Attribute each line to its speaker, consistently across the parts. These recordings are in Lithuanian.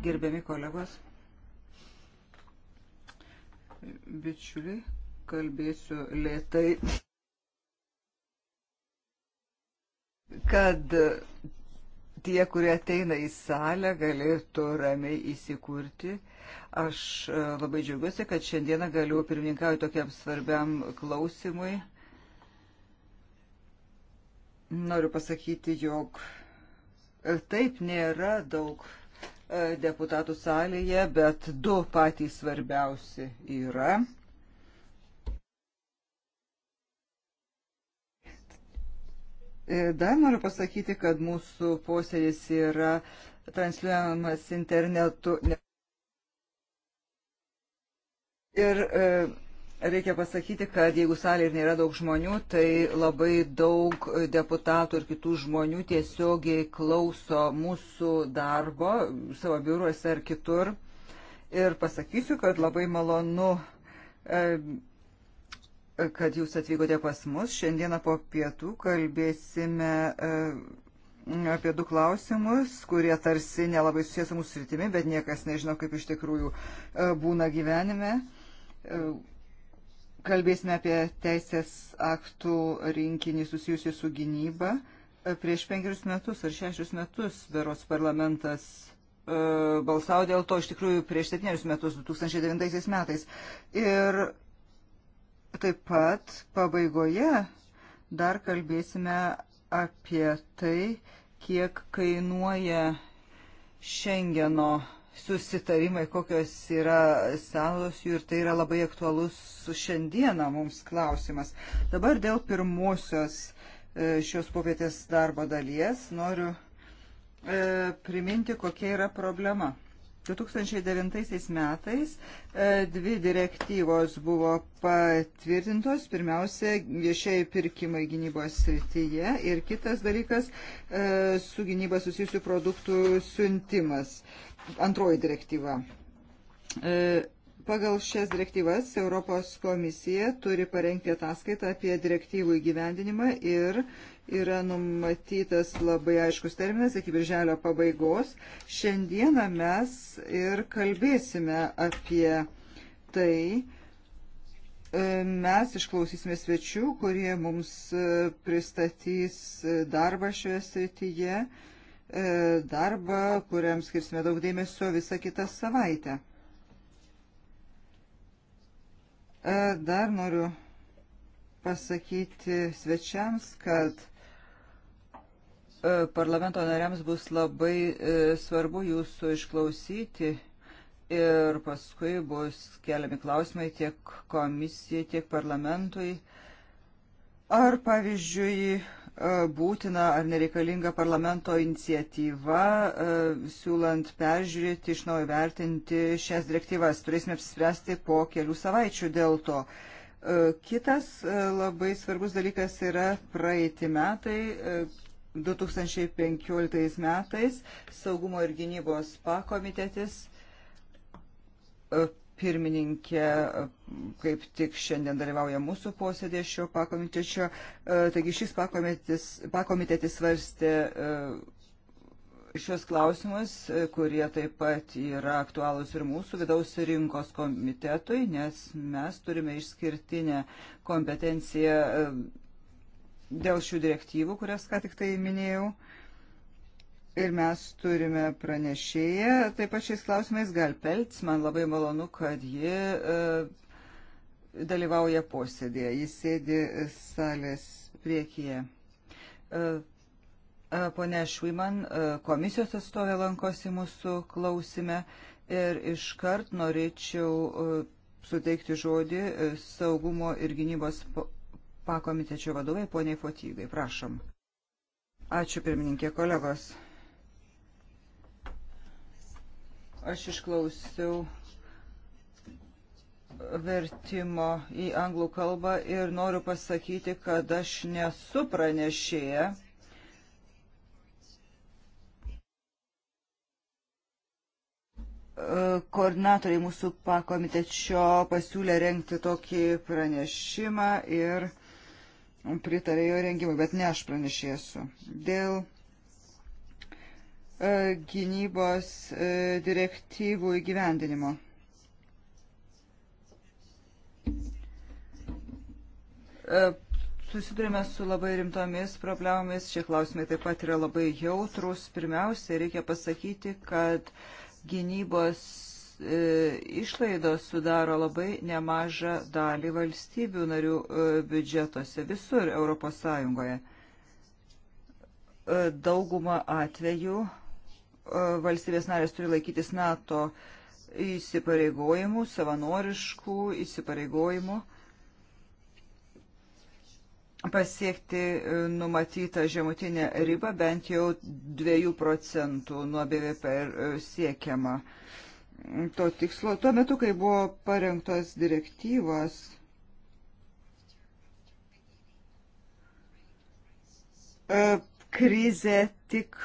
Speaker 1: Gerbiami kolegos, bičiuliai, kalbėsiu lėtai, kad tie, kurie ateina į salę, galėtų ramiai įsikurti. Aš e, labai džiaugiuosi, kad šiandieną galiu pirmininkauti tokiam svarbiam klausimui. Noriu pasakyti, jog Taip nėra daug e, deputatų salėje, bet du patys svarbiausi yra. E, dar noriu pasakyti, kad mūsų posėdis yra transliuojamas internetu. Ir e, Reikia pasakyti, kad jeigu salėje nėra daug žmonių, tai labai daug deputatų ir kitų žmonių tiesiogiai klauso mūsų darbo savo biuruose ar kitur. Ir pasakysiu, kad labai malonu, e, kad jūs atvykote pas mus. Šiandieną po pietų kalbėsime e, apie du klausimus, kurie tarsi nelabai susijęs su mūsų sritimi, bet niekas nežino, kaip iš tikrųjų e, būna gyvenime kalbėsime apie teisės aktų rinkinį susijusiu su gynyba. Prieš penkerius metus ar šešius metus beros parlamentas e, balsavo dėl to iš tikrųjų prieš septynerius metus, 2009 metais. Ir taip pat pabaigoje dar kalbėsime apie tai, kiek kainuoja Šengeno susitarimai, kokios yra senos jų ir tai yra labai aktualus šiandieną mums klausimas. Dabar dėl pirmosios e, šios popietės darbo dalies noriu e, priminti, kokia yra problema. 2009 metais e, dvi direktyvos buvo patvirtintos, pirmiausia, viešiai pirkimai gynybos srityje ir kitas dalykas e, su gynyba susijusių produktų siuntimas. E, antroji direktyva. E, pagal šias direktyvas Europos komisija turi parengti ataskaitą apie direktyvų įgyvendinimą ir yra numatytas labai aiškus terminas iki birželio pabaigos. Šiandieną mes ir kalbėsime apie tai. E, mes išklausysime svečių, kurie mums e, pristatys darbą šioje srityje. E, darbą, kuriam skirsime daug dėmesio visą kitą savaitę. E, dar noriu pasakyti svečiams, kad e, parlamento nariams bus labai svarbu jūsų išklausyti ir paskui bus keliami klausimai tiek komisijai, tiek parlamentui. Ar, pavyzdžiui, būtina ar nereikalinga parlamento iniciatyva, e, siūlant peržiūrėti, iš naujo vertinti šias direktyvas. Turėsime apsispręsti po kelių savaičių dėl to. E, kitas e, labai svarbus dalykas yra praeiti metai. 2015 metais saugumo ir gynybos pakomitetis pirmininkė kaip tik šiandien dalyvauja mūsų posėdė šio pakomitečio. E, taigi šis pakomitetis, pakomitetis svarstė e, šios klausimus, e, kurie taip pat yra aktualūs ir mūsų vidaus rinkos komitetui, nes mes turime išskirtinę kompetenciją dėl šių direktyvų, kurias ką tik tai minėjau. Ir mes turime pranešėją taip pat šiais klausimais Galpelts. Man labai malonu, kad ji e, dalyvauja posėdėje. Jis sėdi salės priekyje. E, e Pone Šuiman, e, komisijos atstovė lankosi mūsų klausime ir iškart norėčiau e, suteikti žodį saugumo ir gynybos pakomitečio vadovai, poniai Fotygai. Prašom. Ačiū pirmininkė kolegos. Aš išklausiau vertimo į anglų kalbą ir noriu pasakyti, kad aš nesu pranešėja. E, koordinatoriai mūsų pakomitečio pasiūlė renkti tokį pranešimą ir pritarė jo rengimui, bet ne aš pranešėsiu. Dėl E, gynybos e, direktyvų įgyvendinimo. E, susidurime su labai rimtomis problemomis. Šie klausimai taip pat yra labai jautrus. Pirmiausia, reikia pasakyti, kad gynybos išlaidos sudaro labai nemažą dalį valstybių narių biudžetuose visur ES. Dauguma atvejų E, valstybės narės turi laikytis NATO įsipareigojimų, savanoriškų įsipareigojimų pasiekti e, numatytą žemutinę ribą, bent jau 2 procentų nuo BVP e, siekiama to tikslo. Tuo metu, kai buvo parengtos direktyvos, krizė tik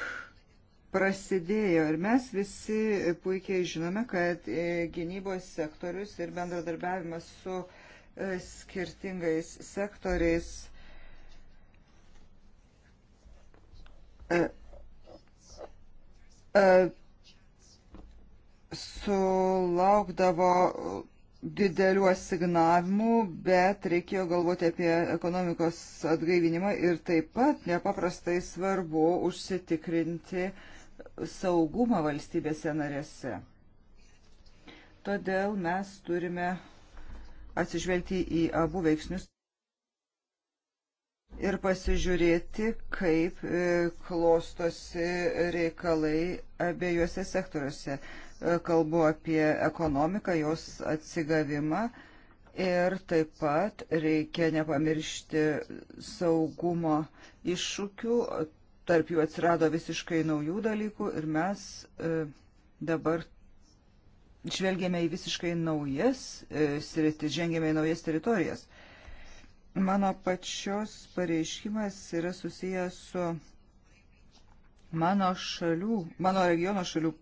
Speaker 1: prasidėjo ir mes visi puikiai žinome, kad e, gynybos sektorius ir bendradarbiavimas su e, skirtingais sektoriais e, sulaukdavo didelių asignavimų, bet reikėjo galvoti apie ekonomikos atgaivinimą ir taip pat nepaprastai svarbu užsitikrinti uh, saugumą valstybėse narėse. Todėl mes turime atsižvelgti į abu veiksnius ir pasižiūrėti, kaip e, klostosi reikalai abiejose sektoriuose. E, kalbu apie ekonomiką, jos atsigavimą ir taip pat reikia nepamiršti saugumo iššūkių, tarp jų atsirado visiškai naujų dalykų ir mes e, dabar žvelgėme į visiškai naujas e, sritis, žengėme į naujas teritorijas. Mano pačios pareiškimas yra susijęs su mano šalių, mano regiono šalių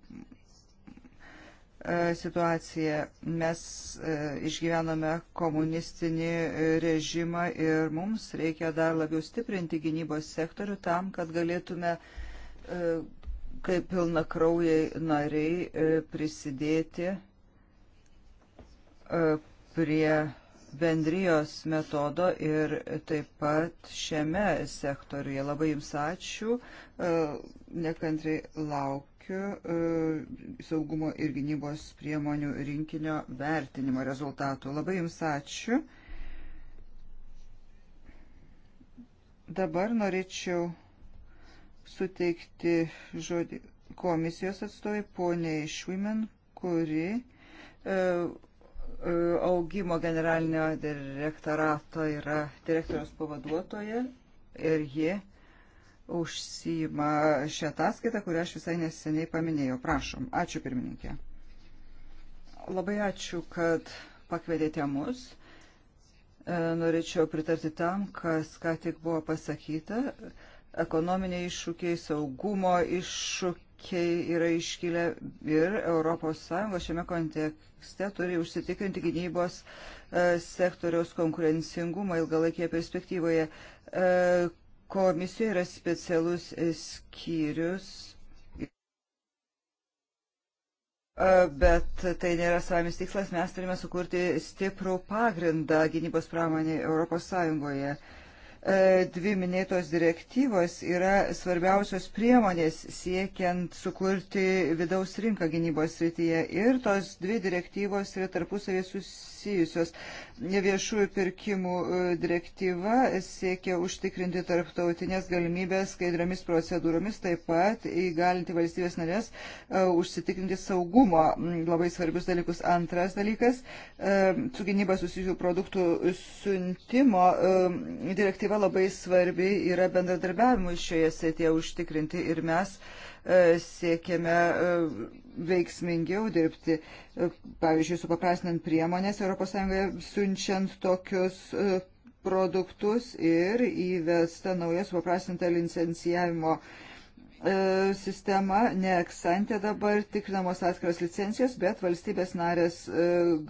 Speaker 1: E, situacija. Mes e, išgyvename komunistinį režimą ir mums reikia dar labiau stiprinti gynybos sektorių tam, kad galėtume e, kaip pilna kraujai nariai prisidėti prie bendrijos metodo ir taip pat šiame sektoriuje. Labai jums ačiū, nekantriai laukiu ilgalaikio e, saugumo ir gynybos priemonių rinkinio vertinimo rezultatų. Labai Jums ačiū. Dabar norėčiau suteikti žodį komisijos atstovai poniai Šuimen, kuri e, e augimo generalinio direktorato yra direktoriaus pavaduotoja ir ji užsima šią ataskaitą, kurią aš visai neseniai paminėjau. Prašom. Ačiū pirmininkė. Labai ačiū, kad pakvedėte mus. E, norėčiau pritarti tam, kas ką tik buvo pasakyta. Ekonominiai iššūkiai, saugumo iššūkiai yra iškilę ir ES šiame kontekste turi užsitikrinti gynybos e, sektoriaus konkurencingumą ilgalaikėje perspektyvoje e, Komisijoje yra specialus skyrius, bet tai nėra savimis tikslas, mes turime sukurti stiprų pagrindą gynybos pramonėje Europos Sąjungoje. E, dvi minėtos direktyvos yra svarbiausios priemonės siekiant sukurti vidaus rinką gynybos srityje ir tos dvi direktyvos yra tarpusavė susiję susijusios. Viešųjų pirkimų e, direktyva siekia užtikrinti tarptautinės galimybės skaidromis procedūromis, taip pat įgalinti valstybės narės e, užsitikrinti saugumo labai svarbius dalykus. Antras dalykas e, - su gynyba susijusių produktų siuntimo direktyva labai svarbi yra bendradarbiavimui šioje srityje užtikrinti ir mes E, siekiame e, veiksmingiau dirbti. E, pavyzdžiui, supaprastinant priemonės ES, siunčiant tokius produktus ir įvesta nauja supaprastinta licencijavimo sistema, ne eksantė dabar tikrinamos atskiros licencijos, bet valstybės narės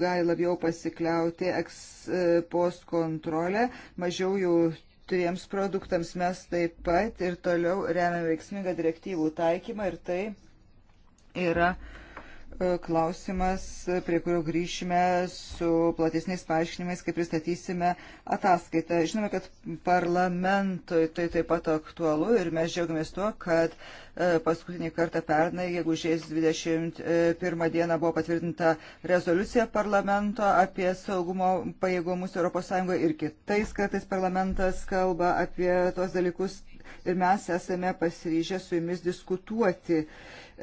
Speaker 1: gali labiau pasikliauti ekspos kontrolę, mažiau jų jautriems produktams. Mes taip pat ir toliau remiam veiksmingą direktyvų taikymą ir tai yra uh, E, klausimas, e, prie kurio grįšime su platesniais paaiškinimais, kai pristatysime ataskaitą. Žinome, kad parlamentui tai taip pat aktualu ir mes džiaugiamės tuo, kad e, paskutinį kartą pernai, jeigu žiais 21 dieną buvo patvirtinta rezoliucija parlamento apie saugumo pajėgumus ES ir kitais kartais parlamentas kalba apie tuos dalykus ir mes esame pasiryžę su jumis diskutuoti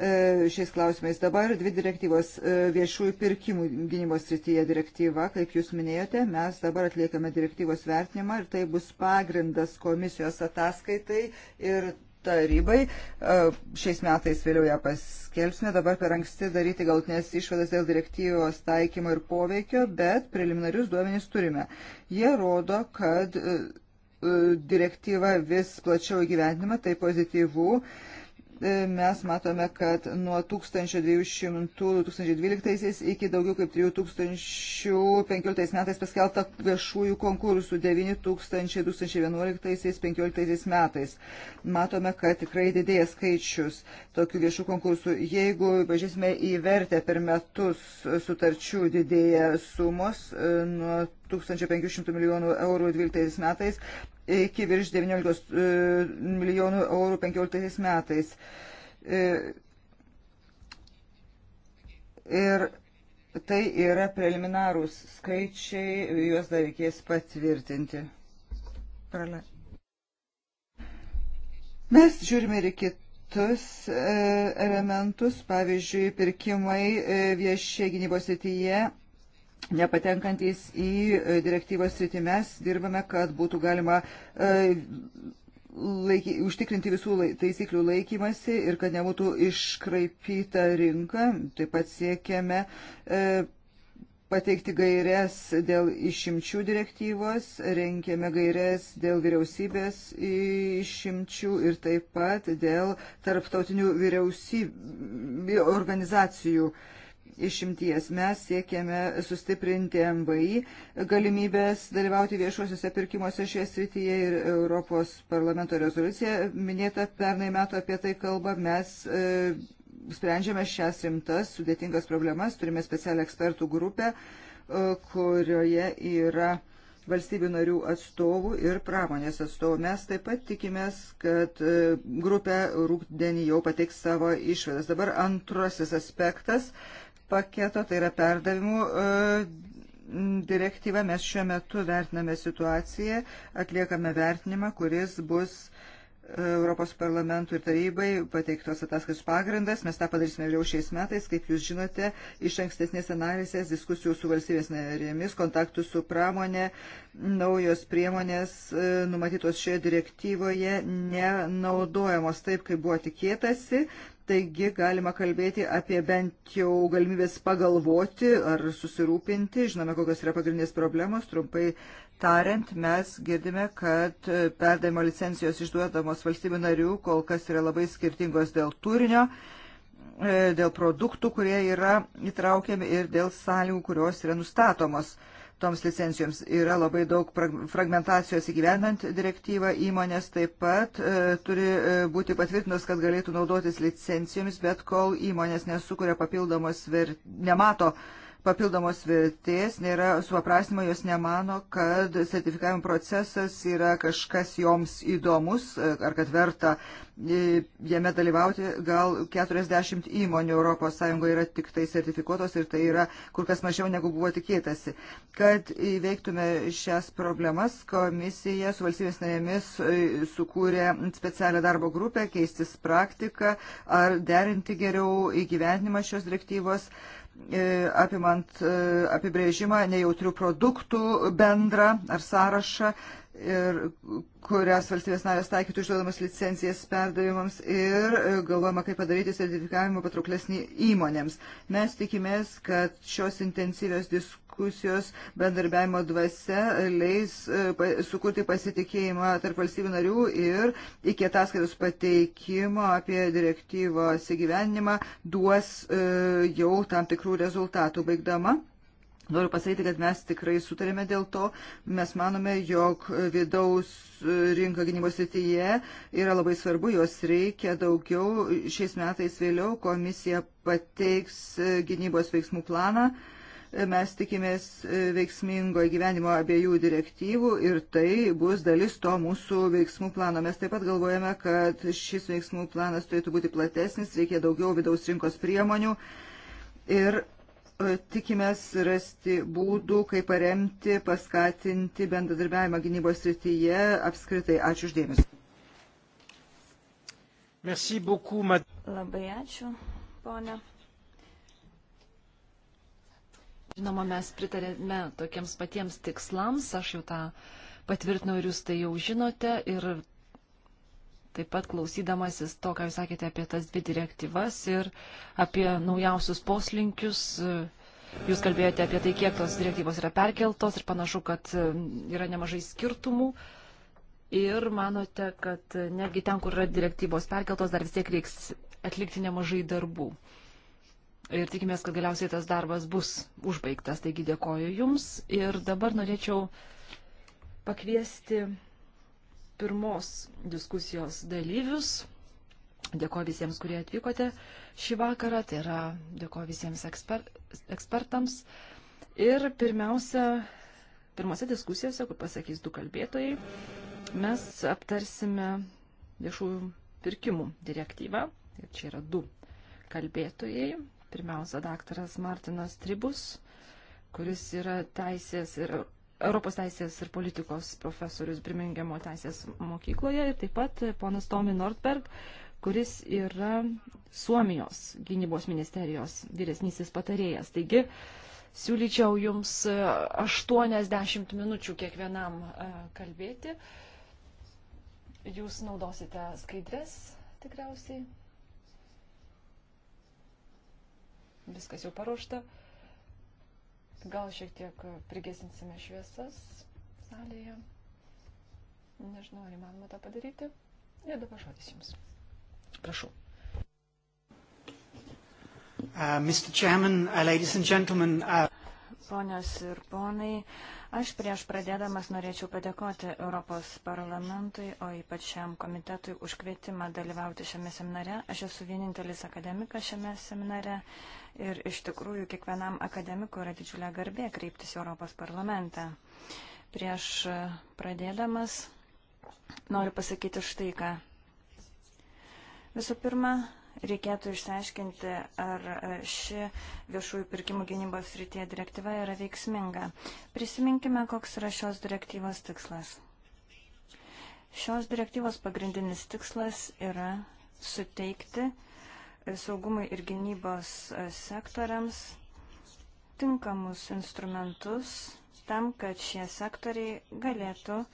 Speaker 1: e, šiais klausimais. Dabar dvi direktyvos e, viešųjų pirkimų gynybos srityje direktyva, kaip jūs minėjote, mes dabar atliekame direktyvos vertinimą ir tai bus pagrindas komisijos ataskaitai ir tarybai. E, šiais metais vėliau ją paskelbsime. Dabar per anksti daryti galtinės išvadas dėl direktyvos taikymo ir poveikio, bet preliminarius duomenys turime. Jie rodo, kad E, direktyva vis plačiau įgyvendinama, tai pozityvu. E, mes matome, kad nuo 1200-2012 iki daugiau kaip 3015 metais paskelbta viešųjų konkursų 9000-2011-2015 metais. Matome, kad tikrai didėja skaičius tokių viešų konkursų. Jeigu pažiūrėsime į vertę per metus sutarčių didėja sumos e, nuo 1500 milijonų eurų 12 metais iki virš 19 e, milijonų eurų 15 metais. E, ir tai yra preliminarūs skaičiai, juos dar reikės patvirtinti. Prale. Mes žiūrime ir kitus e, elementus, pavyzdžiui, pirkimai viešie gynybos srityje nepatenkantis į e, direktyvos sritį. Mes dirbame, kad būtų galima e, laiky, užtikrinti visų lai, taisyklių laikymasi ir kad nebūtų iškraipyta rinka. Taip pat siekiame e, pateikti gairias dėl išimčių direktyvos, renkėme gairias dėl vyriausybės išimčių ir taip pat dėl tarptautinių vyriausybių organizacijų. E, išimties. Mes siekiame sustiprinti MVI galimybės dalyvauti viešuosiuose pirkimuose šioje srityje ir Europos parlamento rezoliucija minėta pernai metų apie tai kalba. Mes e, sprendžiame šias rimtas sudėtingas problemas, turime specialią ekspertų grupę, e, kurioje yra valstybių narių atstovų ir pramonės atstovų. Mes taip pat tikimės, kad e, grupė rūkdienį jau pateiks savo išvedas. Dabar antrasis aspektas paketo, tai yra perdavimų e, direktyva. Mes šiuo metu vertiname situaciją, atliekame vertinimą, kuris bus e, Europos parlamentui ir tarybai pateiktos ataskaitos pagrindas. Mes tą padarysime vėliau šiais metais. Kaip jūs žinote, iš ankstesnės analizės diskusijų su valstybės narėmis, kontaktų su pramonė, naujos priemonės e, numatytos šioje direktyvoje nenaudojamos taip, kaip buvo tikėtasi. Taigi galima kalbėti apie bent jau galimybės pagalvoti ar susirūpinti. Žinome, kokios yra pagrindinės problemos. Trumpai tariant, mes girdime, kad perdavimo licencijos išduodamos valstybių narių kol kas yra labai skirtingos dėl turinio e, dėl produktų, kurie yra įtraukiami ir dėl sąlygų, kurios yra nustatomos. Uh, toms licencijoms. Yra labai daug fragmentacijos įgyvenant direktyvą, įmonės taip pat e, turi e, būti patvirtinos, kad galėtų naudotis licencijomis, bet kol įmonės nesukuria papildomos, ver... nemato e, papildomos vertės, nėra supaprastinimo, jos nemano, kad sertifikavimo procesas yra kažkas joms įdomus ar kad verta e, jame dalyvauti. Gal 40 įmonių ES yra tik tai sertifikuotos ir tai yra kur kas mažiau negu buvo tikėtasi. Kad įveiktume šias problemas, komisija su valstybės narėmis e, sukūrė specialią darbo grupę, keistis praktiką ar derinti geriau įgyvendinimą šios direktyvos. E, apimant e, apibrėžimą nejautrių produktų bendrą ar sąrašą, ir kurias valstybės narės taikytų išduodamas licencijas perdavimams ir e, galvojama, kaip padaryti sertifikavimą patrauklesnį įmonėms. Mes tikimės, kad šios intensyvios diskusijos diskusijos bendarbiavimo dvasia leis e, sukurti pasitikėjimą tarp valstybių narių ir iki ataskaitos pateikimo apie direktyvos įgyvenimą duos e, jau tam tikrų rezultatų. Baigdama. Noriu pasakyti, kad mes tikrai sutarėme dėl to. Mes manome, jog vidaus rinka gynybos srityje yra labai svarbu, jos reikia daugiau. Šiais metais vėliau komisija pateiks gynybos veiksmų planą. Uh, Mes tikimės e, veiksmingo gyvenimo abiejų direktyvų ir tai bus dalis to mūsų veiksmų plano. Mes taip pat galvojame, kad šis veiksmų planas turėtų būti platesnis, reikia daugiau vidaus rinkos priemonių. Ir e, tikimės rasti būdų, kaip paremti, paskatinti bendradarbiavimą gynybos srityje apskritai. Ačiū uždėmesi. Merci beaucoup, mad...
Speaker 2: Labai ačiū, ponia.
Speaker 3: Žinoma, mes pritarėme tokiems patiems tikslams, aš jau tą patvirtinau ir jūs tai jau žinote. Ir taip pat klausydamasis to, ką jūs sakėte apie tas dvi direktyvas ir apie naujausius poslinkius. Jūs kalbėjote apie tai, kiek tos direktyvos yra perkeltos ir panašu, kad e, yra nemažai skirtumų. Ir manote, kad e, netgi ten, kur yra direktyvos perkeltos, dar vis tiek reiks atlikti nemažai darbų ir tikimės, kad galiausiai tas darbas bus užbaigtas. Taigi dėkoju Jums ir dabar norėčiau pakviesti pirmos diskusijos dalyvius. Dėkoju visiems, kurie atvykote šį vakarą, tai yra dėkoju visiems eksper, ekspertams. Ir pirmiausia, pirmose diskusijose, kur pasakys du kalbėtojai, mes aptarsime viešųjų pirkimų direktyvą. Ir čia yra du kalbėtojai, Pirmiausia, daktaras Martinas Tribus, kuris yra teisės ir Europos teisės ir politikos profesorius Birmingemo teisės mokykloje ir taip pat ponas Tomi Nordberg, kuris yra Suomijos gynybos ministerijos vyresnysis patarėjas. Taigi, siūlyčiau jums 80 e, minučių kiekvienam e, kalbėti. Jūs naudosite skaidres tikriausiai. viskas jau paruošta. Gal šiek tiek prigesinsime šviesas salėje. Nežinau, ar įmanoma tą padaryti. Ir dabar žodis jums.
Speaker 1: Prašau. Uh, Mr. Chairman, uh, ladies and gentlemen. Uh...
Speaker 2: Ponios ir ponai, aš prieš pradėdamas norėčiau padėkoti Europos parlamentui, o ypač šiam komitetui už kvietimą dalyvauti šiame seminare. Aš esu vienintelis akademikas šiame seminare ir iš tikrųjų kiekvienam akademikui yra didžiulė garbė kreiptis į Europos parlamentą. Prieš pradėdamas noriu pasakyti štai ką. Visų pirma, reikėtų išsiaiškinti, ar ši viešųjų pirkimų gynybos rytie direktyva yra veiksminga. Prisiminkime, koks yra šios direktyvos tikslas. Šios direktyvos pagrindinis tikslas yra suteikti saugumui ir gynybos sektoriams tinkamus instrumentus tam, kad šie sektoriai galėtų uh,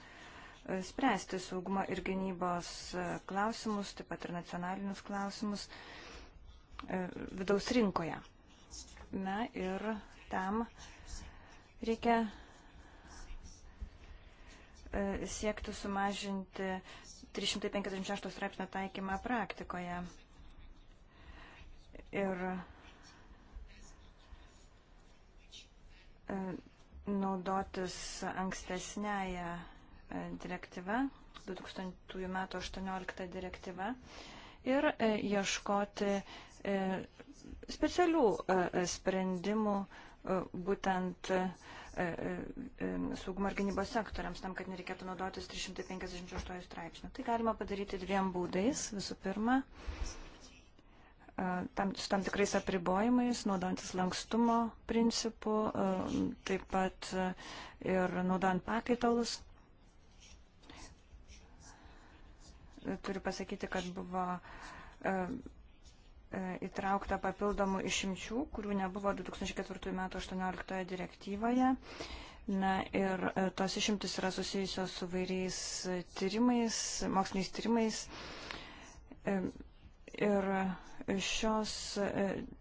Speaker 2: spręsti saugumo ir gynybos klausimus, taip pat ir nacionalinius klausimus e, vidaus rinkoje. Na ir tam reikia e, siekti sumažinti 356 straipsnio taikymą praktikoje. Ir e, naudotis ankstesnėje direktyva, 2000 m. 18 direktyva ir e, ieškoti e, specialių e, sprendimų būtent saugumo ir gynybos sektoriams, tam, kad nereikėtų naudotis 358 straipsnių. Tai galima padaryti dviem būdais. Visų pirma, tam, su tam tikrais apribojimais, naudantis lankstumo principu, taip pat ir naudant pakaitalus. Turiu pasakyti, kad buvo e, e, įtraukta papildomų išimčių, kurių nebuvo 2004 m. 18 direktyvoje. Na ir e, tos išimtis yra susijusios su vairiais tyrimais, moksliniais tyrimais. Ir šios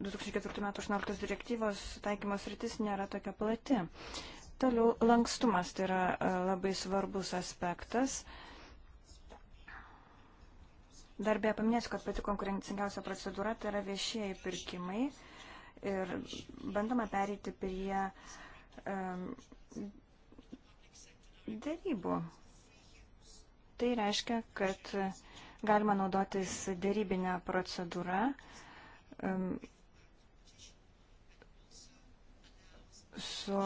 Speaker 2: 2004 m. 18 direktyvos taikymos rytis nėra tokia plati. Toliau lankstumas tai yra labai svarbus aspektas. Uh, Dar beje paminėsiu, kad pati konkurencingiausia procedūra tai yra viešieji pirkimai ir bandoma pereiti prie um, dėrybų. Tai reiškia, kad galima naudotis dėrybinę procedūrą. Um, su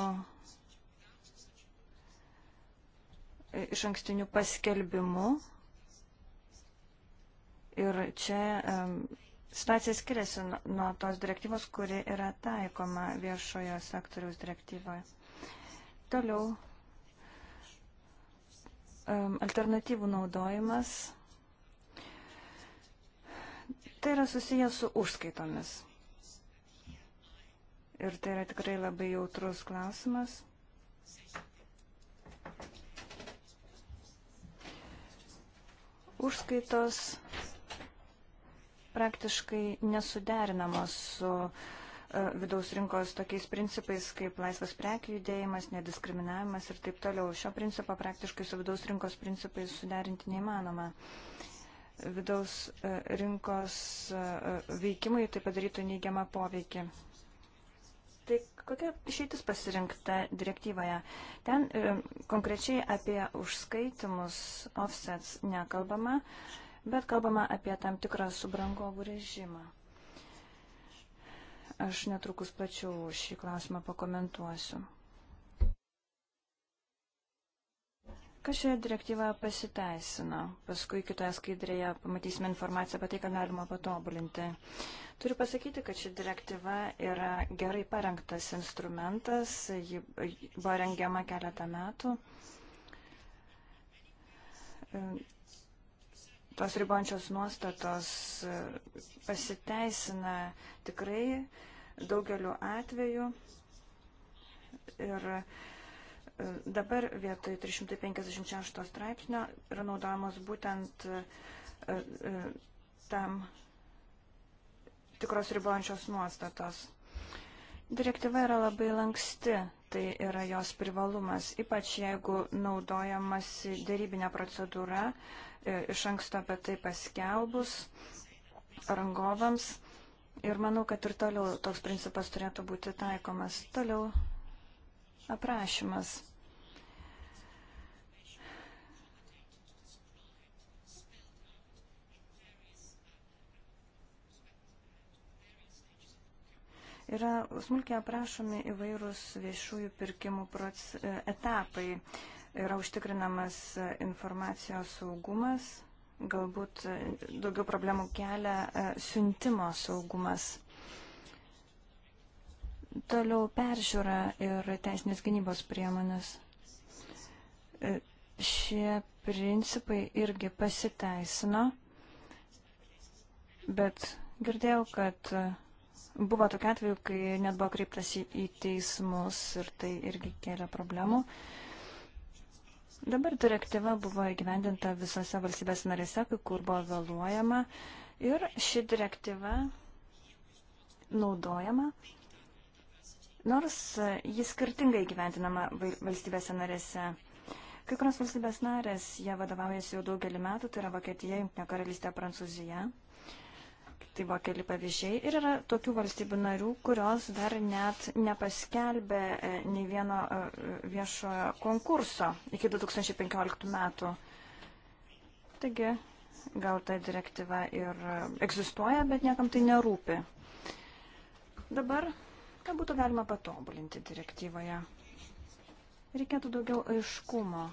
Speaker 2: iš ankstiniu paskelbimu Ir čia situacija skiriasi nuo tos direktyvos, kuri yra taikoma viešojo sektoriaus direktyvoje. Toliau alternatyvų naudojimas. Tai yra susijęs su užskaitomis. Ir tai yra tikrai labai jautrus klausimas. Užskaitos praktiškai nesuderinamos su e, vidaus rinkos tokiais principais kaip laisvas prekių judėjimas, nediskriminavimas ir taip toliau. Šio principo praktiškai su vidaus rinkos principais suderinti neįmanoma. Vidaus e, rinkos e, veikimui tai padarytų neigiamą poveikį. Tai kokia išeitis pasirinkta direktyvoje? Ten konkrečiai apie užskaitimus offsets nekalbama. E, bet kalbama apie tam tikrą subrangovų režimą. Aš netrukus plačiau šį klausimą pakomentuosiu. Kas šioje direktyvoje pasiteisino? Paskui kitoje skaidrėje pamatysime informaciją apie tai, ką galima patobulinti. Turiu pasakyti, kad ši direktyva yra gerai parengtas instrumentas, ji buvo rengiama keletą metų tos ribančios nuostatos e, pasiteisina tikrai daugeliu atveju. Ir e, dabar vietoj 356 straipsnio yra naudojamos būtent e, tam tikros ribojančios nuostatos. Direktyva yra labai lanksti, tai yra jos privalumas, ypač jeigu naudojamas dėrybinė procedūra, e, iš anksto apie tai paskelbus rangovams. Ir manau, kad ir toliau toks principas turėtų būti taikomas. Toliau aprašymas. Yra smulkiai aprašomi įvairūs viešųjų pirkimų e, etapai. Yra užtikrinamas e, informacijos saugumas, galbūt e, daugiau problemų kelia siuntimo saugumas. Toliau peržiūra ir teisinės gynybos priemonės. Šie principai irgi pasiteisino, bet girdėjau, kad Buvo tokia atveju, kai net buvo kreiptas į, į teismus ir tai irgi kėlė problemų. Dabar direktyva buvo įgyvendinta visose valstybės narėse, kai kur buvo vėluojama. Ir ši direktyva naudojama, nors jis skirtingai gyventinama valstybėse narėse. Kai kurios valstybės narės, jie vadovaujasi jau daugelį metų, tai yra Vokietija, Junktinė karalystė, Prancūzija tai buvo keli pavyzdžiai. Ir yra tokių valstybių narių, kurios dar net nepaskelbė e, nei vieno e, viešojo konkurso iki 2015 metų. Taigi, gal ta direktyva ir e, egzistuoja, bet niekam tai nerūpi. Dabar, ką būtų galima patobulinti direktyvoje? Reikėtų daugiau aiškumo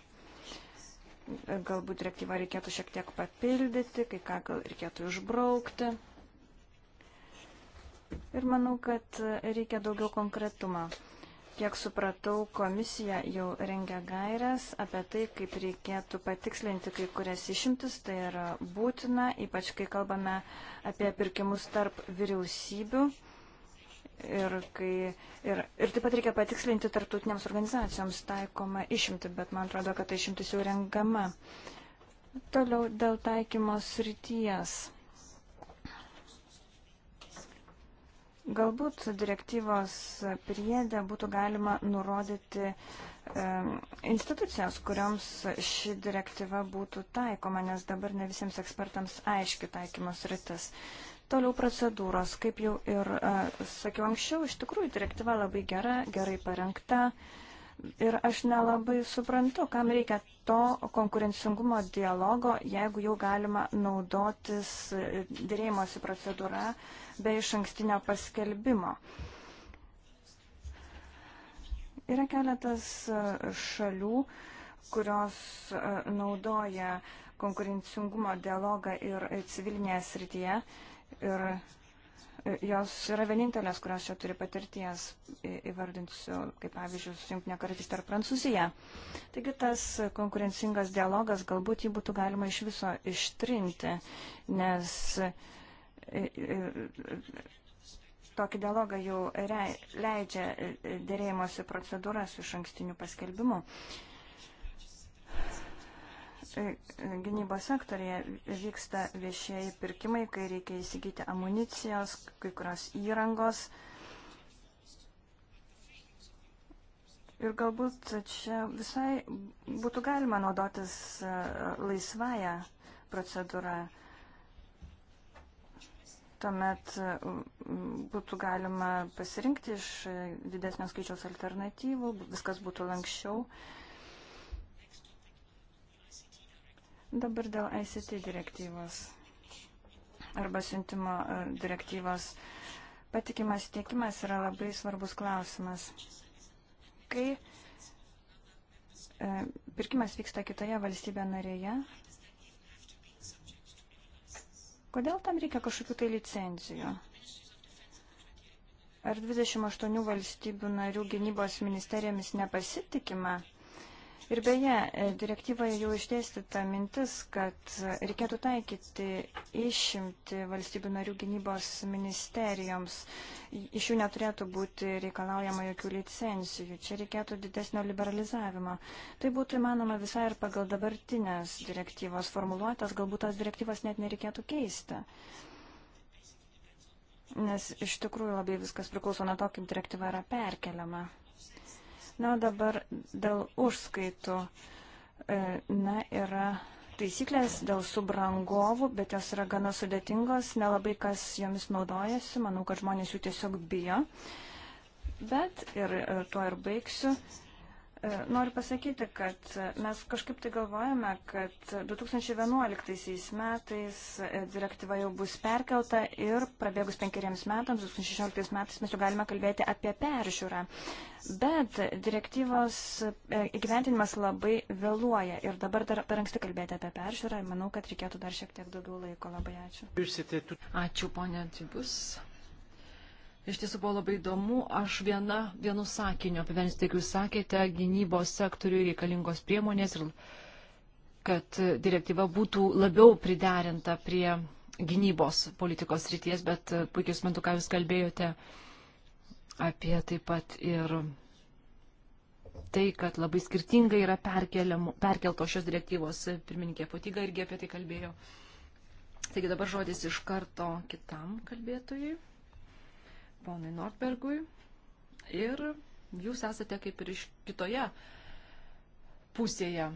Speaker 2: galbūt direktyvą reikėtų šiek tiek papildyti, kai ką gal reikėtų išbraukti. Ir manau, kad reikia daugiau konkretumo. Kiek supratau, komisija jau rengia gairias apie tai, kaip reikėtų patikslinti kai kurias išimtis, tai yra būtina, ypač kai kalbame apie pirkimus tarp vyriausybių. Ir, kai, ir, ir taip pat reikia patikslinti tarptautinėms organizacijoms taikoma išimti, bet man atrodo, kad ta išimtis jau rengama. Toliau dėl taikymos ryties. Galbūt direktyvos priedė būtų galima nurodyti e, institucijos, kurioms ši direktyva būtų taikoma, nes dabar ne visiems ekspertams aiški taikymos rytis. Toliau procedūros, kaip jau ir e, sakiau anksčiau, iš tikrųjų direktyva labai gera, gerai parengta. Ir aš nelabai suprantu, kam reikia to konkurencingumo dialogo, jeigu jau galima naudotis e, dėrėjimosi procedūra be iš ankstinio paskelbimo. Yra keletas e, šalių, kurios e, naudoja konkurencingumo dialogą ir civilinėje srityje. Ir e, jos yra vienintelės, kurios čia turi patirties, įvardinsiu, kaip pavyzdžiui, su Junktinė karalystė ar Prancūzija. Taigi tas konkurencingas dialogas galbūt jį būtų galima iš viso ištrinti, nes uh, E,
Speaker 1: e,
Speaker 2: tokį dialogą jau leidžia e, dėrėjimosi procedūra su šankstiniu paskelbimu. Gynybos sektorėje vyksta viešieji pirkimai, kai reikia įsigyti amunicijos, kai kurios įrangos. Ir galbūt čia visai būtų galima naudotis laisvąją procedūrą. Tuomet būtų galima pasirinkti iš didesnio skaičiaus alternatyvų, viskas būtų lankščiau. Dabar dėl ICT direktyvos arba siuntimo e, direktyvos. Patikimas tiekimas yra labai svarbus klausimas. Kai e, pirkimas vyksta kitoje valstybė narėje, Kodėl tam reikia kažkokių tai licencijų? Ar 28 valstybių narių gynybos ministerijomis nepasitikima? Ir beje, direktyvoje jau išdėstyta mintis, kad reikėtų taikyti išimti valstybių narių gynybos ministerijoms. Iš jų neturėtų būti reikalaujama jokių licencijų. Čia reikėtų didesnio liberalizavimo. Tai būtų įmanoma visai ir pagal dabartinės direktyvos formuluotas, galbūt tas direktyvas net nereikėtų keisti. Nes iš tikrųjų labai viskas priklauso nuo to, kaip direktyva yra perkeliama. Na, dabar dėl užskaitų. E, na, yra taisyklės dėl subrangovų, bet jos yra gana sudėtingos, nelabai kas jomis naudojasi, manau, kad žmonės jų tiesiog bijo. Bet ir, ir e, tuo ir baigsiu. E, noriu pasakyti, kad mes kažkaip tai galvojame, kad 2011 metais e, direktyva jau bus perkelta ir prabėgus penkeriems metams, 2016 metais mes jau galime kalbėti apie peržiūrą. Bet direktyvos e, įgyventinimas labai vėluoja ir dabar dar per anksti kalbėti apie peržiūrą. Manau, kad reikėtų dar šiek tiek daugiau laiko. Labai ačiū. Ačiū, ponė
Speaker 3: Tibus. Iš tiesų buvo labai įdomu. Aš viena, vienu sakiniu apibendrinsiu, kaip jūs sakėte, gynybos sektoriui reikalingos priemonės ir kad direktyva būtų labiau priderinta prie gynybos politikos ryties, bet puikiai suprantu, ką jūs kalbėjote apie taip pat ir tai, kad labai skirtingai yra perkeltos šios direktyvos pirmininkė Potyga irgi apie tai kalbėjo. Taigi dabar žodis iš karto kitam kalbėtojui ponui Nordbergui. Ir jūs esate kaip ir iš kitoje pusėje.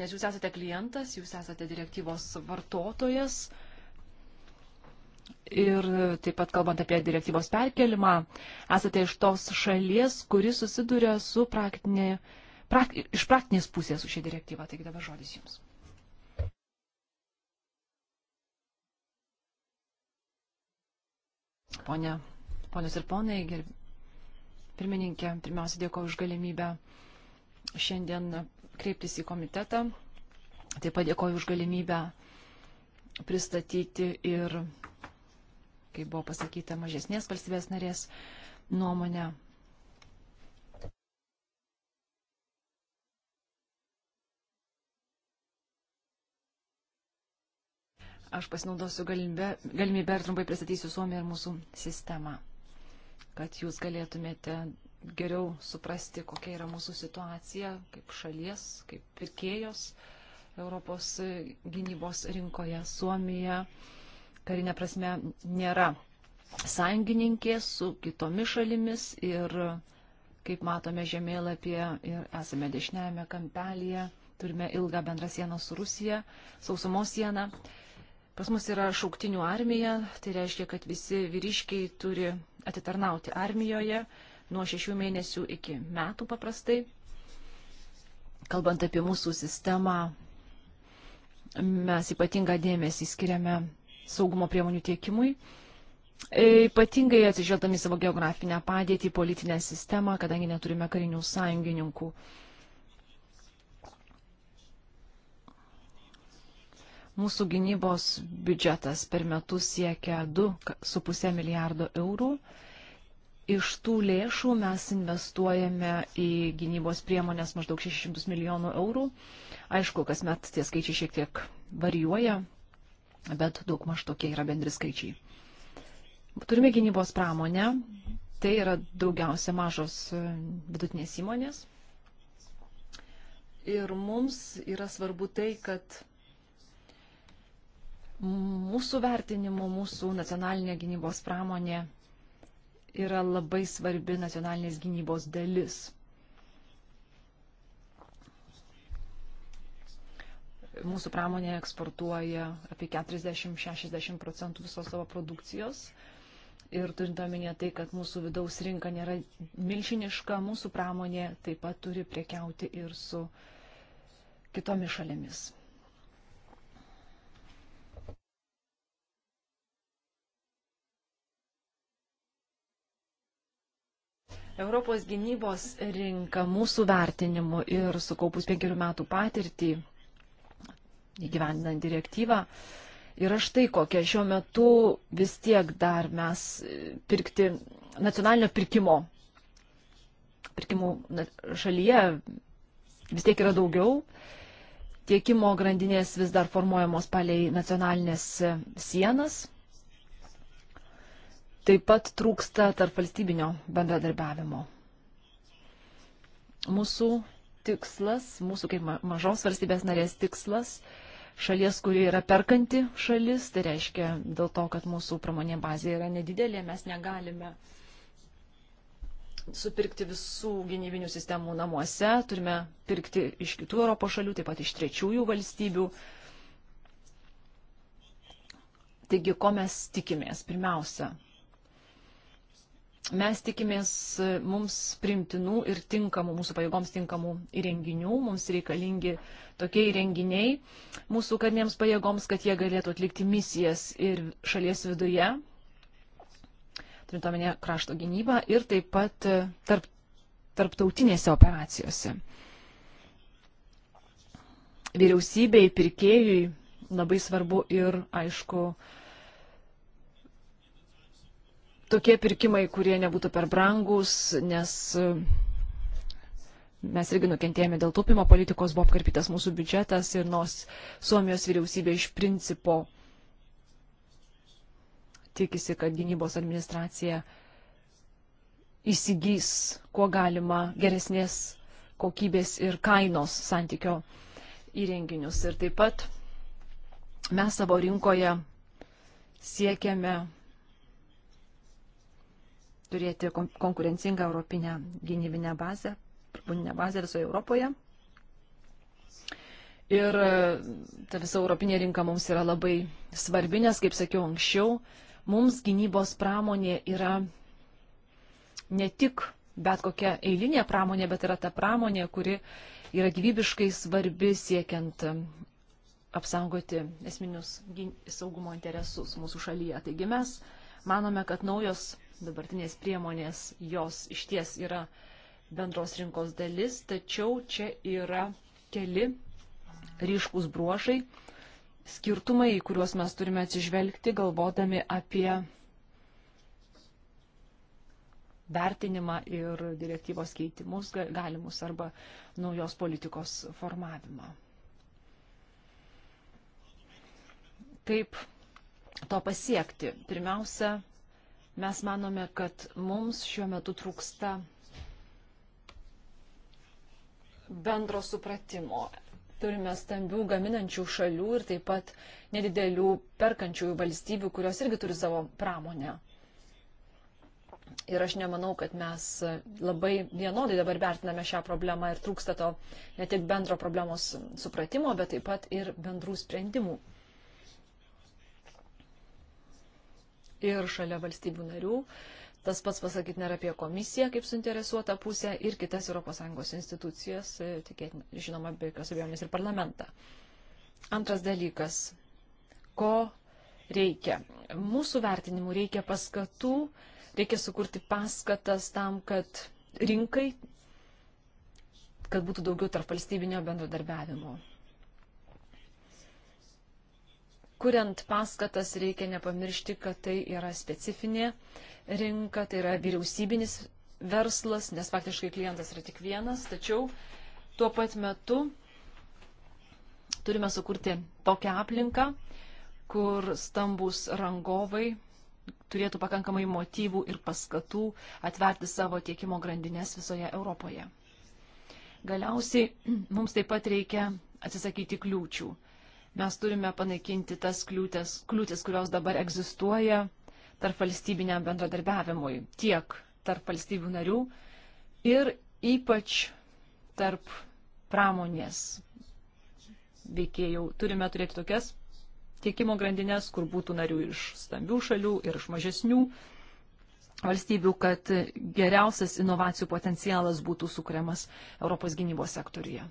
Speaker 3: Nes jūs esate klientas, jūs esate direktyvos vartotojas. Ir taip pat kalbant apie direktyvos perkelimą, esate iš tos šalies, kuri susiduria su praktinė, prakt, iš praktinės pusės su šia direktyva. Taigi dabar žodis jums. Pone, ponios ir ponai, gerb... pirmininkė, pirmiausia dėkoju už galimybę šiandien kreiptis į komitetą. Taip pat dėkoju už galimybę pristatyti ir, kaip buvo pasakyta, mažesnės valstybės narės nuomonę aš pasinaudosiu galimybę, galimybę ir trumpai pristatysiu Suomiją ir mūsų sistemą, kad jūs galėtumėte geriau suprasti, kokia yra mūsų situacija kaip šalies, kaip pirkėjos Europos gynybos rinkoje. Suomija karinė prasme nėra sąjungininkė su kitomis šalimis ir, kaip matome žemėlapyje, ir esame dešiniajame kampelėje, turime ilgą bendrą sieną su Rusija, sausumos sieną. Pas mus yra šauktinių armija, tai reiškia, kad visi vyriškiai turi atitarnauti armijoje nuo šešių mėnesių iki metų paprastai. Kalbant apie mūsų sistemą, mes ypatingą dėmesį skiriame saugumo priemonių tiekimui,
Speaker 1: e,
Speaker 3: ypatingai atsižvelgdami savo geografinę padėtį, politinę sistemą, kadangi neturime karinių sąjungininkų. Uh, Mūsų gynybos biudžetas per metus siekia 2,5 milijardo eurų. Iš tų lėšų mes investuojame į gynybos priemonės maždaug 600 milijonų eurų. Aišku, kasmet tie skaičiai šiek tiek varijuoja, bet daug maž tokie yra bendri skaičiai. Turime gynybos pramonę, tai yra daugiausia mažos e, vidutinės įmonės. Ir mums yra svarbu tai, kad Mūsų vertinimu, mūsų nacionalinė gynybos pramonė yra labai svarbi nacionalinės gynybos dalis. Mūsų pramonė eksportuoja apie 40-60 procentų visos savo produkcijos. Ir turint omenyje tai, kad mūsų vidaus rinka nėra milžiniška, mūsų pramonė taip pat turi priekiauti ir su kitomis šalimis. Europos gynybos rinka mūsų vertinimu ir sukaupus penkerių metų patirtį įgyvendinant direktyvą yra štai kokia. Šiuo metu vis tiek dar mes pirkti nacionalinio pirkimo, pirkimų šalyje vis tiek yra daugiau. Tiekimo grandinės vis dar formuojamos paliai nacionalinės sienas, Taip pat trūksta tarp valstybinio bendradarbiavimo. Mūsų tikslas, mūsų kaip mažos valstybės narės tikslas, šalies, kuri yra perkanti šalis, tai reiškia dėl to, kad mūsų pramonė bazė yra nedidelė, mes negalime supirkti visų gynybinių sistemų namuose, turime pirkti iš kitų Europos šalių, taip pat iš trečiųjų valstybių. Taigi, ko mes tikimės? Pirmiausia, Mes tikimės e, mums primtinų ir tinkamų, mūsų pajėgoms tinkamų įrenginių, mums reikalingi tokie įrenginiai mūsų karinėms pajėgoms, kad jie galėtų atlikti misijas ir šalies viduje, turint omenyje krašto gynybą ir taip pat e, tarp, tarptautinėse operacijose. Vyriausybei, pirkėjui labai svarbu ir, aišku, tokie pirkimai, kurie nebūtų per brangus, nes e, mes irgi nukentėjome dėl taupimo politikos, buvo apkarpytas mūsų biudžetas ir nors Suomijos vyriausybė iš principo tikisi, kad gynybos administracija įsigys, kuo galima geresnės kokybės ir kainos santykio įrenginius. Ir taip pat mes savo rinkoje siekiame turėti konkurencingą europinę gynybinę bazę, pirminę bazę visoje Europoje. Ir e, ta visa europinė rinka mums yra labai svarbi, nes, kaip sakiau anksčiau, mums gynybos pramonė yra ne tik bet kokia eilinė pramonė, bet yra ta pramonė, kuri yra gyvybiškai svarbi siekiant apsaugoti esminius saugumo interesus mūsų šalyje. Taigi mes manome, kad naujos dabartinės priemonės, jos išties yra bendros rinkos dalis, tačiau čia yra keli ryškus bruožai, skirtumai, į kuriuos mes turime atsižvelgti, galvodami apie vertinimą ir direktyvos keitimus galimus arba naujos politikos formavimą. Kaip to pasiekti? Pirmiausia, Mes manome, kad mums šiuo metu trūksta bendro supratimo. Turime stambių gaminančių šalių ir taip pat nedidelių perkančiųjų valstybių, kurios irgi turi savo pramonę. Ir aš nemanau, kad mes labai vienodai dabar vertiname šią problemą ir trūksta to ne tik bendro problemos supratimo, bet taip pat ir bendrų sprendimų. ir šalia valstybių narių. Tas pats pasakyti nėra apie komisiją kaip suinteresuotą pusę ir kitas ES institucijas, e, tikėtina, žinoma, be jokios abejonės ir parlamentą. Antras dalykas, ko reikia. Mūsų vertinimų reikia paskatų, reikia sukurti paskatas tam, kad rinkai, kad būtų daugiau tarp valstybinio bendradarbiavimo. kuriant paskatas reikia nepamiršti, kad tai yra specifinė rinka, tai yra vyriausybinis verslas, nes faktiškai klientas yra tik vienas, tačiau tuo pat metu turime sukurti tokią aplinką, kur stambus rangovai turėtų pakankamai motyvų ir paskatų atverti savo tiekimo grandinės visoje Europoje. Galiausiai mums taip pat reikia atsisakyti kliūčių. Mes turime panaikinti tas kliūtis, kliūtis kurios dabar egzistuoja tarp valstybiniam bendradarbiavimui, tiek tarp valstybių narių ir ypač tarp pramonės veikėjų. Turime turėti tokias tiekimo grandinės, kur būtų narių iš stambių šalių ir iš mažesnių valstybių, kad geriausias inovacijų potencialas būtų sukuriamas Europos gynybos sektoriuje.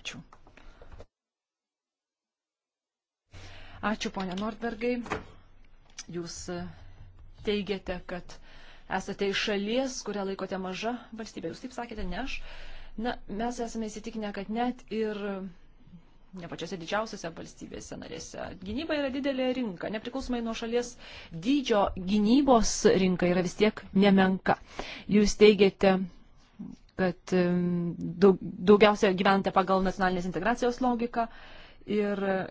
Speaker 3: Ačiū. Ačiū, ponė Nordbergai. Jūs teigiate, kad esate iš šalies, kurią laikote maža valstybė. Jūs taip sakėte, ne aš. Na, mes esame įsitikinę, kad net ir ne pačiose didžiausiose valstybėse narėse. Gynyba yra didelė rinka, nepriklausomai nuo šalies dydžio gynybos rinka yra vis tiek nemenka. Jūs teigiate, kad daug, daugiausia gyvente pagal nacionalinės integracijos logiką ir e,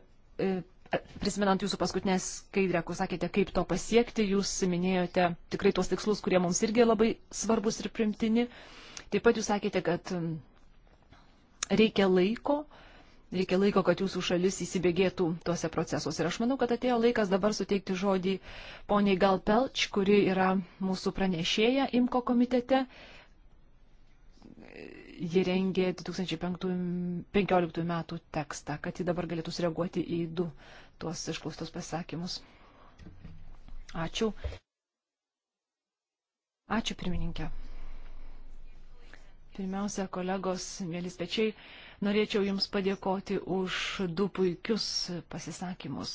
Speaker 3: prisimenant jūsų paskutinę skaidrę, kur sakėte, kaip to pasiekti, jūs minėjote tikrai tuos tikslus, kurie mums irgi labai svarbus ir primtini. Taip pat jūs sakėte, kad reikia laiko, reikia laiko, kad jūsų šalis įsibėgėtų tuose procesuose. Ir aš manau, kad atėjo laikas dabar suteikti žodį poniai Galpelč, kuri yra mūsų pranešėja IMKO komitete. Ji rengė 2015 metų tekstą, kad ji dabar galėtų sureaguoti į du tuos išklaustus pasakymus. Ačiū. Ačiū pirmininkė. Pirmiausia, kolegos, mėlys pečiai, norėčiau Jums padėkoti už du puikius pasisakymus.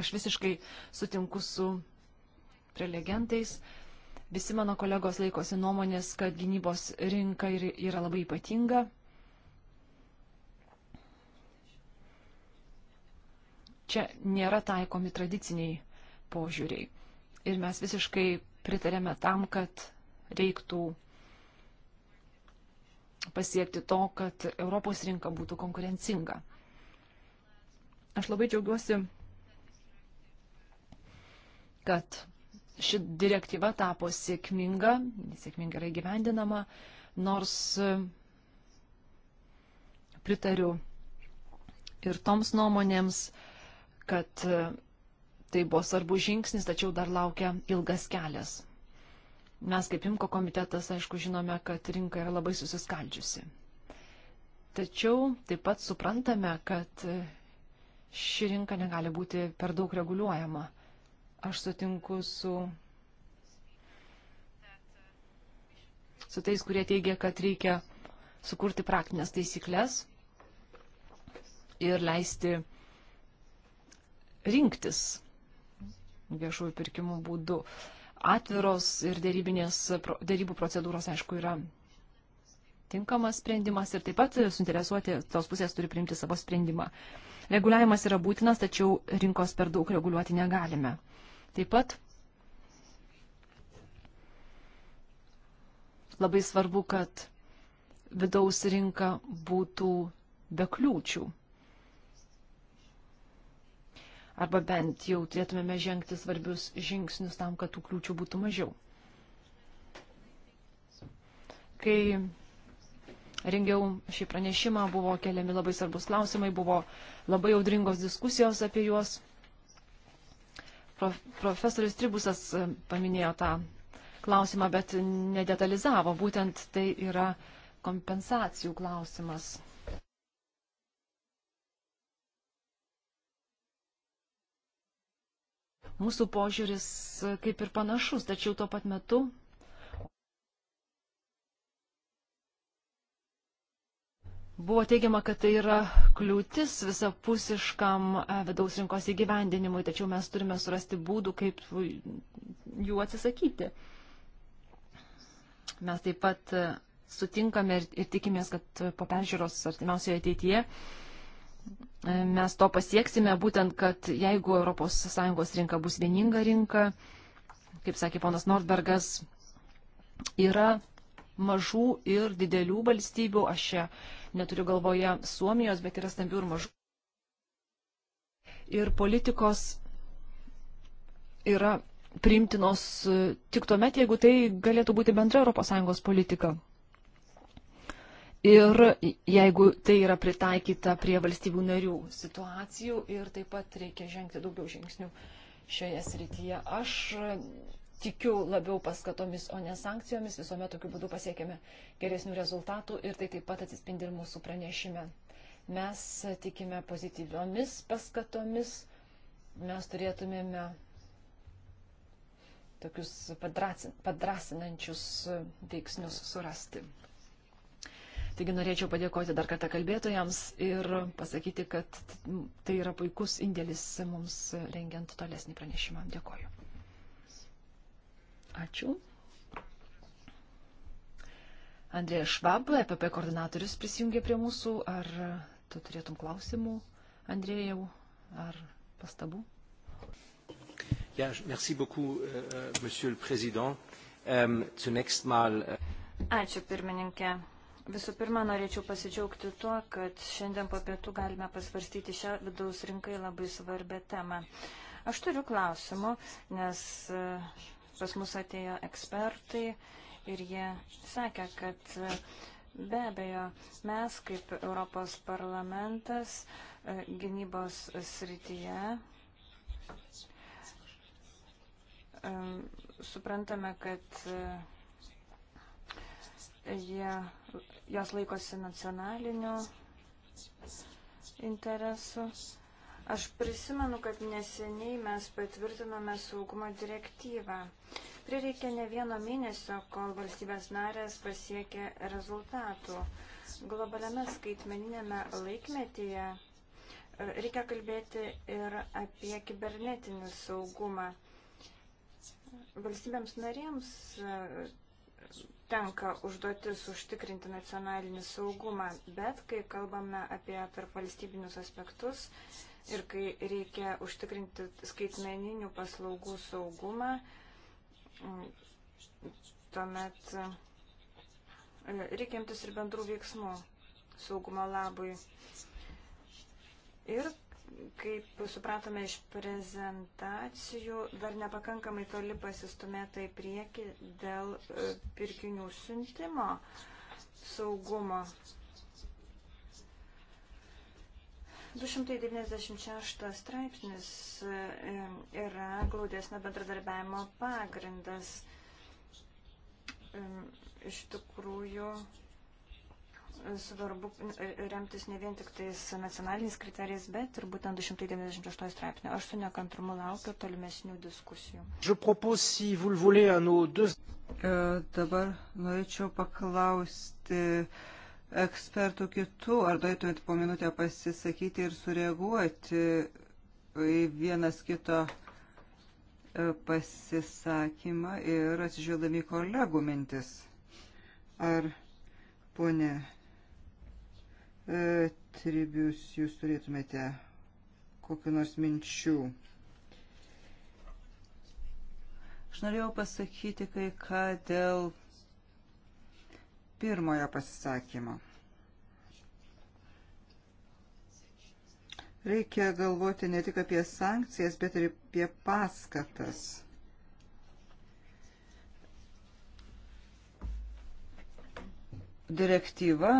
Speaker 3: Aš visiškai sutinku su prelegentais. Visi mano kolegos laikosi nuomonės, kad gynybos rinka yra labai ypatinga čia nėra taikomi tradiciniai požiūriai. Ir mes visiškai pritarėme tam, kad reiktų pasiekti to, kad Europos rinka būtų konkurencinga. Aš labai džiaugiuosi, kad ši direktyva tapo sėkminga, sėkmingai yra įgyvendinama, nors pritariu ir toms nuomonėms, kad e, tai buvo svarbus žingsnis, tačiau dar laukia ilgas kelias. Mes kaip Imko komitetas, aišku, žinome, kad rinka yra labai susiskaldžiusi. Tačiau taip pat suprantame, kad e, ši rinka negali būti per daug reguliuojama. Aš sutinku su, su tais, kurie teigia, kad reikia sukurti praktinės taisyklės ir leisti rinktis viešųjų pirkimų būdu. Atviros ir dėrybų procedūros, aišku, yra tinkamas sprendimas ir taip pat suinteresuoti tos pusės turi priimti savo sprendimą. Reguliavimas yra būtinas, tačiau rinkos per daug reguliuoti negalime. Taip pat labai svarbu, kad vidaus rinka būtų be kliūčių arba bent jau turėtumėme žengti svarbius žingsnius tam, kad tų kliūčių būtų mažiau. Kai rengiau šį pranešimą, buvo keliami labai svarbus klausimai, buvo labai audringos diskusijos apie juos. Pro, profesorius Tribusas e, paminėjo tą klausimą, bet nedetalizavo. Būtent tai yra kompensacijų klausimas. Mūsų požiūris e, kaip ir panašus, tačiau tuo pat metu Buvo teigiama, kad tai yra kliūtis visapusiškam e, vidaus rinkos įgyvendinimui, tačiau mes turime surasti būdų, kaip jų atsisakyti. Mes taip pat e, sutinkame ir, ir tikimės, kad po peržiūros artimiausioje ateityje mes to pasieksime, būtent, kad jeigu ES rinka bus vieninga rinka, kaip sakė ponas Nordbergas, yra mažų ir didelių valstybių, aš čia neturiu galvoje Suomijos, bet yra stambių ir mažų. Ir politikos yra priimtinos tik tuomet, jeigu tai galėtų būti bendra ES politika ir jeigu tai yra pritaikyta prie valstybių narių situacijų ir taip pat reikia žengti daugiau žingsnių šioje srityje. Aš tikiu labiau paskatomis, o ne sankcijomis, visuomet tokiu būdu pasiekėme geresnių rezultatų ir tai taip pat atsispindi ir mūsų pranešime. Mes tikime pozityviomis paskatomis, mes turėtumėme tokius padrasinančius veiksnius surasti. Taigi norėčiau padėkoti dar kartą kalbėtojams ir pasakyti, kad tai yra puikus indėlis mums rengiant tolesnį pranešimą. Dėkoju. Ačiū. Andrėja Švab, EPP koordinatorius, prisijungė prie mūsų. Ar tu turėtum klausimų, Andrėjau, ar pastabų?
Speaker 2: Ja, merci beaucoup, euh, euh, monsieur le président. Um, euh, zunächst mal. Ačiū, pirmininkė. Visų pirma, norėčiau pasidžiaugti tuo, kad šiandien po pietų galime pasvarstyti šią vidaus rinkai labai svarbę temą. Aš turiu klausimų, nes e, pas mus atėjo ekspertai ir jie sakė, kad e, be abejo mes kaip Europos parlamentas e, gynybos srityje suprantame, kad Jie, jos laikosi nacionalinių interesų. Aš prisimenu, kad neseniai mes patvirtinome saugumo direktyvą. Prireikė ne vieno mėnesio, kol valstybės narės pasiekė rezultatų. Globaliame skaitmeninėme laikmetyje e, reikia kalbėti ir apie kibernetinį saugumą. Valstybėms narėms e, tenka užduotis užtikrinti nacionalinį saugumą, bet kai kalbame apie tarpvalstybinius aspektus ir kai reikia užtikrinti skaitmeninių paslaugų saugumą, tuomet e, reikia imtis ir bendrų veiksmų saugumo labui. Ir kaip supratome iš prezentacijų, dar nepakankamai toli pasistumėta į priekį dėl e, pirkinių siuntimo saugumo. 296 straipsnis e, yra glaudesnio bendradarbiavimo pagrindas. E, iš tikrųjų, svarbu remtis ne vien tik tais nacionaliniais kriterijais, bet ir būtent 298 straipsnio. Aš su nekantrumu laukiu tolimesnių diskusijų.
Speaker 1: Propose, si voulez, deux... e, dabar norėčiau paklausti ekspertų kitų, ar norėtumėt po minutę pasisakyti ir sureaguoti į vienas kito e, pasisakymą ir atsižiūrėdami kolegų mintis. Ar ponė E, Tribius, jūs turėtumėte kokiu nors minčių. Aš norėjau pasakyti kai ką dėl pirmojo pasisakymo. Reikia galvoti ne tik apie sankcijas, bet ir apie paskatas. Direktyva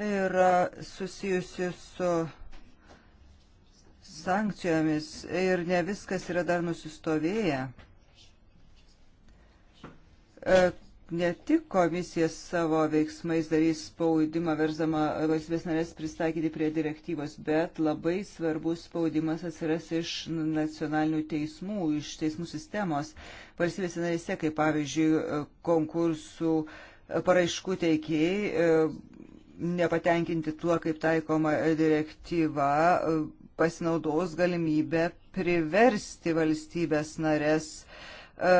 Speaker 1: yra susijusi su sankcijomis ir ne viskas yra dar nusistovėję. E, ne tik komisija savo veiksmais darys spaudimą, versdama valstybės narės pristaikyti prie direktyvos, bet labai svarbus spaudimas atsiras iš nacionalinių teismų, iš teismų sistemos. Valstybės narėse, kaip pavyzdžiui, konkursų paraiškų teikėjai nepatenkinti tuo, kaip taikoma direktyva, pasinaudos galimybę priversti valstybės narės e,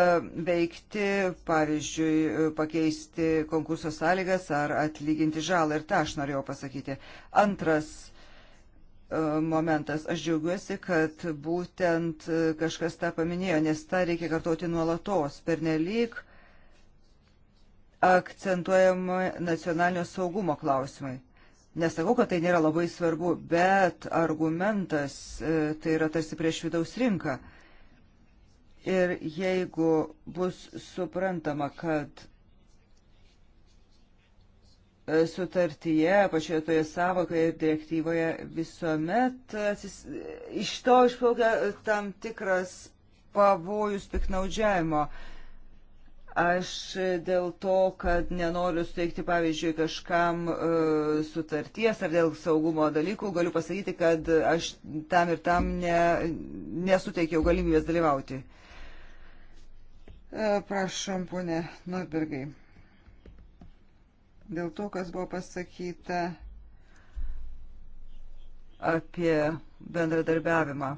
Speaker 1: veikti, pavyzdžiui, pakeisti konkurso sąlygas ar atlyginti žalą. Ir tą aš norėjau pasakyti. Antras e, momentas. Aš džiaugiuosi, kad būtent e, kažkas tą paminėjo, nes tą reikia kartoti nuolatos. Pernelyg akcentuojama nacionalinio saugumo klausimai. Nesakau, kad tai nėra labai svarbu, bet argumentas e, tai yra tarsi prieš vidaus rinką. Ir jeigu bus suprantama, kad e, sutartyje, pačioje toje savokoje ir direktyvoje visuomet e, atsis, iš to išplaukia tam tikras pavojus piknaudžiavimo. Uh, Aš dėl to, kad nenoriu suteikti, pavyzdžiui, kažkam e, sutarties ar dėl saugumo dalykų, galiu pasakyti, kad aš tam ir tam ne, nesuteikiau galimybės dalyvauti. E, prašom, ponė Norbergai. Dėl to, kas buvo pasakyta apie bendradarbiavimą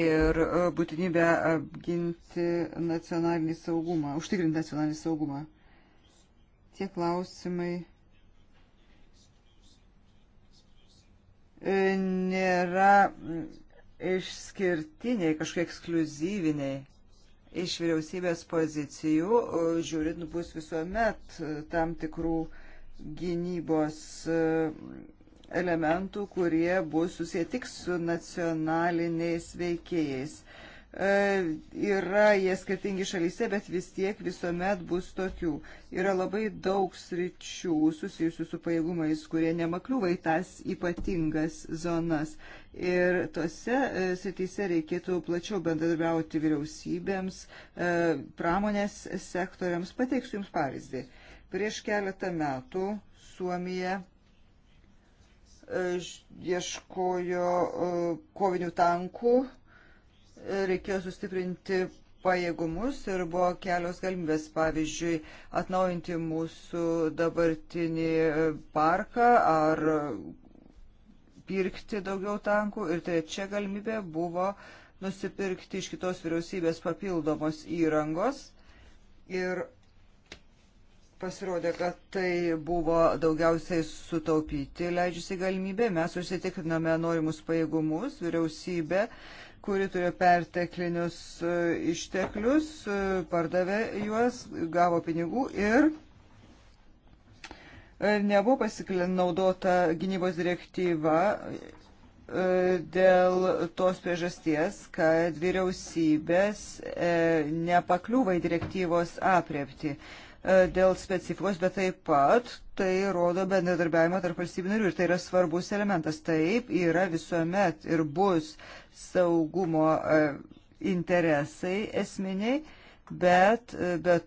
Speaker 1: ir e, būtinybę apginti nacionalinį saugumą, užtikrinti nacionalinį saugumą. Tie klausimai e, nėra išskirtiniai, kažkokie ekskluzyviniai. Iš vyriausybės pozicijų žiūrint bus visuomet tam tikrų gynybos elementų, kurie bus susiję tik su nacionaliniais veikėjais. E, yra jie skirtingi šalyse, bet vis tiek visuomet bus tokių. Yra labai daug sričių susijusių su pajėgumais, kurie nemakliuva į tas ypatingas zonas. Ir tose e, srityse reikėtų plačiau bendradarbiauti vyriausybėms, e, pramonės sektoriams. Pateiksiu Jums pavyzdį. Prieš keletą metų Suomija ieškojo e, kovinių tankų, e, reikėjo sustiprinti pajėgumus ir buvo kelios galimybės, pavyzdžiui, atnaujinti mūsų dabartinį e, parką ar pirkti daugiau tankų. Ir trečia galimybė buvo nusipirkti iš kitos vyriausybės papildomos įrangos. Ir pasirodė, kad tai buvo daugiausiai sutaupyti leidžiusi galimybė. Mes užsitikrinome norimus pajėgumus, vyriausybė, kuri turėjo perteklinius e, išteklius, e, pardavė juos, gavo pinigų ir e, nebuvo pasikliaudota gynybos direktyva dėl tos priežasties, kad vyriausybės nepakliūva į direktyvos apriepti. E, dėl specifikos, bet taip pat tai rodo bendradarbiavimą tarp valstybių narių ir tai yra svarbus elementas. Taip yra visuomet ir bus saugumo e, interesai esminiai, bet, e, bet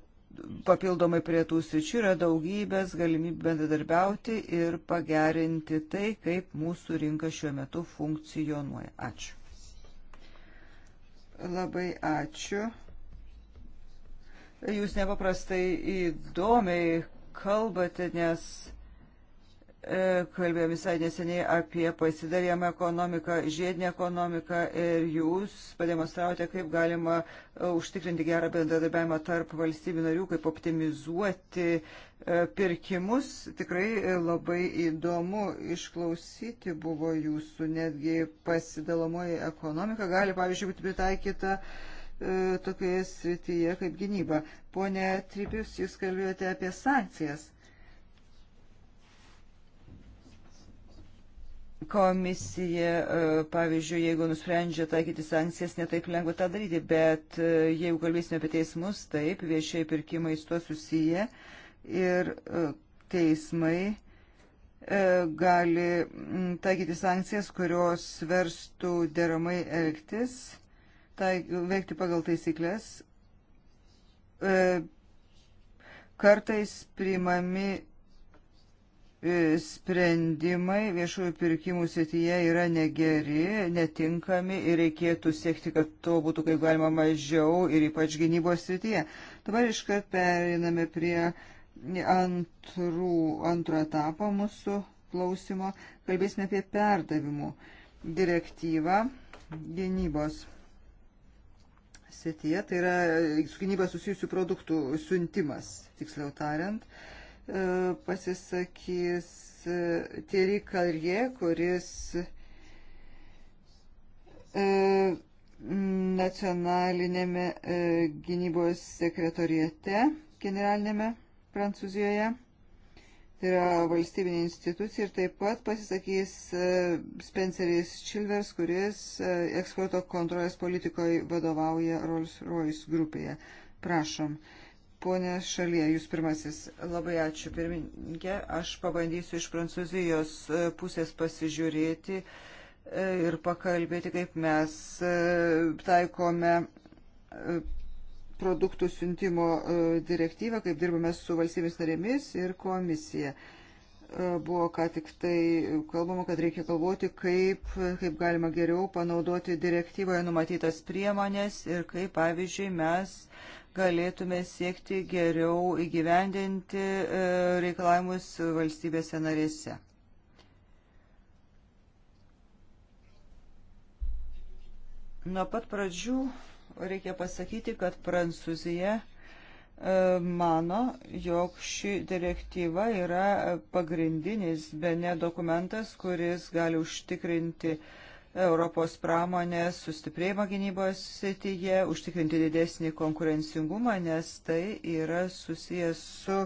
Speaker 1: papildomai prie tų sričių yra daugybės galimybių bendradarbiauti ir pagerinti tai, kaip mūsų rinka šiuo metu funkcionuoja. Ačiū. Labai ačiū. Jūs nepaprastai įdomiai kalbate, nes e, kalbėjom visai neseniai apie pasidarėjimą ekonomiką, žiedinę ekonomiką ir jūs pademonstravote, kaip galima e, užtikrinti gerą bendradarbiavimą tarp valstybių narių, kaip optimizuoti e, pirkimus. Tikrai labai įdomu išklausyti buvo jūsų, netgi pasidalomoji ekonomika gali, pavyzdžiui, būti pritaikyta uh, E, tokioje srityje kaip gynyba. Pone Tripius, jūs kalbėjote apie sankcijas. Komisija, e, pavyzdžiui, jeigu nusprendžia taikyti sankcijas, netaip lengva tą daryti, bet e, jeigu kalbėsime apie teismus, taip, viešiai pirkimai su to susiję ir teismai gali taikyti sankcijas, kurios verstų deramai elgtis taik, veikti pagal taisyklės, e, kartais priimami e, sprendimai viešųjų pirkimų srityje yra negeri, netinkami ir reikėtų siekti, kad to būtų kaip galima mažiau ir ypač gynybos srityje. Dabar iškart periname prie antrų, antro etapo mūsų klausimo. Kalbėsime apie perdavimų direktyvą gynybos srityje, tai yra su gynyba susijusių produktų siuntimas, tiksliau tariant, e, pasisakys e, Thierry Kalje, kuris e, nacionalinėme gynybos sekretorijete generalinėme Prancūzijoje yra valstybinė institucija ir taip pat pasisakys e, Spenceris Chilvers, kuris e, eksporto kontrolės politikoje vadovauja Rolls-Royce grupėje. Prašom. Pone Šalie, jūs pirmasis. Labai ačiū pirmininkė. Aš pabandysiu iš prancūzijos e, pusės pasižiūrėti ir pakalbėti, kaip mes taikome produktų siuntimo e, direktyvą, kaip dirbame su valstybės narėmis ir komisija. E, buvo ką tik tai kalbama, kad reikia kalboti, kaip, kaip galima geriau panaudoti direktyvoje numatytas priemonės ir kaip, pavyzdžiui, mes galėtume siekti geriau įgyvendinti e, reikalavimus valstybėse narėse. Nuo pat pradžių reikia pasakyti, kad Prancūzija e, mano, jog ši direktyva yra pagrindinis bene dokumentas, kuris gali užtikrinti uh, Europos pramonės sustiprėjimo gynybos srityje, užtikrinti didesnį konkurencingumą, nes tai yra susijęs su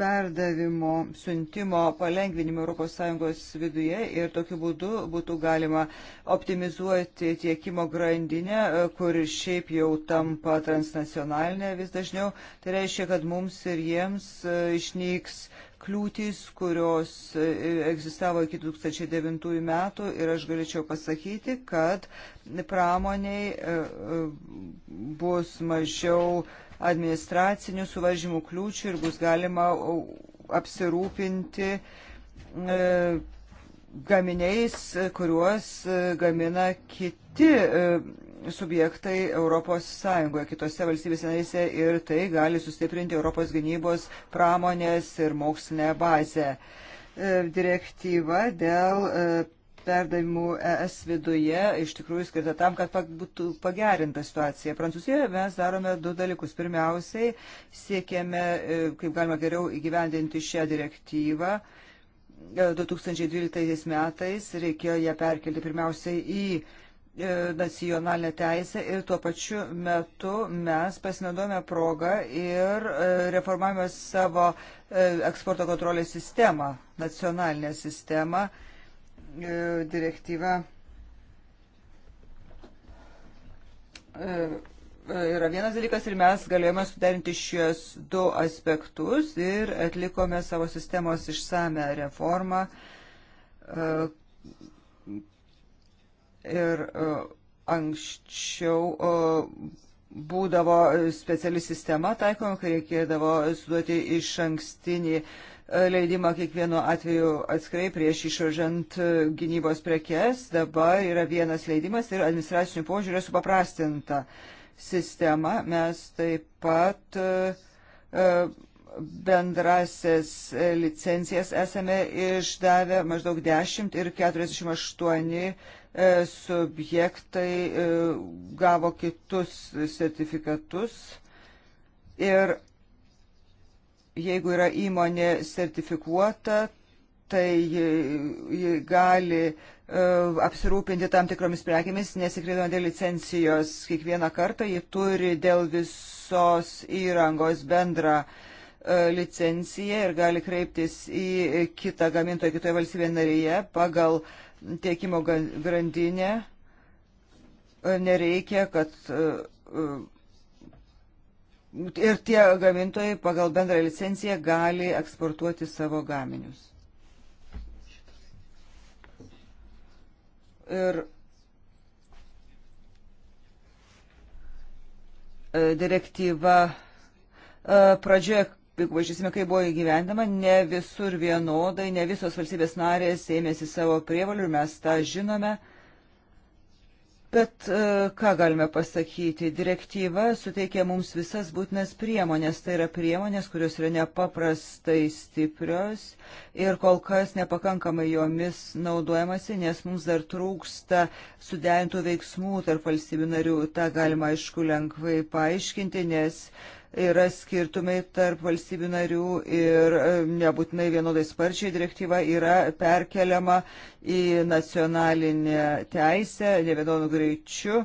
Speaker 1: perdavimo, siuntimo palengvinimu ES viduje ir tokiu būdu būtų galima optimizuoti tiekimo grandinę, kur šiaip jau tampa transnacionalinė vis dažniau. Tai reiškia, kad mums ir jiems e, išnyks uh, kliūtys, kurios e, egzistavo iki 2009 metų ir aš galėčiau pasakyti, kad pramoniai e, e, bus mažiau administracinių suvaržymų kliūčių ir bus galima apsirūpinti gaminiais, kuriuos gamina kiti subjektai Europos Sąjungoje, kitose valstybėse narėse ir tai gali sustiprinti Europos gynybos pramonės ir mokslinę bazę. E, direktyva dėl e, perdavimų ES viduje iš tikrųjų skirta tam, kad būtų pagerinta situacija. Prancūzijoje mes darome du dalykus. Pirmiausiai siekiame, e, kaip galima geriau įgyvendinti šią direktyvą. 2012 metais reikėjo ją perkelti pirmiausiai į E, nacionalinę teisę ir tuo pačiu metu mes pasinaudojame progą ir e, reformavome savo e, eksporto kontrolės sistemą, nacionalinę sistemą, direktyvą. Yra vienas dalykas ir mes galėjome suderinti šios du aspektus ir atlikome savo sistemos išsame reformą, Ir e, anksčiau e, būdavo speciali sistema taikoma, kai reikėdavo suduoti iš ankstinį e, leidimą kiekvienu atveju atskrai prieš išvažiant gynybos prekes. Dabar yra vienas leidimas ir administracinių požiūrė supaprastinta sistema. Mes taip pat bendrasis licencijas esame išdavę maždaug 10 ir 48 E, subjektai e, gavo kitus sertifikatus ir jeigu yra įmonė sertifikuota, tai ji gali e, apsirūpinti tam tikromis prekėmis, nesikreipdama dėl licencijos kiekvieną kartą, ji turi dėl visos įrangos bendrą licenciją ir gali kreiptis į kitą gamintoją kitoje valstybėje narėje pagal uh, tiekimo grandinė, e, nereikia, kad e, e, ir tie gamintojai pagal bendrą licenciją gali eksportuoti savo gaminius. Ir direktyva pradžioje pažiūrėsime, kaip buvo įgyvendama, ne visur vienodai, ne visos valstybės narės ėmėsi savo prievalių ir mes tą žinome. Bet e, ką galime pasakyti? Direktyva suteikia mums visas būtinas priemonės. Tai yra priemonės, kurios yra nepaprastai stiprios ir kol kas nepakankamai jomis naudojamasi, nes mums dar trūksta suderintų veiksmų tarp valstybių narių. Ta galima aišku lengvai paaiškinti, nes uh, yra skirtumai tarp valstybių narių ir e, nebūtinai vienodai sparčiai direktyva yra perkeliama į nacionalinę teisę nevienodų greičių.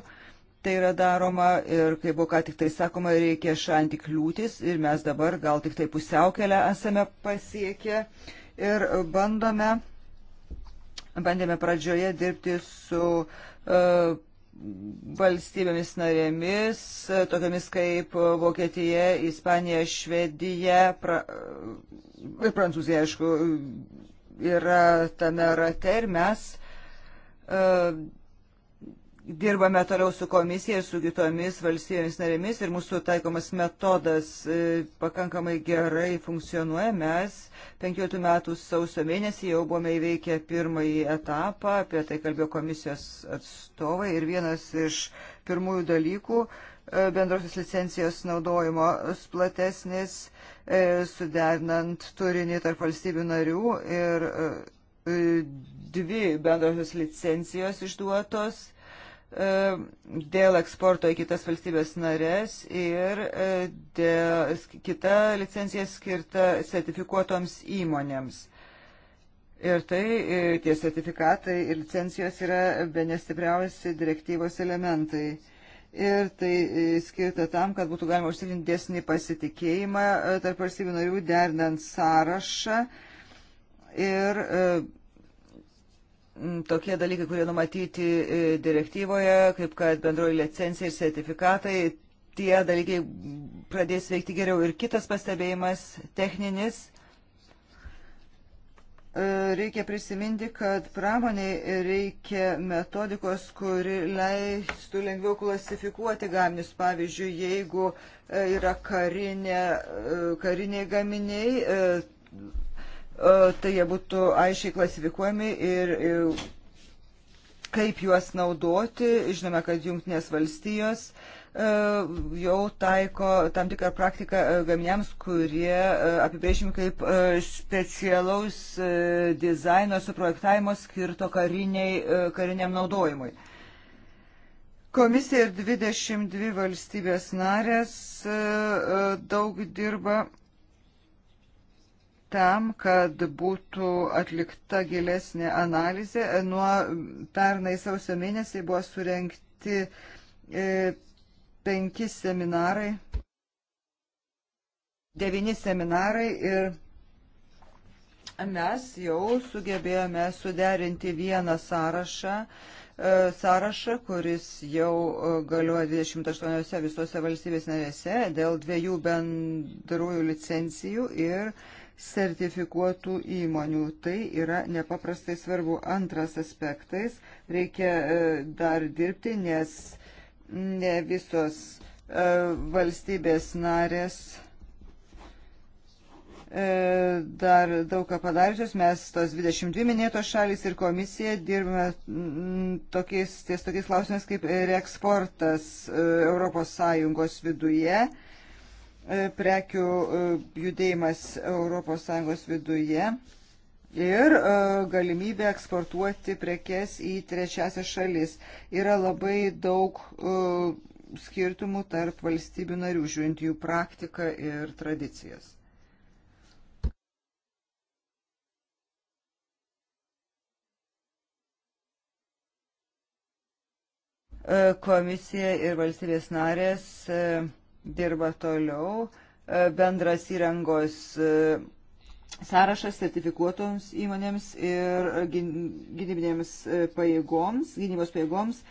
Speaker 1: Tai yra daroma ir, kaip buvo ką tik tai sakoma, reikia šanti kliūtis ir mes dabar gal tik tai pusiaukelę esame pasiekę ir bandome, bandėme pradžioje dirbti su uh, valstybėmis narėmis, e, tokiamis kaip Vokietija, Ispanija, Švedija pra, e, ir Prancūzija, aišku, yra tame rate ir mes e, Dirbame toliau su komisija ir su kitomis valstybėmis narėmis ir mūsų taikomas metodas e, pakankamai gerai funkcionuoja. Mes 15 metų sausio mėnesį jau buvome įveikę pirmąjį etapą, apie tai kalbėjo komisijos atstovai ir vienas iš pirmųjų dalykų e, bendrosios licencijos naudojimo platesnis, e, suderinant turinį tarp valstybių narių ir dvi bendrosios licencijos išduotos E, dėl eksporto į kitas valstybės narės ir e, dėl, kita licencija skirta sertifikuotoms įmonėms. Ir tai ir e, tie sertifikatai ir licencijos yra be nestipriausi direktyvos elementai ir tai skirta tam, kad būtų galima užtikrinti dėsnį pasitikėjimą tarp valstybių narių, dernant sąrašą ir tokie dalykai, kurie numatyti e, direktyvoje, kaip kad bendroji licencija ir sertifikatai, tie dalykai pradės veikti geriau. Ir kitas pastebėjimas techninis. E, reikia prisiminti, kad pramoniai reikia metodikos, kuri leistų lengviau klasifikuoti gaminius. Pavyzdžiui, jeigu e, yra karinė, kariniai gaminiai, E, tai jie būtų aiškiai klasifikuojami ir e, kaip juos naudoti. Žinome, kad Junktinės valstijos e, jau taiko tam tikrą praktiką gaminiams, kurie apibrėžimi kaip specialaus dizaino suprojektavimo skirto kariniai, kariniam naudojimui. Komisija ir 22 valstybės narės daug dirba tam, kad būtų atlikta gilesnė analizė. Nuo pernai sausio mėnesį buvo surenkti e, penki seminarai, devyni seminarai ir mes jau sugebėjome suderinti vieną sąrašą, e, sąrašą, kuris jau e, galioja 28 visose valstybės narėse dėl dviejų bendrųjų licencijų ir uh, sertifikuotų įmonių. Tai yra nepaprastai svarbu. Antras aspektais - reikia e, dar dirbti, nes ne visos e, valstybės narės e, dar daug ką padariusios, mes tos 22 minėtos šalis ir komisija dirbame tokiais, ties tokiais klausimais kaip reeksportas ES viduje. E, prekių e, judėjimas ES viduje ir e, galimybė eksportuoti prekes į trečiasią šalis. Yra labai daug skirtumų tarp valstybių narių, žiūrint jų praktiką ir tradicijas. Komisija ir valstybės narės dirba toliau. E, bendras įrangos e, sąrašas sertifikuotoms įmonėms ir gynybinėms e, pajėgoms, gynybos pajėgoms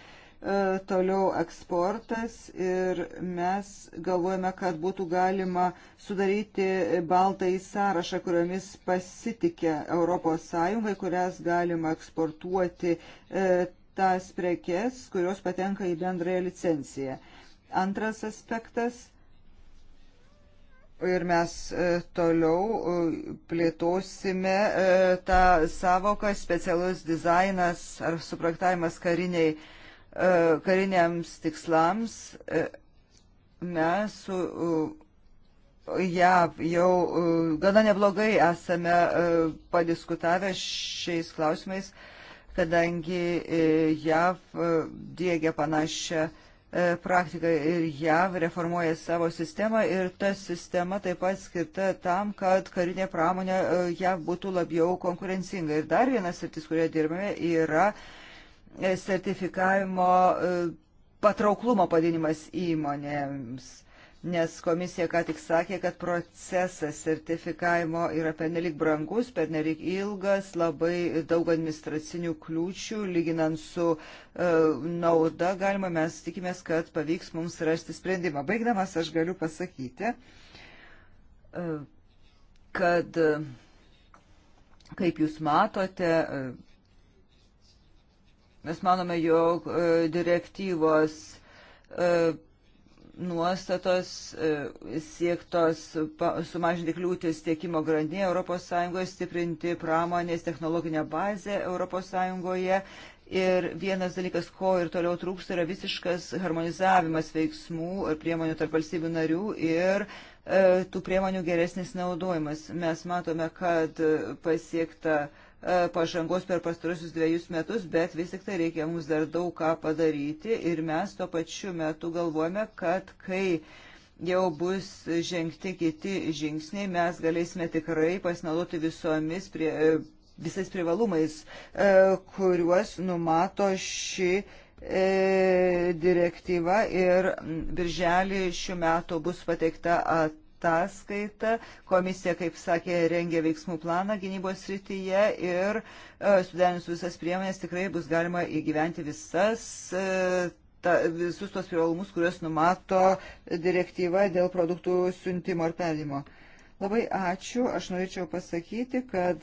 Speaker 1: toliau eksportas ir mes galvojame, kad būtų galima sudaryti baltąjį sąrašą, kuriomis pasitikė ES, kurias galima eksportuoti tas prekes, kurios patenka į bendrąją licenciją. Antras aspektas. Ir mes e, toliau e, plėtosime e, tą savoką specialus dizainas ar supraktavimas kariniai, kariniams tikslams. Mes su JAV jau gana neblogai esame padiskutavę šiais klausimais, kadangi JAV dėgia panašią E, praktiką ir JAV reformuoja savo sistemą ir ta sistema taip pat skirta tam, kad karinė pramonė e, JAV būtų labiau konkurencinga. Ir dar vienas sritis, kurioje dirbame, yra e, sertifikavimo patrauklumo padinimas įmonėms nes komisija ką tik sakė, kad procesas sertifikavimo yra pernelik brangus, pernelik ilgas, labai daug administracinių kliūčių, lyginant su e, nauda galima, mes tikimės, kad pavyks mums rasti sprendimą. Baigdamas aš galiu pasakyti, e, kad, e, kaip jūs matote, e, mes manome, jog e, direktyvos e, nuostatos e, siektos sumažinti kliūtis tiekimo grandinėje ES, stiprinti pramonės technologinę bazę ES. Ir vienas dalykas, ko ir toliau trūksta, yra visiškas harmonizavimas veiksmų ir priemonių tarp valstybių narių ir e, tų priemonių geresnis naudojimas. Mes matome, kad e, pasiekta e, E, pažangos per pastarusius dviejus metus, bet vis tik tai reikia mums dar daug ką padaryti ir mes tuo pačiu metu galvojame, kad kai jau bus žengti kiti žingsniai, mes galėsime tikrai pasinaudoti visomis prie, e, visais privalumais, e, kuriuos numato ši direktyva ir birželį šių metų bus pateikta ataskaita ataskaitą. Komisija, kaip sakė, rengia veiksmų planą gynybos srityje ir e, sudarinus visas priemonės tikrai bus galima įgyventi visas. E, ta, visus tos privalumus, kuriuos numato direktyva dėl produktų siuntimo ar perdimo. Labai ačiū. Aš norėčiau pasakyti, kad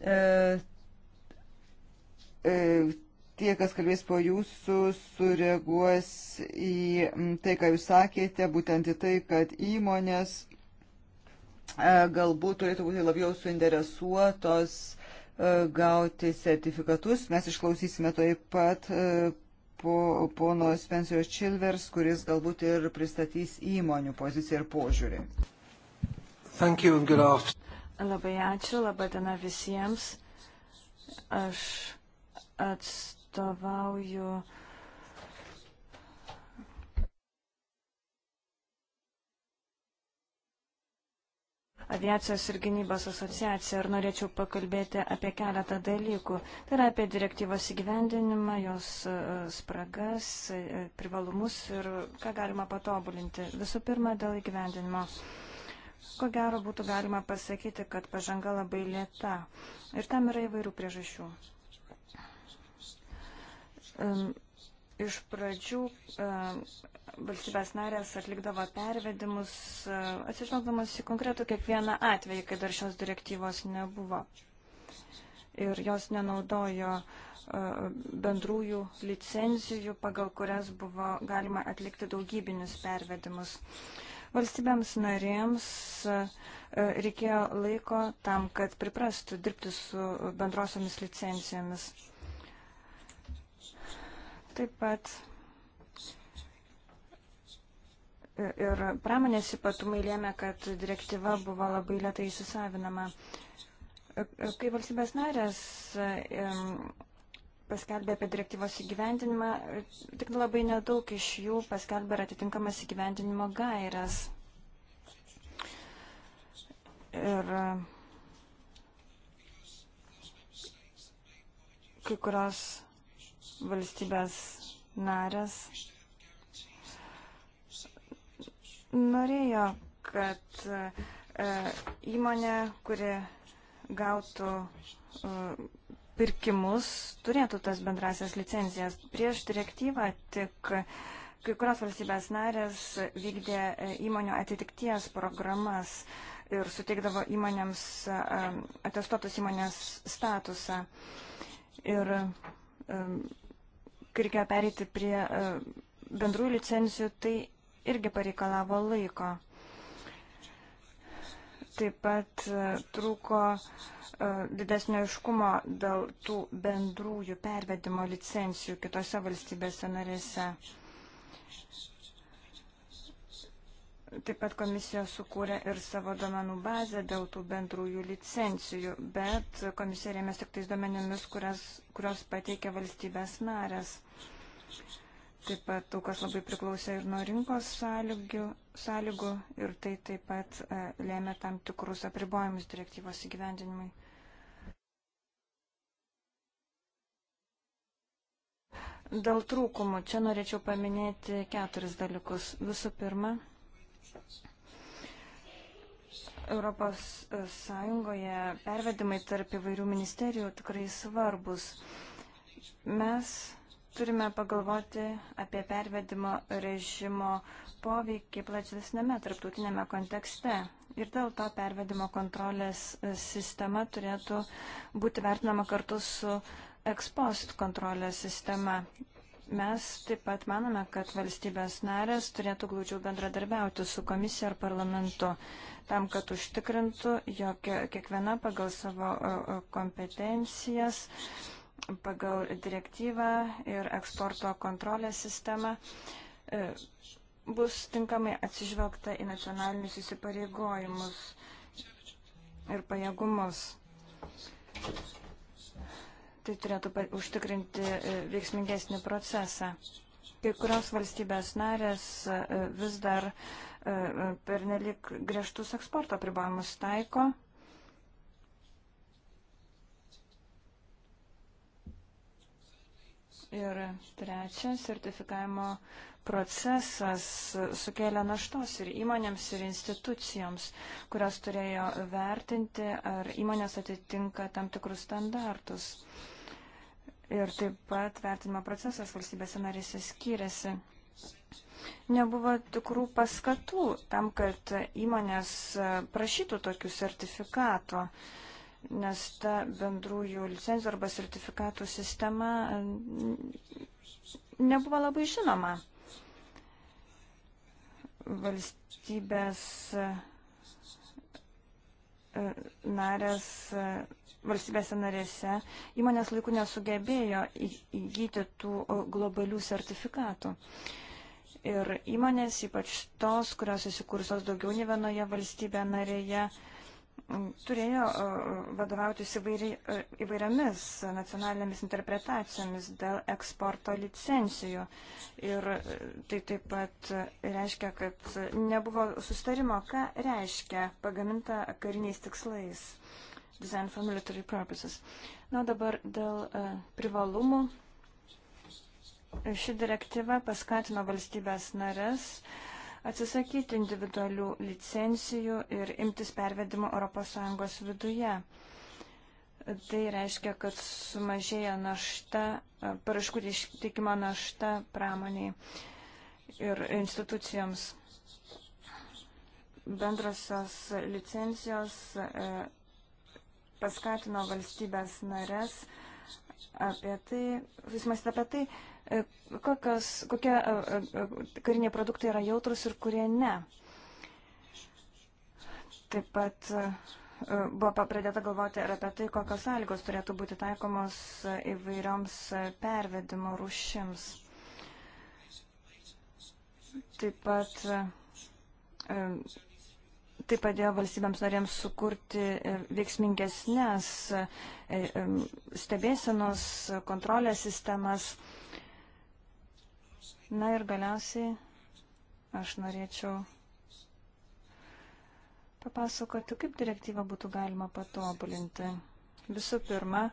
Speaker 1: e, e, tie, kas kalbės po jūsų, sureaguos į mm, tai, ką jūs sakėte, būtent į tai, kad įmonės e, galbūt turėtų būti labiau suinteresuotos e, gauti sertifikatus. Mes išklausysime taip pat e, po, pono Spencerio Chilvers, kuris galbūt ir pristatys įmonių poziciją ir požiūrį. Thank you and good afternoon.
Speaker 2: Labai ačiū, laba diena visiems. Aš atstovauju atstovauju aviacijos ir gynybos asociacija ir norėčiau pakalbėti apie keletą dalykų. Tai yra apie direktyvos įgyvendinimą, jos e, spragas, e, privalumus ir ką galima patobulinti. Visų pirma, dėl įgyvendinimo. Ko gero būtų galima pasakyti, kad pažanga labai lėta. Ir tam yra įvairių priežasčių. Iš pradžių valstybės narės atlikdavo pervedimus, e, atsižvelgdamas į konkretų kiekvieną atvejį, kai dar šios direktyvos nebuvo. Ir jos nenaudojo e, bendrųjų licenzijų, pagal kurias buvo galima atlikti daugybinius pervedimus. Valstybėms narėms e, reikėjo laiko tam, kad priprastų dirbti su bendrosiomis licencijomis. Taip pat ir pramonės ypatumai lėmė, kad direktyva buvo labai lietai įsisavinama. Kai valstybės narės paskelbė apie direktyvos įgyvendinimą, tik labai nedaug iš jų paskelbė ir atitinkamas įgyvendinimo gairias. Ir kai kurios valstybės narės norėjo, kad e, įmonė, kuri gautų e, pirkimus, turėtų tas bendrasias licencijas. Prieš direktyvą tik kai kurios valstybės narės vykdė e, įmonių atitikties programas ir suteikdavo įmonėms atestuotus įmonės statusą. Ir kai reikėjo perėti prie e, bendrųjų licencijų, tai irgi pareikalavo laiko. Taip pat e, trūko e, didesnio iškumo dėl tų bendrųjų pervedimo licencijų kitose valstybėse narėse. Taip pat komisija sukūrė ir savo domenų bazę dėl tų bendrųjų licencijų, bet komisija rėmės tik tais domenimis, kurias, kurios pateikia valstybės narės. Taip pat daug kas labai priklausė ir nuo rinkos sąlygių, sąlygų ir tai taip pat e, lėmė tam tikrus apribojimus direktyvos įgyvendinimui. Dėl trūkumų čia norėčiau paminėti keturis dalykus. Visų pirma, Europos Sąjungoje pervedimai tarp įvairių ministerijų tikrai svarbus. Mes turime pagalvoti apie pervedimo režimo poveikį plačesnėme tarptautinėme kontekste. Ir dėl to pervedimo kontrolės sistema turėtų būti vertinama kartu su ekspost kontrolės sistema. Mes taip pat manome, kad valstybės narės turėtų glaudžiau bendradarbiauti su komisija ar parlamentu, tam, kad užtikrintų, jog kiekviena pagal savo kompetencijas, pagal direktyvą ir eksporto kontrolės sistemą e, bus tinkamai atsižvelgta į nacionalinius įsipareigojimus ir pajėgumus. Tai turėtų užtikrinti e, veiksmingesnį procesą. Kai kurios valstybės narės e, vis dar e, per nelik griežtus eksporto pribojimus taiko. Ir trečia, sertifikavimo procesas sukėlė naštos ir įmonėms, ir institucijoms, kurios turėjo vertinti, ar įmonės atitinka tam tikrus standartus. Ir taip pat vertinimo procesas valstybėse narėse skiriasi. Nebuvo tikrų paskatų tam, kad įmonės prašytų tokių sertifikatų nes ta bendrųjų licencijų arba sertifikatų sistema nebuvo labai žinoma valstybės e, narės, e, valstybėse narėse įmonės laiku nesugebėjo įgyti tų globalių sertifikatų. Ir įmonės, ypač tos, kurios įsikūrusios daugiau nei vienoje valstybėje narėje, turėjo vadovautis įvairiamis nacionalinėmis interpretacijomis dėl eksporto licencijų. Ir tai taip pat reiškia, kad nebuvo sustarimo, ką reiškia pagaminta kariniais tikslais. Design for military purposes. Na dabar dėl privalumų. Ši direktyva paskatino valstybės narės uh, atsisakyti individualių licencijų ir imtis pervedimo ES viduje. Tai reiškia, kad sumažėja našta, paraškų teikimo našta pramoniai ir institucijoms. Bendrosios licencijos e, paskatino valstybės narės apie tai, susimasti apie tai, kokios, kokie kariniai produktai yra jautrus ir kurie ne. Taip pat buvo papradėta galvoti ir apie tai, kokios sąlygos turėtų būti taikomos įvairioms pervedimo rušims. Taip pat tai padėjo valstybėms norėms sukurti e, veiksmingesnės e, e, stebėsenos kontrolės sistemas. Na ir galiausiai aš norėčiau papasakoti, kaip direktyvą būtų galima patobulinti. Visų pirma,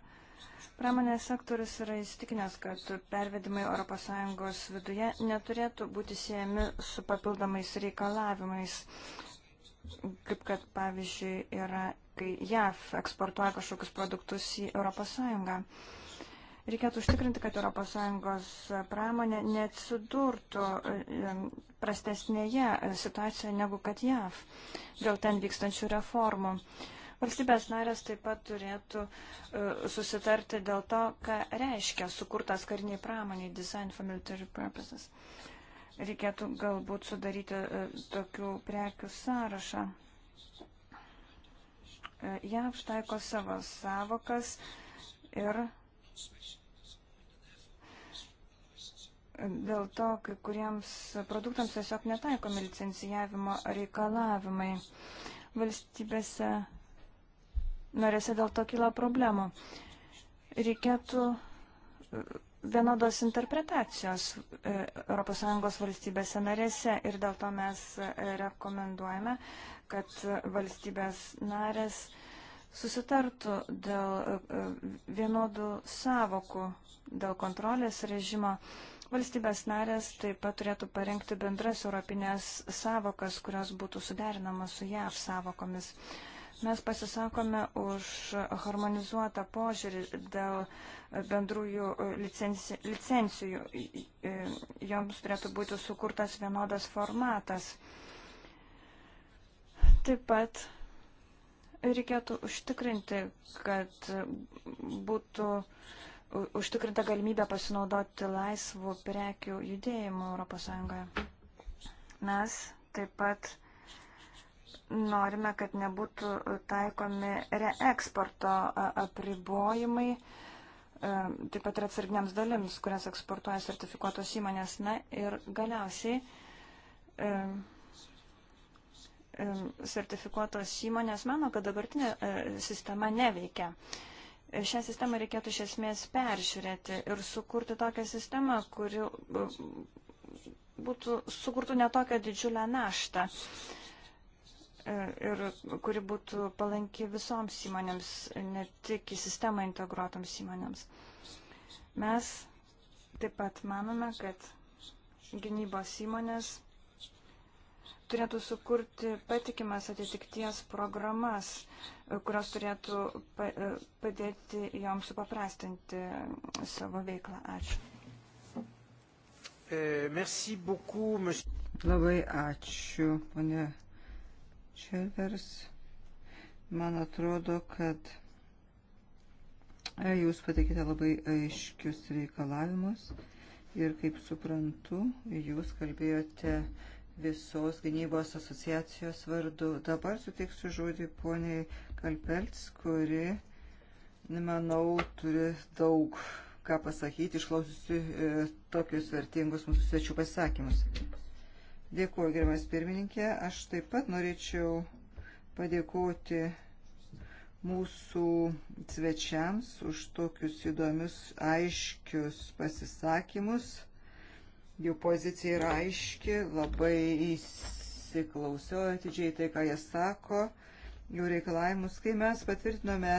Speaker 2: pramonės sektorius yra įstikinęs, kad pervedimai ES viduje neturėtų būti siejami su papildomais reikalavimais, kaip kad pavyzdžiui yra, kai JAF eksportuoja kažkokius produktus į ES. Reikėtų užtikrinti, kad ES pramonė neatsidurtų e, prastesnėje situacijoje negu kad JAV dėl ten vykstančių reformų. Valstybės narės taip pat turėtų e, susitarti dėl to, ką reiškia sukurtas kariniai pramoniai Design for Military Purposes. Reikėtų galbūt sudaryti e, tokių prekių sąrašą. JAV štaiko savo savokas ir Dėl to, kai kuriems produktams tiesiog netaikomi licencijavimo reikalavimai. Valstybėse norėse dėl to kila problemų. Reikėtų e, vienodos interpretacijos e, ES valstybėse narėse ir dėl to mes e, rekomenduojame, kad valstybės narės uh, susitartų dėl e, e, vienodų savokų, dėl kontrolės režimo. Valstybės narės taip pat turėtų parengti bendras europinės savokas, kurios būtų suderinamos su JAV savokomis. Mes pasisakome už harmonizuotą požiūrį dėl bendrųjų licenci, licencijų. E, joms turėtų būti sukurtas vienodas formatas. Taip pat reikėtų užtikrinti, kad būtų užtikrinta galimybė pasinaudoti laisvų prekių judėjimu ES. Mes taip pat norime, kad nebūtų taikomi reeksporto apribojimai, taip pat ir atsarginiams dalims, kurias eksportuoja sertifikuotos įmonės. Na ir galiausiai sertifikuotos įmonės mano, kad dabartinė e, sistema neveikia. E, šią sistemą reikėtų iš esmės peržiūrėti ir sukurti tokią sistemą, kuri e, būtų, sukurtų netokią didžiulę naštą ir kuri būtų palanki visoms įmonėms, ne tik į sistemą integruotoms įmonėms. Mes taip pat manome, kad gynybos įmonės turėtų sukurti patikimas atitikties programas, e, kurios turėtų e, padėti joms supaprastinti savo veiklą. Ačiū.
Speaker 3: E,
Speaker 1: merci beaucoup, monsieur. Labai ačiū, ponė Čelvers. Man atrodo, kad jūs pateikite labai aiškius reikalavimus ir, kaip suprantu, jūs kalbėjote uh, visos gynybos asociacijos vardu. Dabar suteiksiu žodį poniai Kalpelts, kuri, manau, turi daug ką pasakyti, išklausiusi e, tokius vertingus mūsų svečių pasakymus. Dėkuoju, gerbiamas pirmininkė. Aš taip pat norėčiau padėkoti mūsų svečiams už tokius įdomius, aiškius pasisakymus Jų pozicija yra aiški, labai įsiklausiau atidžiai tai, ką jie sako, jų reikalavimus. Kai mes patvirtinome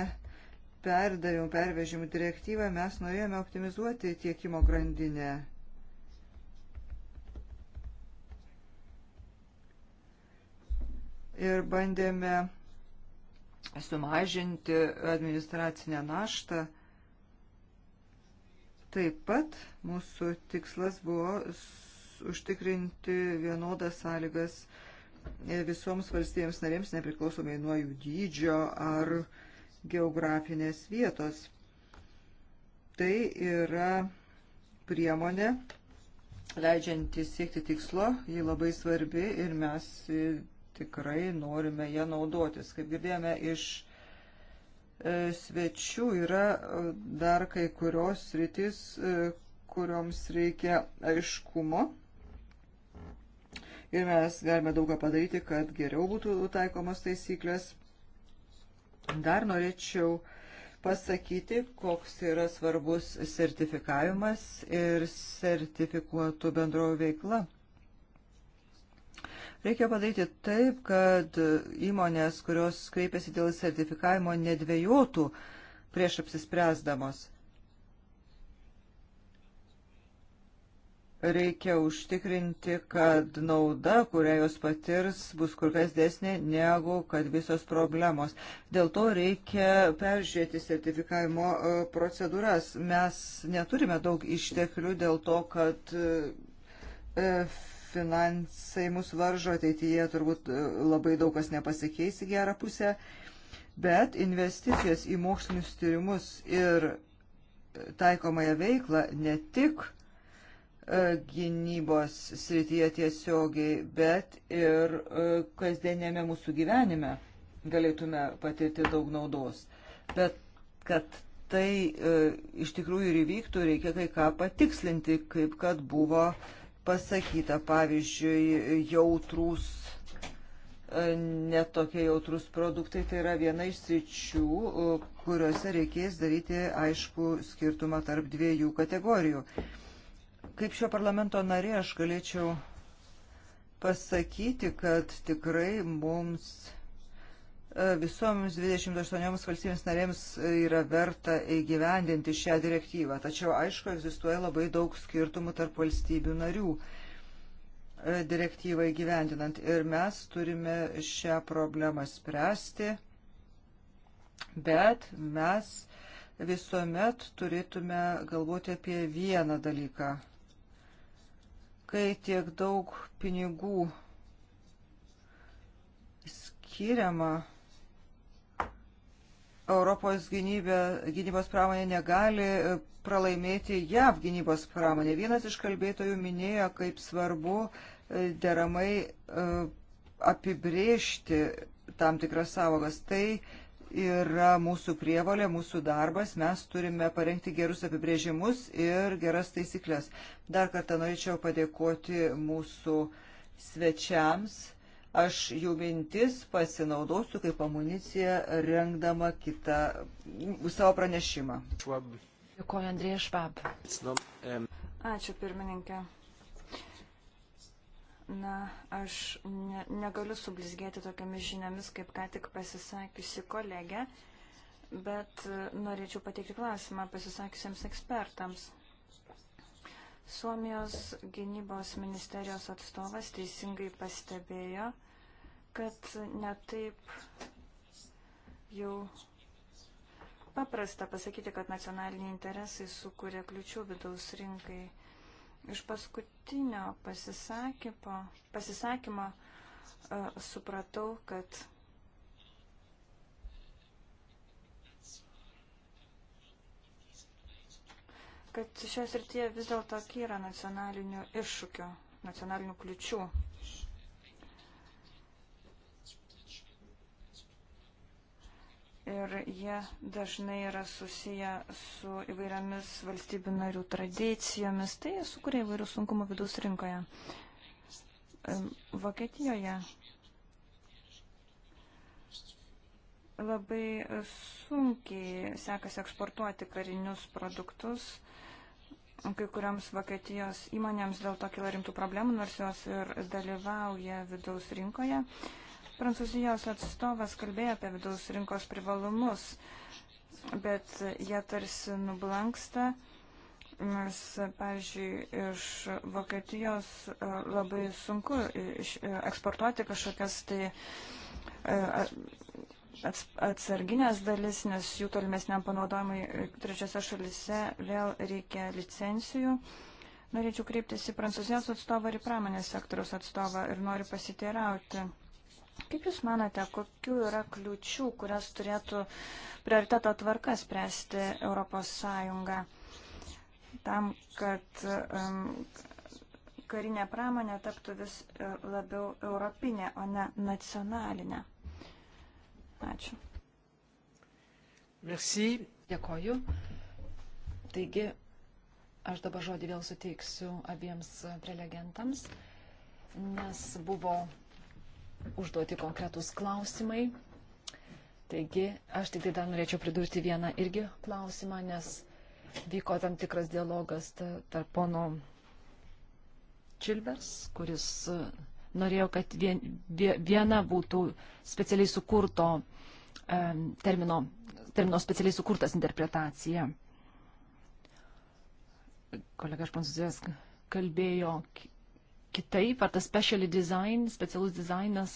Speaker 1: perdavimų pervežimų direktyvą, mes norėjome optimizuoti tiekimo grandinę. ir bandėme sumažinti administracinę naštą Taip pat mūsų tikslas buvo užtikrinti vienodas sąlygas visoms valstybėms narėms, nepriklausomai nuo jų dydžio ar geografinės vietos. Tai yra priemonė, leidžianti siekti tikslo, ji labai svarbi ir mes tikrai norime ją naudotis. Kaip girdėjome iš E, svečių yra e, dar kai kurios rytis, e, kurioms reikia aiškumo. Ir mes galime daugą padaryti, kad geriau būtų taikomos taisyklės. Dar norėčiau pasakyti, koks yra svarbus sertifikavimas ir sertifikuotų bendrovų veikla. Reikia padaryti taip, kad įmonės, kurios kreipiasi dėl sertifikavimo, nedvėjotų prieš apsispręsdamos. Reikia užtikrinti, kad nauda, kurią jos patirs, bus kur kas desnė negu kad visos problemos. Dėl to reikia peržiūrėti sertifikavimo e, procedūras. Mes neturime daug išteklių dėl to, kad e, finansai mūsų varžo, ateityje turbūt e, labai daug kas nepasikeis į gerą pusę, bet investicijos į mokslinius tyrimus ir e, taikomąją veiklą ne tik e, gynybos srityje tiesiogiai, bet ir kasdienėme mūsų gyvenime galėtume patirti daug naudos. Bet kad tai e, iš tikrųjų ir įvyktų, reikia kai ką patikslinti, kaip kad buvo e, pasakyta, pavyzdžiui, jautrus, e, netokie jautrus produktai, tai yra viena iš sričių, e, kuriuose reikės daryti aišku skirtumą tarp dviejų kategorijų. Kaip šio parlamento narė aš galėčiau pasakyti, kad tikrai mums visoms 28 valstybėms narėms yra verta įgyvendinti šią direktyvą. Tačiau, aišku, egzistuoja labai daug skirtumų tarp valstybių narių e, direktyvą įgyvendinant. Ir mes turime šią problemą spręsti, bet mes visuomet turėtume galvoti apie vieną dalyką. Kai tiek daug pinigų skiriama Europos gynybė, gynybos pramonė negali e, pralaimėti JAV gynybos pramonė. Vienas iš kalbėtojų minėjo, kaip svarbu e, deramai e, apibrėžti tam tikras savokas. Tai yra mūsų prievalė, mūsų darbas, mes turime parengti gerus apibrėžimus ir geras taisyklės. Dar kartą norėčiau padėkoti mūsų svečiams Aš jų mintis pasinaudosiu kaip amuniciją, rengdama kitą savo pranešimą. Dėkuoju, Andrėja Švab.
Speaker 2: Ačiū, pirmininkė. Na, aš ne, negaliu sublizgėti tokiamis žiniomis, kaip ką tik pasisakiusi kolegė, bet norėčiau pateikti klausimą pasisakiusiems ekspertams. Suomijos gynybos ministerijos atstovas teisingai pastebėjo, kad netaip jau paprasta pasakyti, kad nacionaliniai interesai sukuria kliučių vidaus rinkai. Iš paskutinio pasisakymo uh, e, supratau, kad kad šios rytyje vis dėlto kyra nacionalinių iššūkių, nacionalinių kliučių. Ir jie dažnai yra susiję su įvairiamis valstybių narių tradicijomis, tai sukuria įvairių sunkumų vidaus rinkoje. Vokietijoje labai sunkiai sekasi eksportuoti karinius produktus kai kuriams Vokietijos įmonėms dėl to kila rimtų problemų, nors jos ir dalyvauja vidaus rinkoje. Prancūzijos atstovas kalbėjo apie vidaus rinkos privalumus, bet jie tarsi nublanksta, nes, pavyzdžiui, iš Vokietijos e, labai sunku e, eksportuoti kažkokias tai e, atsarginės dalis, nes jų tolimesniam panaudojimui e, trečiose šalise vėl reikia licencijų. Norėčiau kreiptis į prancūzijos atstovą ir į pramonės sektoriaus atstovą ir noriu pasiteirauti. Kaip Jūs manate, kokiu yra kliučių, kurias turėtų prioriteto tvarka spręsti Europos Sąjunga tam, kad um, karinė pramonė taptų vis e, labiau europinė, o ne nacionalinė? Ačiū.
Speaker 3: Merci. Dėkoju. Taigi, aš dabar žodį vėl suteiksiu abiems prelegentams, nes buvo užduoti konkretūs klausimai. Taigi, aš tik tai dar norėčiau pridurti vieną irgi klausimą, nes vyko tam tikras dialogas tarp pono Čilbers, kuris norėjau, kad vien, viena būtų specialiai sukurto termino, termino specialiai sukurtas interpretacija. Kolega iš Prancūzijos kalbėjo kitaip, ar tas special design, specialus dizainas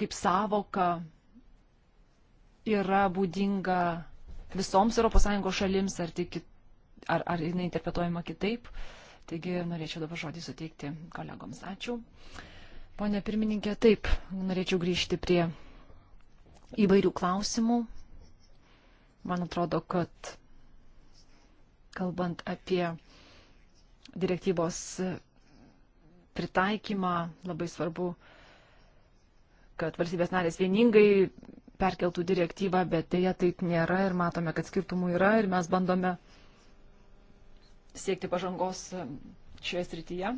Speaker 3: kaip savoka yra būdinga visoms ES šalims, ar, tik, ar, ar jinai interpretuojama kitaip. Uh, Taigi norėčiau dabar žodį suteikti kolegoms. Ačiū. Pone pirmininkė, taip, norėčiau grįžti prie įvairių klausimų. Man atrodo, kad kalbant apie direktyvos pritaikymą, labai svarbu, kad valstybės narės vieningai perkeltų direktyvą, bet dėja taip nėra ir matome, kad skirtumų yra ir mes bandome siekti pažangos e, šioje srityje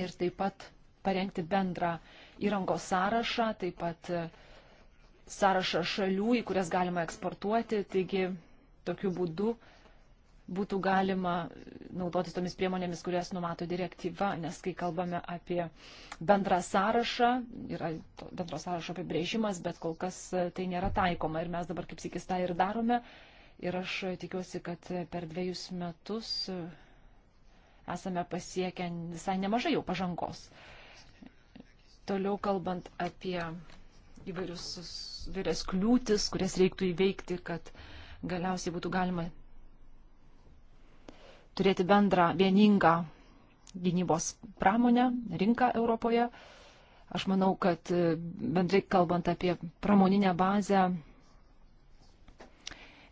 Speaker 3: ir taip pat parengti bendrą įrangos sąrašą, taip pat e, sąrašą šalių, į kurias galima eksportuoti. Taigi tokiu būdu būtų galima naudotis tomis priemonėmis, kurias numato direktyva, nes kai kalbame apie bendrą sąrašą, yra bendro sąrašo apibrėžimas, bet kol kas e, tai nėra taikoma ir mes dabar kaip sikis tą ir darome. Uh, Ir aš tikiuosi, kad per dviejus metus esame pasiekę visai nemažai jau pažangos. Toliau kalbant apie įvairius, įvairias kliūtis, kurias reiktų įveikti, kad galiausiai būtų galima turėti bendrą vieningą gynybos pramonę, rinką Europoje. Aš manau, kad bendrai kalbant apie pramoninę bazę,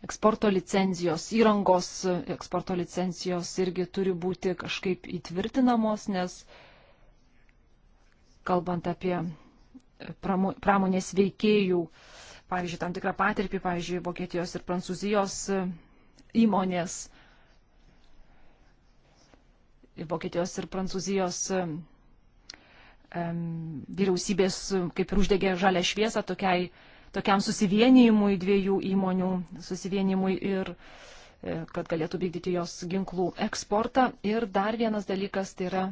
Speaker 3: eksporto licencijos, įrangos eksporto licencijos irgi turi būti kažkaip įtvirtinamos, nes kalbant apie pramonės veikėjų, pavyzdžiui, tam tikrą patirtį, pavyzdžiui, Vokietijos ir Prancūzijos e, įmonės, Vokietijos ir Prancūzijos e, vyriausybės e, kaip ir uždegė žalę šviesą tokiai uh, tokiam susivienijimui dviejų įmonių, susivienijimui ir e, kad galėtų vykdyti jos ginklų eksportą. Ir dar vienas dalykas tai yra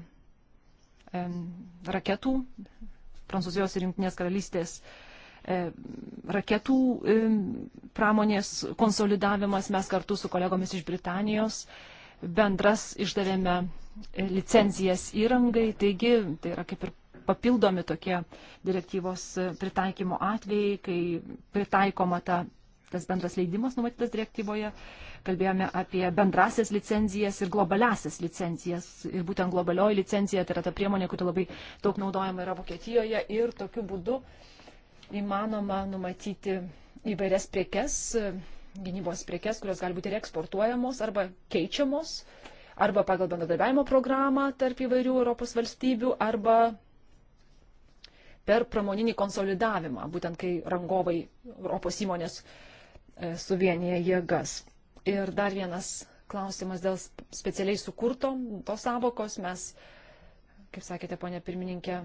Speaker 3: raketų, Prancūzijos ir Junktinės karalystės e, raketų e, pramonės konsolidavimas. Mes kartu su kolegomis iš Britanijos bendras išdavėme licenzijas įrangai, taigi tai yra kaip ir papildomi tokie direktyvos pritaikymo atvejai, kai pritaikoma ta, tas bendras leidimas numatytas direktyvoje. Kalbėjome apie bendrasias licenzijas ir globaliasias licenzijas. Ir būtent globalioji licencija tai yra ta priemonė, kuri labai daug naudojama yra Vokietijoje. Ir tokiu būdu įmanoma numatyti įvairias priekes, gynybos priekes, kurios gali būti ir eksportuojamos arba keičiamos arba pagal bendradarbiavimo programą tarp įvairių Europos valstybių, arba per pramoninį konsolidavimą, būtent kai rangovai Europos įmonės e, suvienyje jėgas. Ir dar vienas klausimas dėl specialiai sukurto tos savokos. Mes, kaip sakėte, ponė pirmininkė,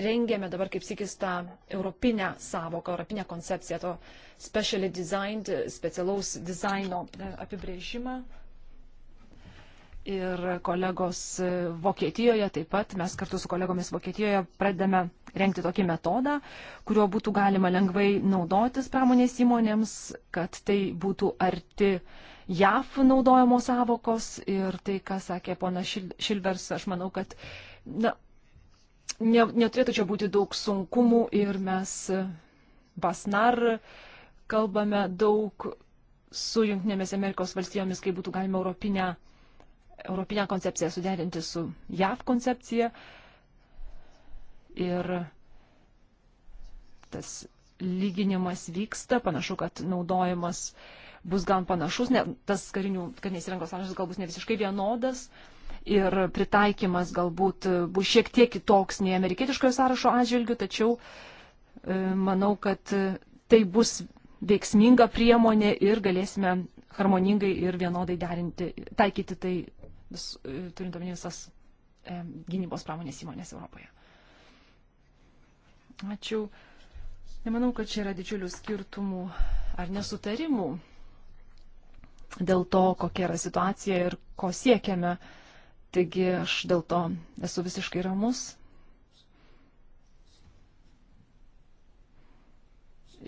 Speaker 3: rengėme dabar kaip sikis tą europinę savoką, europinę koncepciją to specially designed, specialaus dizaino e, apibrėžimą ir kolegos Vokietijoje taip pat, mes kartu su kolegomis Vokietijoje pradedame renkti tokį metodą, kuriuo būtų galima lengvai naudotis pramonės įmonėms, kad tai būtų arti JAF naudojamos savokos ir tai, ką sakė pona Šilvers, aš manau, kad na, ne, neturėtų čia būti daug sunkumų ir mes Basnar kalbame daug su Junktinėmis Amerikos valstijomis, kaip būtų galima europinę europinę koncepciją suderinti su JAV koncepcija. Ir tas lyginimas vyksta, panašu, kad naudojimas bus gan panašus, ne, tas karinių, karinės įrangos sąrašas galbūt ne visiškai vienodas ir pritaikymas galbūt bus šiek tiek kitoks nei amerikietiškojo sąrašo atžvilgių, tačiau e, manau, kad tai bus veiksminga priemonė ir galėsime harmoningai ir vienodai derinti, taikyti tai vis, e, turint omeny visas e, gynybos pramonės įmonės Europoje. Ačiū. Nemanau, kad čia yra didžiulių skirtumų ar nesutarimų dėl to, kokia yra situacija ir ko siekiame. Taigi aš dėl to esu visiškai ramus.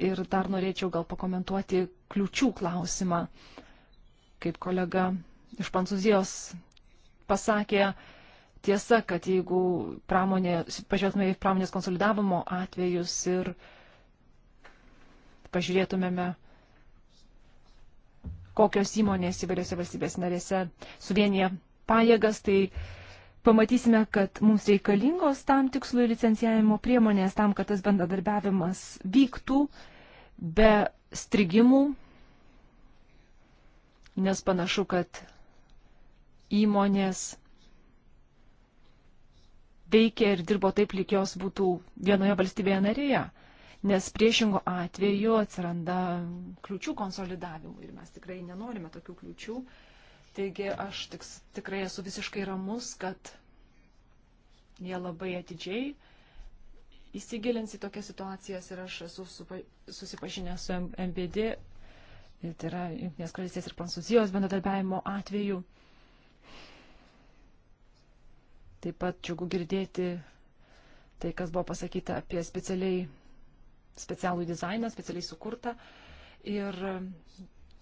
Speaker 3: Ir dar norėčiau gal pakomentuoti kliučių klausimą, kaip kolega iš Prancūzijos pasakė, tiesa, kad jeigu pramonė, pažiūrėtume į pramonės konsolidavimo atvejus ir pažiūrėtumėme, kokios įmonės įvairiose valstybės narėse suvienyje pajėgas, tai pamatysime, kad mums reikalingos tam tikslui licencijavimo priemonės, tam, kad tas bendradarbiavimas vyktų be strigimų, nes panašu, kad įmonės veikė ir dirbo taip, lyg jos būtų vienoje valstybėje narėje. Nes priešingo atveju atsiranda kliučių konsolidavimui ir mes tikrai nenorime tokių kliučių. Taigi aš tiks, tikrai esu visiškai ramus, kad jie labai atidžiai įsigilins į tokias situacijas ir aš esu susipažinęs su MBD, tai yra Junktinės karalystės ir Prancūzijos bendradarbiavimo atveju. Taip pat džiugu girdėti tai, kas buvo pasakyta apie specialiai, specialų dizainą, specialiai sukurtą. Ir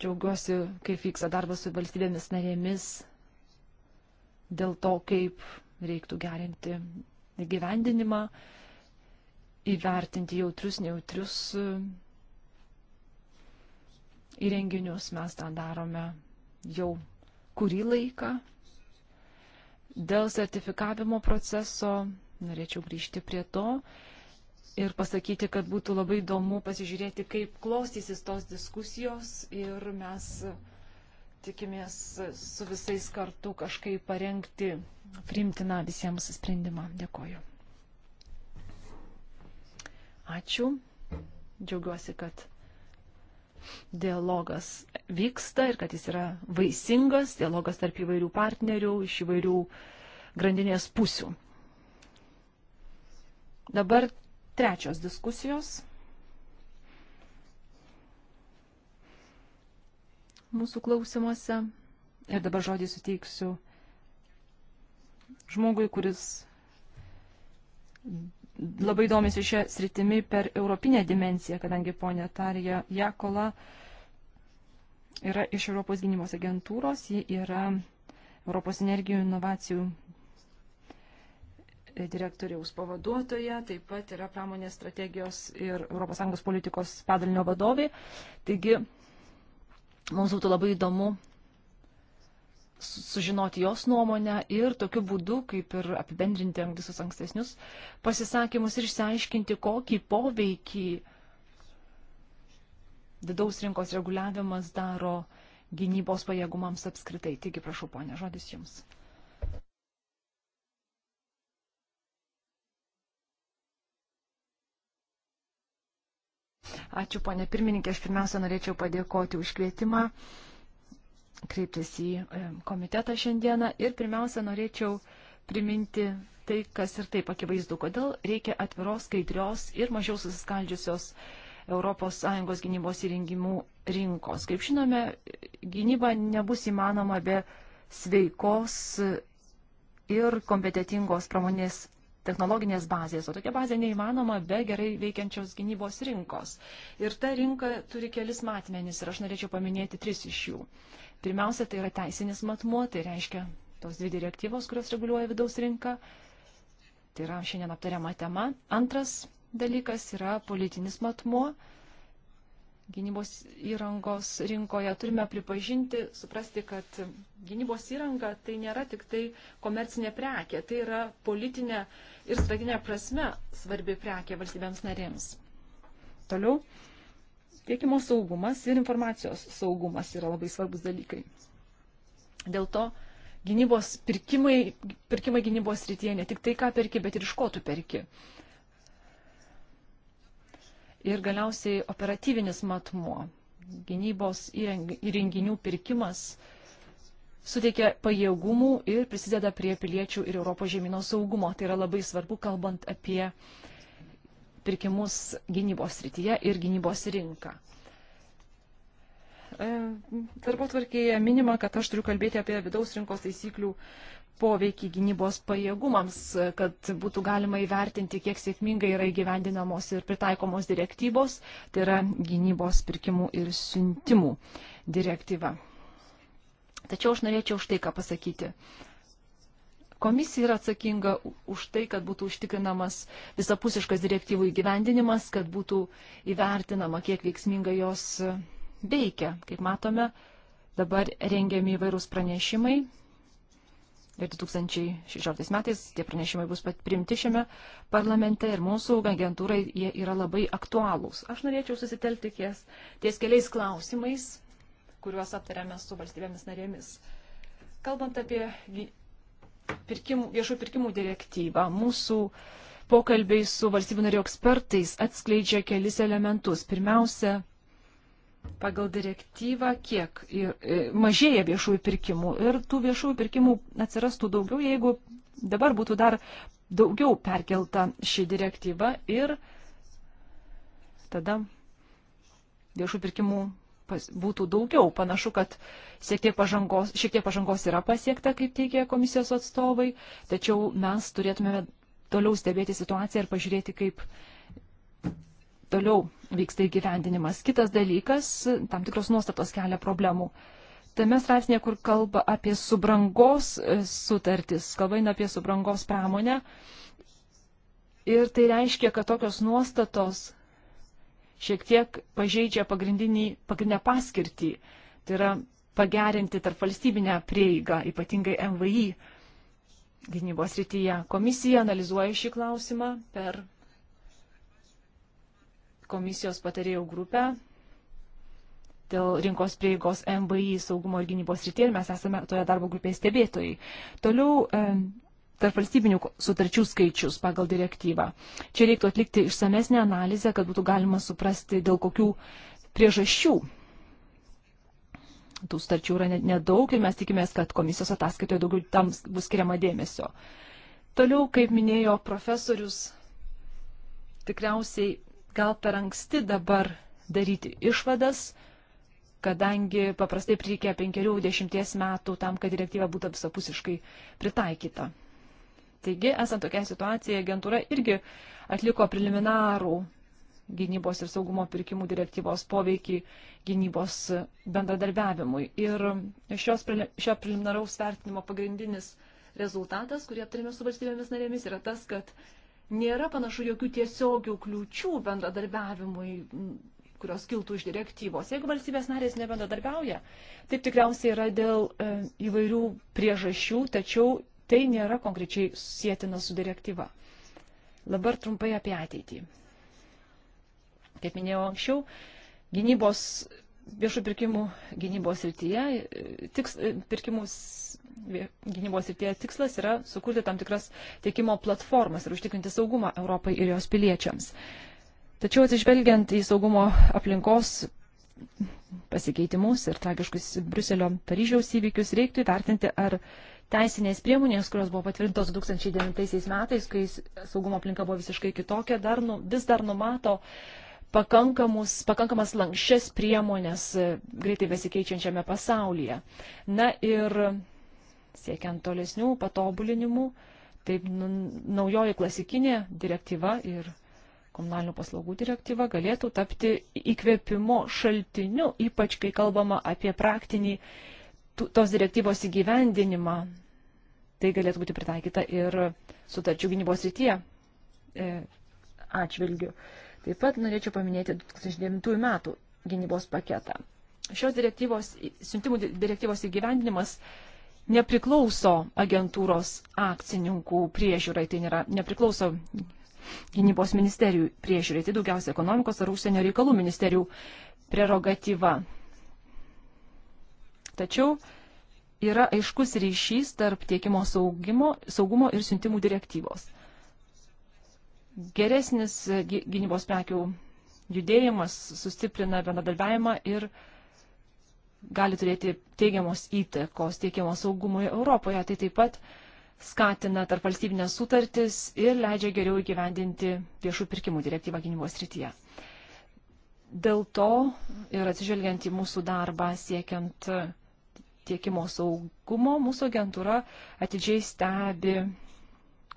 Speaker 3: džiaugiuosi, kaip vyksta darbas su valstybėmis narėmis dėl to, kaip reiktų gerinti gyvendinimą, įvertinti jautrius, neutrius įrenginius. Mes tą darome jau kurį laiką Dėl sertifikavimo proceso norėčiau grįžti prie to ir pasakyti, kad būtų labai įdomu pasižiūrėti, kaip klostysis tos diskusijos ir mes tikimės su visais kartu kažkaip parengti priimtiną visiems sprendimą. Dėkoju. Ačiū. Džiaugiuosi, kad dialogas vyksta ir kad jis yra vaisingas, dialogas tarp įvairių partnerių, iš įvairių grandinės pusių. Dabar trečios diskusijos. Mūsų klausimuose. Ir dabar žodį suteiksiu žmogui, kuris labai domisi šią sritimi per europinę dimenciją, kadangi ponė Tarija Jakola yra iš Europos gynybos agentūros, ji yra Europos energijų inovacijų direktoriaus pavaduotoja, taip pat yra pramonės strategijos ir ES politikos padalinio vadovė. Taigi, mums būtų labai įdomu sužinoti jos nuomonę ir tokiu būdu, kaip ir apibendrinti visus ankstesnius pasisakymus ir išsiaiškinti, kokį poveikį vidaus rinkos reguliavimas daro gynybos pajėgumams apskritai. Taigi, prašau, ponė, žodis jums. Ačiū, ponė pirmininkė. Aš pirmiausia norėčiau padėkoti už kvietimą kreiptis į e, komitetą šiandieną ir pirmiausia norėčiau priminti tai, kas ir taip akivaizdu, kodėl reikia atviros, skaidrios ir mažiau susiskaldžiusios ES gynybos įrengimų rinkos. Kaip žinome, gynyba nebus įmanoma be sveikos ir kompetitingos pramonės technologinės bazės, o tokia bazė neįmanoma be gerai veikiančios gynybos rinkos. Ir ta rinka turi kelis matmenis ir aš norėčiau paminėti tris iš jų. Pirmiausia, tai yra teisinis matmuo, tai reiškia tos dvi direktyvos, kurios reguliuoja vidaus rinką. Tai yra šiandien aptariama tema. Antras dalykas yra politinis matmuo. Gynybos įrangos rinkoje turime pripažinti, suprasti, kad gynybos įranga tai nėra tik tai komercinė prekė, tai yra politinė ir strateginė prasme svarbi prekė valstybėms narėms. Toliau Tiekimo saugumas ir informacijos saugumas yra labai svarbus dalykai. Dėl to gynybos pirkimai, pirkimai gynybos rytyje ne tik tai, ką perki, bet ir iš ko tu perki. Ir galiausiai operatyvinis matmuo, gynybos įrenginių pirkimas suteikia pajėgumų ir prisideda prie piliečių ir Europos žemynos saugumo. Tai yra labai svarbu, kalbant apie uh, pirkimus gynybos rytyje ir gynybos rinką. E, darbo tvarkėje minima, kad aš turiu kalbėti apie vidaus rinkos taisyklių poveikį gynybos pajėgumams, kad būtų galima įvertinti, kiek sėkmingai yra įgyvendinamos ir pritaikomos direktyvos, tai yra gynybos pirkimų ir siuntimų direktyva. Tačiau aš norėčiau štai ką pasakyti. Komisija yra atsakinga už tai, kad būtų užtikrinamas visapusiškas direktyvų įgyvendinimas, kad būtų įvertinama, kiek veiksmingai jos e, veikia. Kaip matome, dabar rengiami įvairūs pranešimai. Ir 2016 metais tie pranešimai bus priimti šiame parlamente ir mūsų agentūrai jie yra labai aktualūs. Aš norėčiau susitelti ties, ties keliais klausimais, kuriuos aptarėme su valstybėmis narėmis. Kalbant apie pirkimų, viešų pirkimų direktyvą. Mūsų pokalbiai su valstybių narių ekspertais atskleidžia kelis elementus. Pirmiausia, pagal direktyvą kiek mažėja viešųjų pirkimų ir tų viešųjų pirkimų atsirastų daugiau, jeigu dabar būtų dar daugiau perkelta ši direktyva ir tada viešų pirkimų pas, būtų daugiau. Panašu, kad šiek tiek, pažangos, šiek tiek pažangos yra pasiekta, kaip teigia komisijos atstovai, tačiau mes turėtume toliau stebėti situaciją ir pažiūrėti, kaip toliau vyksta įgyvendinimas. Kitas dalykas, tam tikros nuostatos kelia problemų. Tame straipsnėje, kur kalba apie subrangos e, sutartis, kalba eina apie subrangos pramonę. Ir tai reiškia, kad tokios nuostatos šiek tiek pažeidžia pagrindinę paskirtį. Tai yra pagerinti tarp valstybinę prieigą, ypatingai MVI gynybos rytyje. Komisija analizuoja šį klausimą per komisijos patarėjų grupę dėl rinkos prieigos MVI saugumo ir gynybos rytyje ir mes esame toje darbo grupėje stebėtojai. Toliau tarp valstybinių sutarčių skaičius pagal direktyvą. Čia reiktų atlikti išsamesnę analizę, kad būtų galima suprasti, dėl kokių priežasčių. Tų sutarčių yra nedaug ir mes tikimės, kad komisijos ataskaitoje daugiau tam bus skiriama dėmesio. Toliau, kaip minėjo profesorius, tikriausiai gal per anksti dabar daryti išvadas, kadangi paprastai reikia penkerių dešimties metų tam, kad direktyva būtų visapusiškai pritaikyta. Taigi, esant tokia situacija, agentūra irgi atliko preliminarų gynybos ir saugumo pirkimų direktyvos poveikį gynybos bendradarbiavimui. Ir šios, šio preliminaraus vertinimo pagrindinis rezultatas, kurį aptarėme su valstybėmis narėmis, yra tas, kad nėra panašu jokių tiesiogių kliūčių bendradarbiavimui, kurios kiltų iš direktyvos. Jeigu valstybės narės nebendradarbiauja, taip tikriausiai yra dėl e, įvairių priežasčių, tačiau tai nėra konkrečiai sėtina su direktyva. Dabar trumpai apie ateitį. Kaip minėjau anksčiau, gynybos, viešų pirkimų gynybos rytyje, tiks, pirkimus gynybos rytyje tikslas yra sukurti tam tikras tiekimo platformas ir užtikrinti saugumą Europai ir jos piliečiams. Tačiau atsižvelgiant į saugumo aplinkos pasikeitimus ir tragiškus Bruselio Paryžiaus įvykius, reiktų įvertinti, ar teisinės priemonės, kurios buvo patvirtintos 2009 metais, kai saugumo aplinka buvo visiškai kitokia, dar, nu, vis dar numato pakankamas lankščias priemonės e, greitai besikeičiančiame pasaulyje. Na ir siekiant tolesnių patobulinimų, taip nu, naujoji klasikinė direktyva ir komunalinių paslaugų direktyva galėtų tapti įkvėpimo šaltiniu, ypač kai kalbama apie praktinį tos direktyvos įgyvendinimą tai galėtų būti pritaikyta ir sutarčių gynybos rytyje atžvilgių. Taip pat norėčiau paminėti 2009 metų gynybos paketą. Šios direktyvos, siuntimų direktyvos įgyvendinimas nepriklauso agentūros akcininkų priežiūrai, tai nėra, nepriklauso gynybos ministerijų priežiūrai, tai daugiausia ekonomikos ar užsienio reikalų ministerijų prerogatyva. Tačiau yra aiškus ryšys tarp tiekimo saugimo, saugumo ir siuntimų direktyvos. Geresnis gynybos prekių judėjimas sustiprina bendradarbiavimą ir gali turėti teigiamos įtakos teikiamo saugumui Europoje. Tai taip pat skatina tarp valstybinės sutartis ir leidžia geriau įgyvendinti viešų pirkimų direktyvą gynybos rytyje. Dėl to ir atsižvelgiant į mūsų darbą siekiant tiekimo saugumo mūsų agentūra atidžiai stebi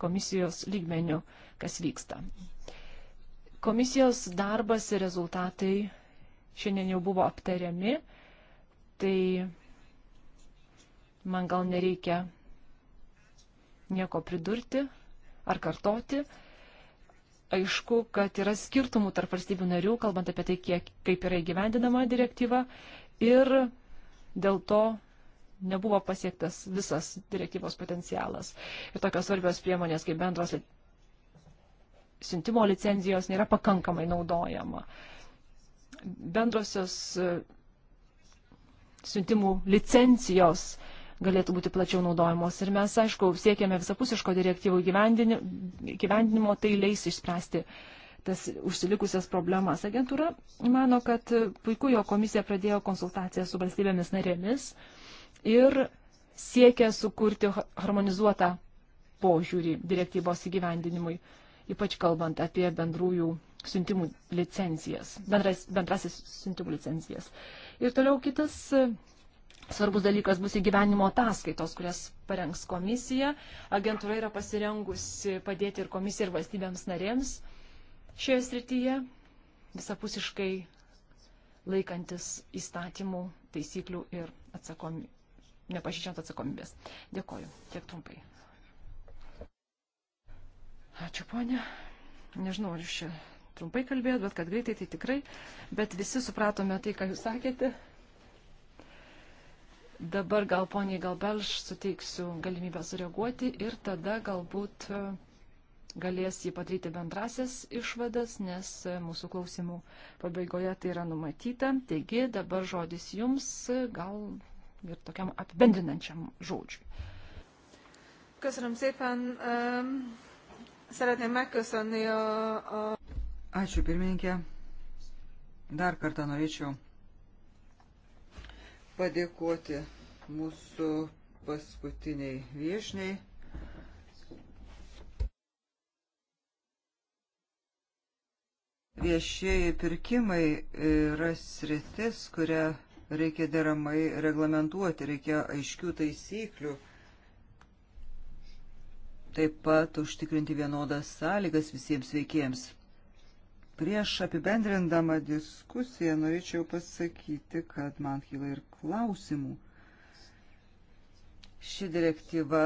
Speaker 3: komisijos lygmenių, kas vyksta. Komisijos darbas ir rezultatai šiandien jau buvo aptariami, tai man gal nereikia nieko pridurti ar kartoti. Aišku, kad yra skirtumų tarp valstybių narių, kalbant apie tai, kiek, kaip yra įgyvendinama direktyva ir dėl to nebuvo pasiektas visas direktyvos potencialas. Ir tokios svarbios priemonės kaip bendros siuntimo licenzijos nėra pakankamai naudojama. Bendrosios e, siuntimų licencijos galėtų būti plačiau naudojamos. Ir mes, aišku, siekiame visapusiško direktyvų gyvendinimo, tai leis išspręsti tas užsilikusias problemas. Agentūra mano, kad puiku jo komisija pradėjo konsultaciją su valstybėmis narėmis. Uh, ir siekia sukurti harmonizuotą požiūrį direktyvos įgyvendinimui, ypač kalbant apie bendrųjų siuntimų licencijas, bendras, bendrasis siuntimų licencijas. Ir toliau kitas e, svarbus dalykas bus įgyvenimo ataskaitos, kurias parengs komisija. Agentūra yra pasirengusi padėti ir komisija, ir valstybėms narėms šioje srityje, visapusiškai laikantis įstatymų, taisyklių ir atsakomi, nepažįstant atsakomybės. Dėkoju. Tiek trumpai. Ačiū, ponė. Nežinau, ar jūs čia trumpai kalbėjot, bet kad greitai, tai tikrai. Bet visi supratome tai, ką jūs sakėte. Dabar gal poniai Galbelš suteiksiu galimybę sureaguoti ir tada galbūt e, galės jį padaryti bendrasias išvadas, nes e, mūsų klausimų pabaigoje tai yra numatyta. Taigi dabar žodis jums, e, gal ir tokiam apibendrinančiam žodžiui.
Speaker 2: Köszönöm szépen. Um, szeretném megköszönni a, a...
Speaker 1: Ačiū pirmininkė. Dar kartą norėčiau padėkoti mūsų paskutiniai viešniai. Viešieji pirkimai yra sritis, kurią reikia deramai reglamentuoti, reikia aiškių taisyklių. Taip pat užtikrinti vienodas sąlygas visiems veikėjams. Prieš apibendrindamą diskusiją norėčiau pasakyti, kad man kyla ir klausimų. Ši direktyva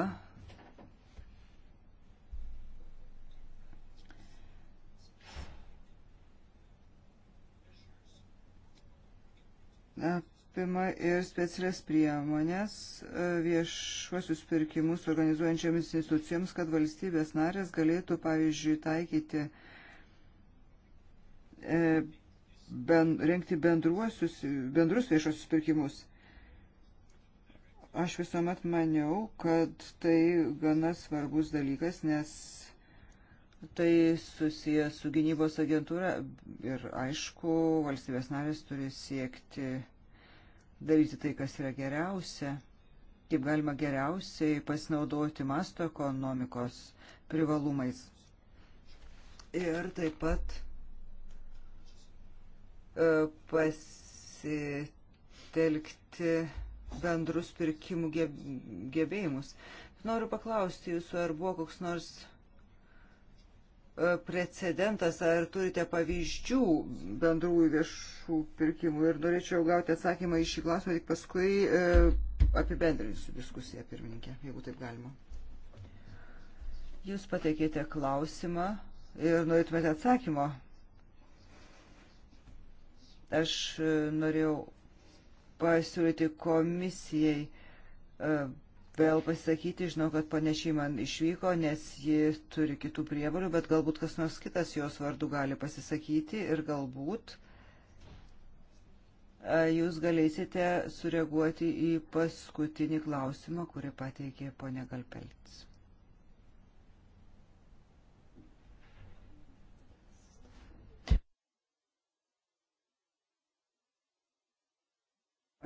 Speaker 1: apima ir specialias priemonės e, viešuosius pirkimus organizuojančiams institucijoms, kad valstybės narės galėtų, pavyzdžiui, taikyti, e, ben, renkti bendruosius, bendrus viešuosius pirkimus. Aš visuomet maniau, kad tai gana svarbus dalykas, nes Tai susijęs su gynybos agentūra ir aišku, valstybės narės turi siekti daryti tai, kas yra geriausia, kaip galima geriausiai pasinaudoti masto ekonomikos privalumais. Ir taip pat e, pasitelkti bendrus pirkimų gebėjimus. Noriu paklausti jūsų, ar buvo koks nors precedentas, ar turite pavyzdžių bendrųjų viešų pirkimų ir norėčiau gauti atsakymą į šį klausimą, tik paskui e, apibendrinsiu diskusiją, pirmininkė, jeigu taip galima. Jūs pateikėte klausimą ir norėtumėte atsakymo. Aš e, norėjau pasiūlyti komisijai e, vėl pasakyti. Žinau, kad panešiai man išvyko, nes ji turi kitų prievalių, bet galbūt kas nors kitas jos vardu gali pasisakyti ir galbūt jūs galėsite sureaguoti į paskutinį klausimą, kurį pateikė ponė Galpeltis.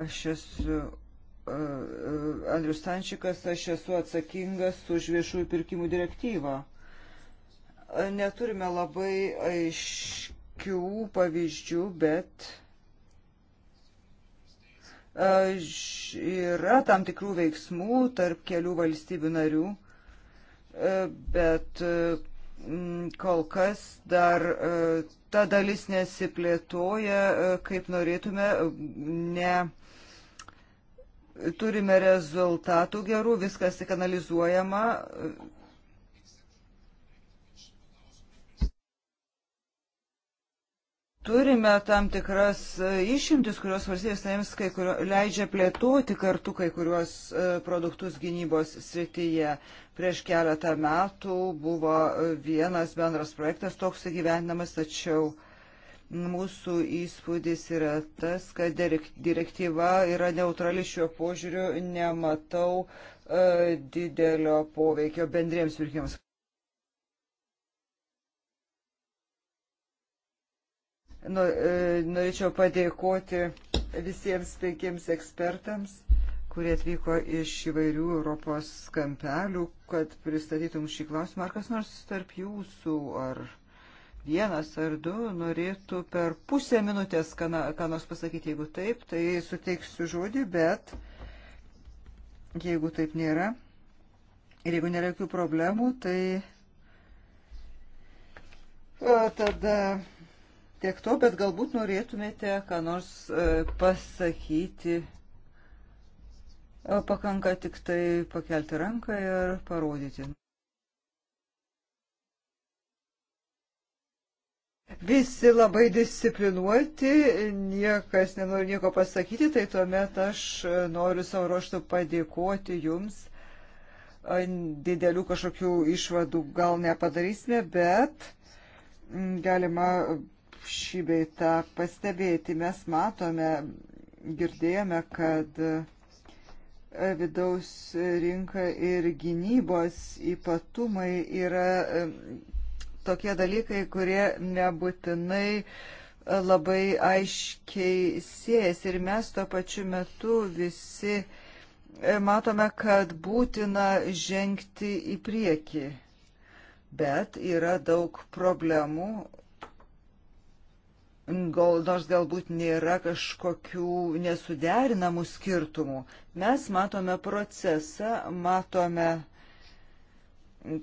Speaker 1: Aš esu E, e, Andrius Stančikas, aš esu atsakingas už viešųjų pirkimų direktyvą. E, neturime labai aiškių pavyzdžių, bet yra tam tikrų veiksmų tarp kelių valstybių narių, bet kol kas dar ta dalis nesiplėtoja, kaip norėtume, ne turime rezultatų gerų, viskas tik analizuojama. Turime tam tikras išimtis, kurios valstybės narėms kurio, leidžia plėtoti kartu kai kuriuos e, produktus gynybos srityje. Prieš keletą metų buvo vienas bendras projektas toks įgyvendinamas, tačiau uh, Mūsų įspūdis yra tas, kad direktyva yra neutrali šiuo požiūriu, nematau e, didelio poveikio bendriems pirkimams. E, norėčiau padėkoti visiems penkiems ekspertams, kurie atvyko iš įvairių Europos kampelių, kad pristatytum šį klausimą. Ar kas nors tarp jūsų, ar vienas ar du norėtų per pusę minutės ką, ką nors pasakyti. Jeigu taip, tai suteiksiu žodį, bet jeigu taip nėra ir jeigu nėra jokių problemų, tai o, tada tiek to, bet galbūt norėtumėte ką nors e, pasakyti. O pakanka tik tai pakelti ranką ir parodyti. visi labai disciplinuoti, niekas nenori nieko pasakyti, tai tuomet aš noriu savo ruoštų padėkoti jums. Didelių kažkokių išvadų gal nepadarysime, bet galima šį beitą pastebėti. Mes matome, girdėjome, kad vidaus rinka ir gynybos ypatumai yra tokie dalykai, kurie nebūtinai labai aiškiai siejas. Ir mes tuo pačiu metu visi e, matome, kad būtina žengti į priekį. Bet yra daug problemų, gal, nors galbūt nėra kažkokių nesuderinamų skirtumų. Mes matome procesą, matome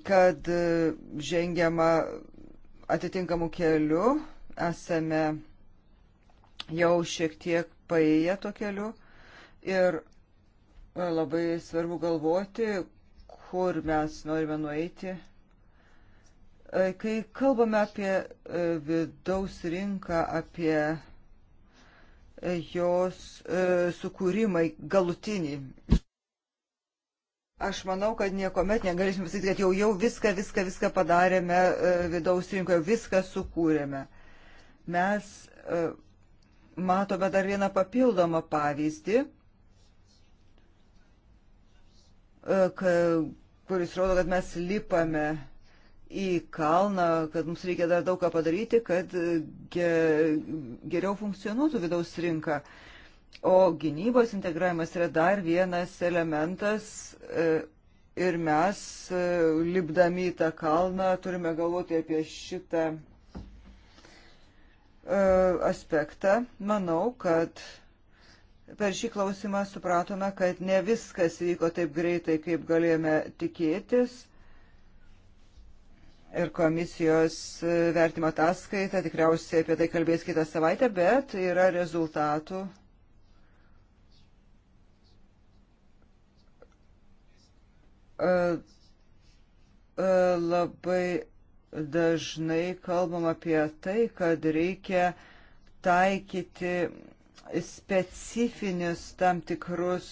Speaker 1: kad e, žengiama atitinkamų kelių, esame jau šiek tiek paėję to keliu ir e, labai svarbu galvoti, kur mes norime nueiti. E, kai kalbame apie vidaus rinką, apie jos sukūrimą galutinį. Aš manau, kad niekuomet negalėsime pasakyti, kad jau, jau viską, viską, viską padarėme e, vidaus rinkoje, viską sukūrėme. Mes e, matome dar vieną papildomą pavyzdį, e, kuris rodo, kad mes lipame į kalną, kad mums reikia dar daug ką padaryti, kad geriau funkcionuotų vidaus rinka. O gynybos integravimas yra dar vienas elementas e, ir mes, e, lipdami į tą kalną, turime galvoti apie šitą e, aspektą. Manau, kad per šį klausimą supratome, kad ne viskas vyko taip greitai, kaip galėjome tikėtis. Ir komisijos vertimo ataskaita tikriausiai apie tai kalbės kitą savaitę, bet yra rezultatų E, e, labai dažnai kalbam apie tai, kad reikia taikyti specifinius tam tikrus,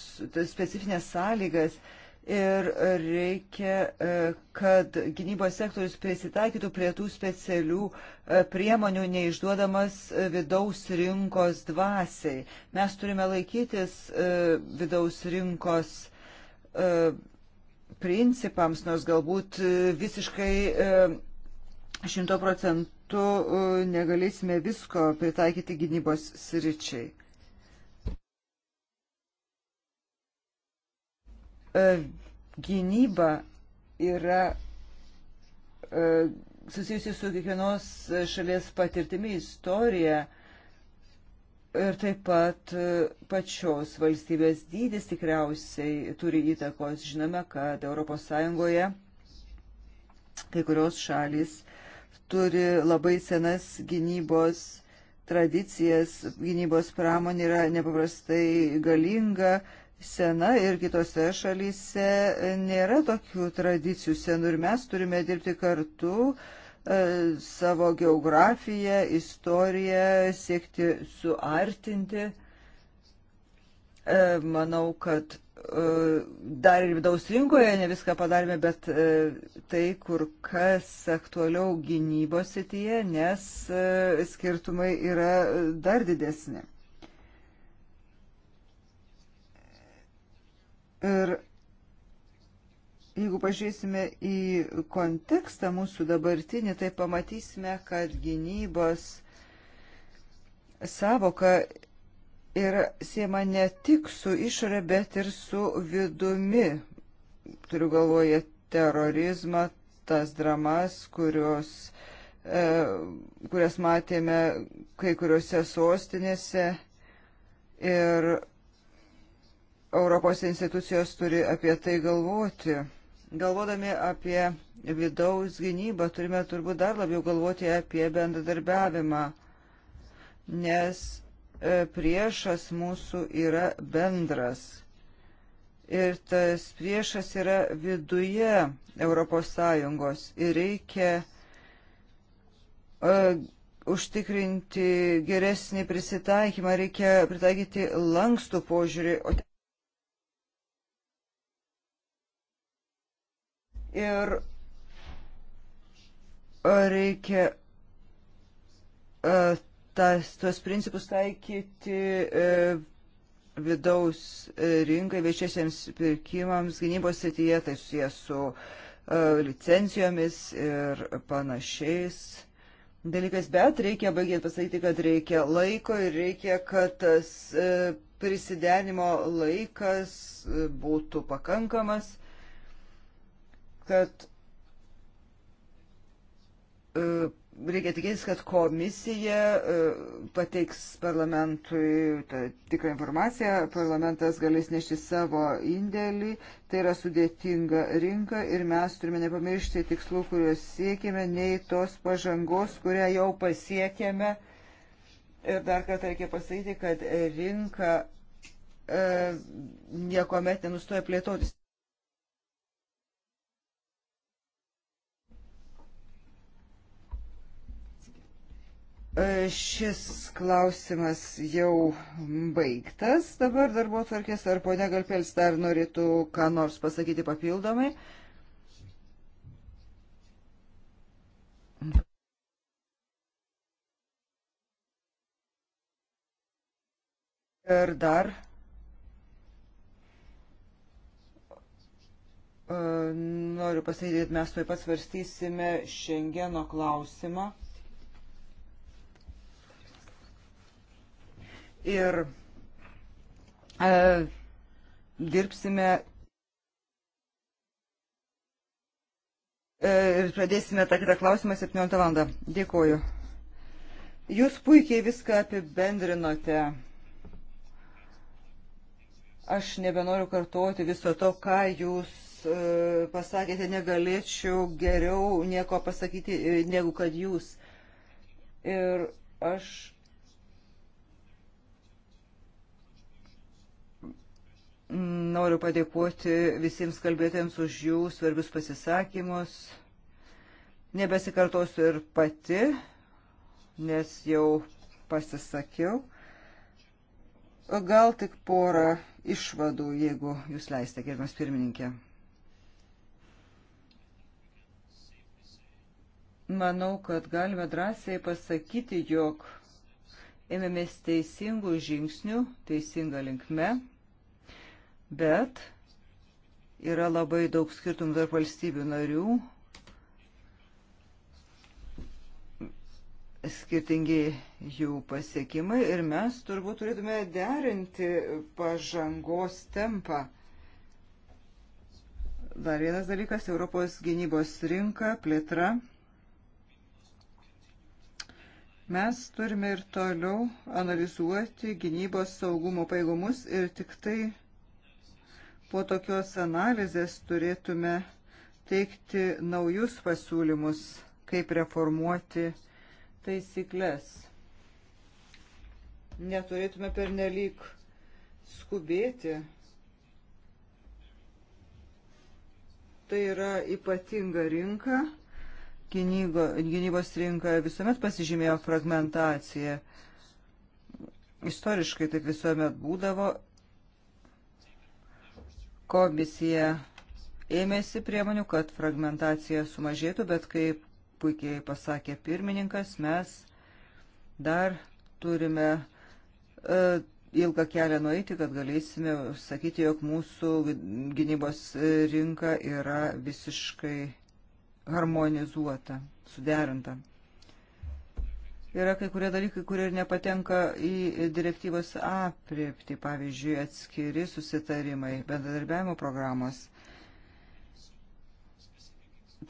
Speaker 1: specifines sąlygas ir reikia, e, kad gynybos sektorius prisitaikytų prie tų specialių priemonių, neišduodamas vidaus rinkos dvasiai. Mes turime laikytis vidaus rinkos principams, nors galbūt e, visiškai e, šimto procentų e, negalėsime visko pritaikyti gynybos sričiai. Gynyba yra susijusi su kiekvienos šalies patirtimi istorija Ir taip pat e, pačios valstybės dydis tikriausiai turi įtakos. Žinome, kad ES kai kurios šalis turi labai senas gynybos tradicijas, gynybos pramonė yra nepaprastai galinga, sena ir kitose šalyse nėra tokių tradicijų senų ir mes turime dirbti kartu, uh, E, savo geografiją, istoriją, siekti suartinti. E, manau, kad e, dar ir vidaus rinkoje ne viską padarėme, bet tai kur kas aktualiau gynybos sityje, nes skirtumai yra dar didesni. Ir Jeigu pažiūrėsime į kontekstą mūsų dabartinį, tai pamatysime, kad gynybos savoka yra siema ne tik su išorė, bet ir su vidumi. Turiu galvoje terorizmą, tas dramas, kurios, e, kurias matėme kai kuriuose sostinėse ir Europos institucijos turi apie tai galvoti. Galvodami apie vidaus gynybą, turime turbūt dar labiau galvoti apie bendradarbiavimą, nes e, priešas mūsų yra bendras. Ir tas priešas yra viduje Europos Sąjungos ir reikia uh, užtikrinti geresnį prisitaikymą, reikia pritaikyti lankstų požiūrį. ir reikia e, tas, tuos principus taikyti e, vidaus rinkai, viešiesiems pirkimams, gynybos srityje, tai susijęs su e, licencijomis ir panašiais dalykas, bet reikia baigiant pasakyti, kad reikia laiko ir reikia, kad tas prisidenimo laikas būtų pakankamas kad e, reikia tikėtis, kad komisija e, pateiks parlamentui tikrą informaciją, parlamentas galės nešti savo indėlį, tai yra sudėtinga rinka ir mes turime nepamiršti tikslų, kuriuos siekime, nei tos pažangos, kurią jau pasiekėme. Ir dar kartą reikia pasakyti, kad rinka e, niekuomet nenustoja plėtotis. E, šis klausimas jau baigtas dabar darbo tvarkės. Ar ponia Galpels dar norėtų ką nors pasakyti papildomai? Ir dar e, noriu pasakyti, kad mes tuoj pat svarstysime Šengeno klausimą. ir e, dirbsime e, ir pradėsime tą kitą klausimą 17 valandą. Dėkuoju. Jūs puikiai viską apibendrinote. Aš nebenoriu kartuoti viso to, ką jūs e, pasakėte, negalėčiau geriau nieko pasakyti, e, negu kad jūs. Ir aš Noriu padėkoti visiems kalbėtėms už jų svarbius pasisakymus. Nebesikartosiu ir pati, nes jau pasisakiau. Gal tik porą išvadų, jeigu jūs leistė, gerbiamas pirmininkė. Manau, kad galime drąsiai pasakyti, jog ėmėmės teisingų žingsnių, teisinga linkme bet yra labai daug skirtumų tarp valstybių narių. skirtingi jų pasiekimai ir mes turbūt turėtume derinti pažangos tempą. Dar vienas dalykas - Europos gynybos rinka, plėtra. Mes turime ir toliau analizuoti gynybos saugumo paėgumus ir tik tai Po tokios analizės turėtume teikti naujus pasiūlymus, kaip reformuoti taisyklės. Neturėtume pernelyg skubėti. Tai yra ypatinga rinka. Gynygo, gynybos rinka visuomet pasižymėjo fragmentacija. Istoriškai taip visuomet būdavo Komisija ėmėsi priemonių, kad fragmentacija sumažėtų, bet kaip puikiai pasakė pirmininkas, mes dar turime uh, ilgą kelią nueiti, kad galėsime sakyti, jog mūsų gynybos rinka yra visiškai harmonizuota, suderinta. Yra kai kurie dalykai, kurie ir nepatenka į direktyvos apriepti, pavyzdžiui, atskiri susitarimai, bendradarbiavimo programos.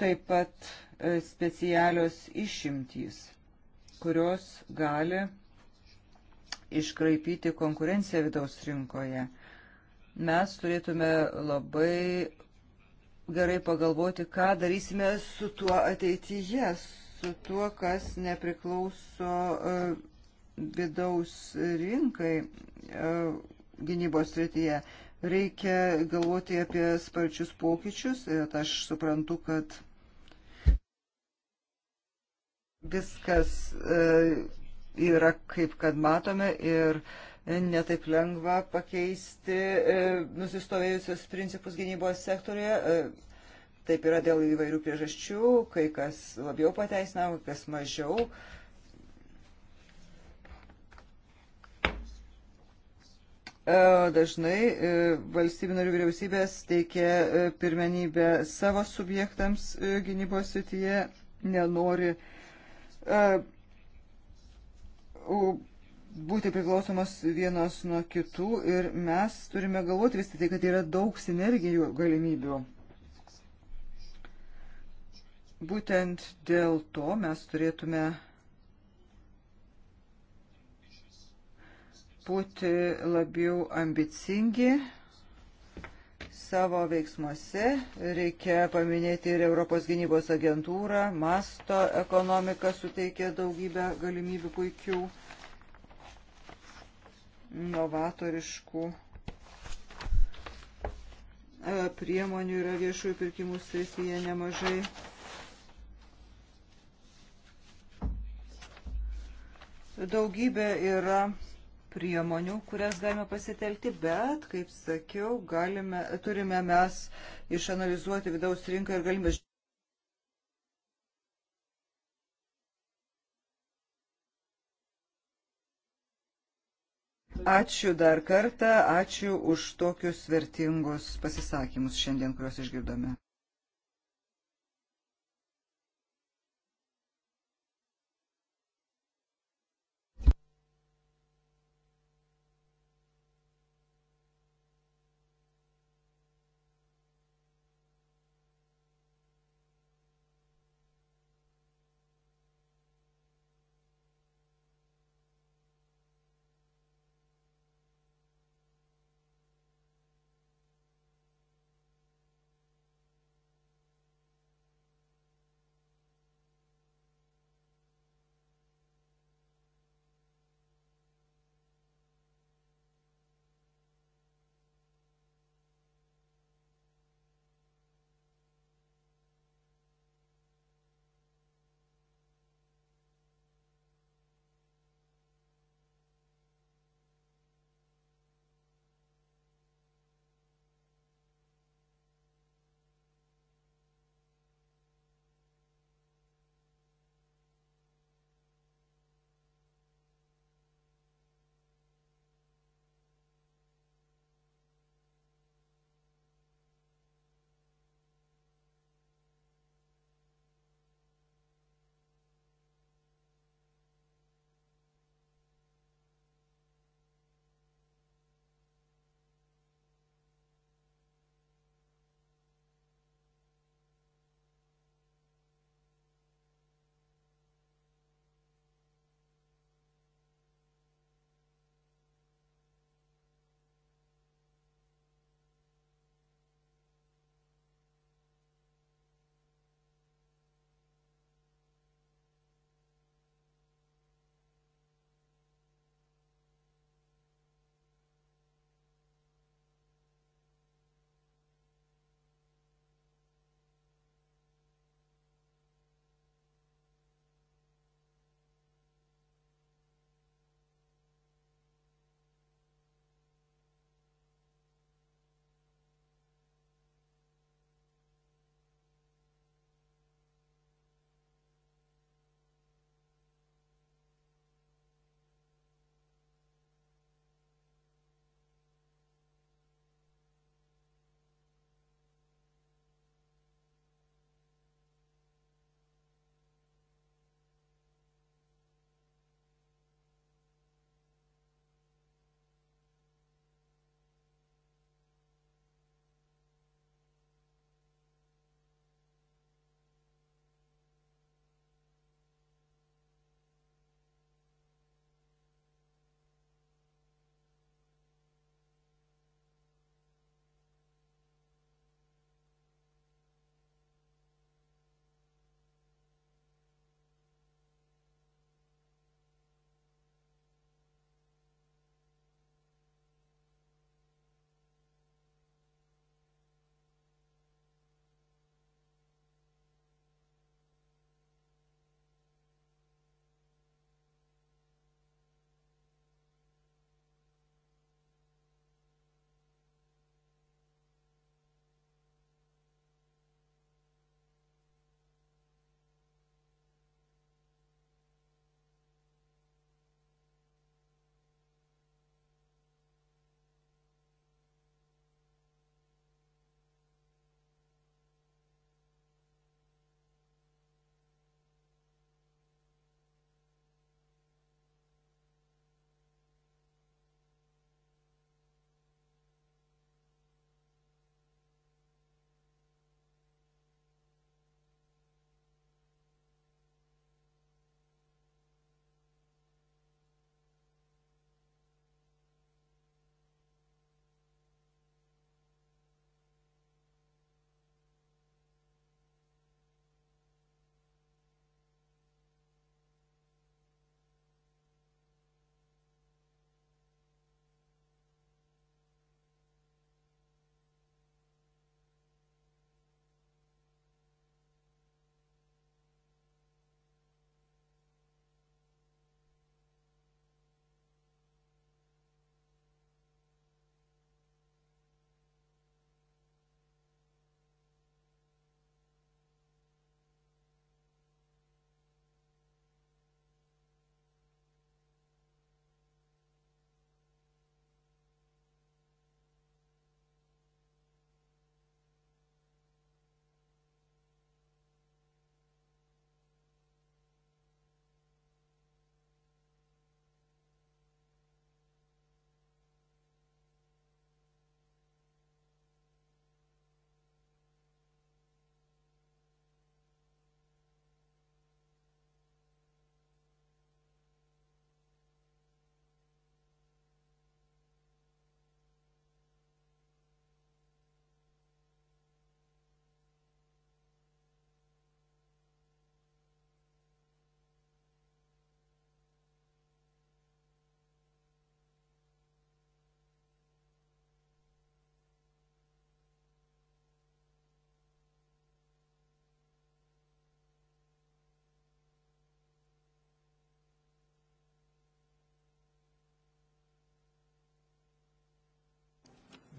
Speaker 1: Taip pat e, specialios išimtys, kurios gali iškraipyti konkurenciją vidaus rinkoje. Mes turėtume labai gerai pagalvoti, ką darysime su tuo ateityje, su tuo, kas nepriklauso e, vidaus rinkai e, gynybos srityje. Reikia galvoti apie sparčius pokyčius ir aš suprantu, kad viskas e, yra kaip kad matome ir netaip lengva pakeisti nusistovėjusios principus gynybos sektorioje Taip yra dėl įvairių priežasčių, kai kas labiau pateisina, kai kas mažiau. E, dažnai e, valstybių narių vyriausybės teikia e, pirmenybę savo subjektams gynybos srityje, nenori būti priklausomos vienos nuo kitų ir mes turime galvoti vis tik tai, kad yra daug sinergijų galimybių Būtent dėl to mes turėtume būti labiau ambicingi savo veiksmuose. Reikia paminėti ir Europos gynybos agentūrą. Masto ekonomika suteikia daugybę galimybių puikių, novatoriškų e, priemonių yra viešųjų pirkimų srityje nemažai. Daugybė yra priemonių, kurias galime pasitelkti, bet, kaip sakiau, galime, turime mes išanalizuoti vidaus rinką ir galime. Ačiū dar kartą, ačiū už tokius vertingus pasisakymus šiandien, kuriuos išgirdome.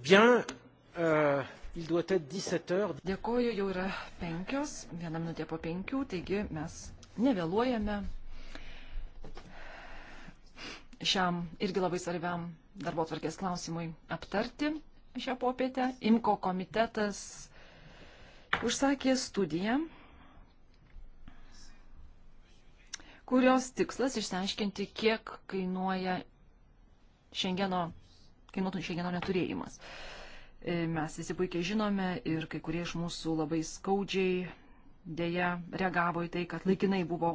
Speaker 3: Bien, uh, il doit être 17 heures. Dėkoju, jau yra penkios, viena minutė po penkių, taigi mes nevėluojame šiam irgi labai svarbiam darbo tvarkės klausimui aptarti šią popietę. Imko komitetas užsakė studiją, kurios tikslas išsiaiškinti, kiek kainuoja Šengeno kainuotų šiandieno neturėjimas. E, mes visi puikiai žinome ir kai kurie iš mūsų labai skaudžiai dėja reagavo į tai, kad laikinai buvo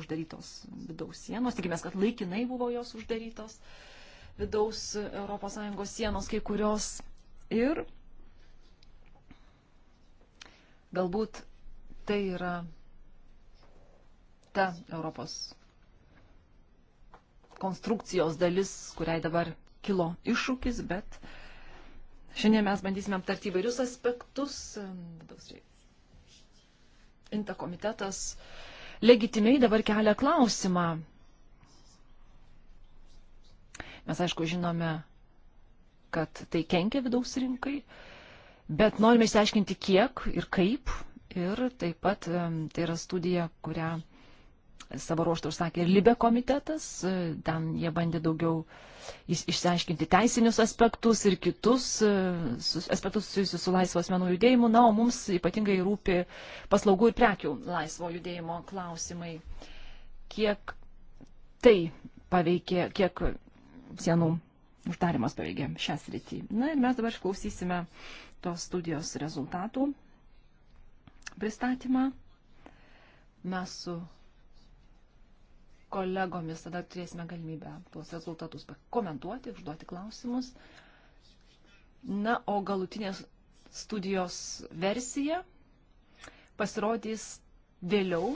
Speaker 3: uždarytos vidaus sienos, tikimės, kad laikinai buvo jos uždarytos vidaus ES sienos kai kurios ir galbūt tai yra ta Europos konstrukcijos dalis, kuriai dabar kilo iššūkis, bet šiandien mes bandysime aptarti įvairius aspektus. Inta komitetas legitimiai dabar kelia klausimą. Mes aišku žinome, kad tai kenkia vidaus rinkai, bet norime išsiaiškinti kiek ir kaip. Ir taip pat tai yra studija, kurią savo ruoštą užsakė ir Libe komitetas, ten jie bandė daugiau išsiaiškinti teisinius aspektus ir kitus e, aspektus susijusius su laisvo asmenų judėjimu, na, o mums ypatingai rūpi paslaugų ir prekių laisvo judėjimo klausimai. Kiek tai paveikė, kiek sienų uždarimas paveikė šią sritį. Na ir mes dabar išklausysime tos studijos rezultatų pristatymą. Mes su kolegomis, tada turėsime galimybę tuos rezultatus komentuoti, užduoti klausimus. Na, o galutinės studijos versija pasirodys vėliau,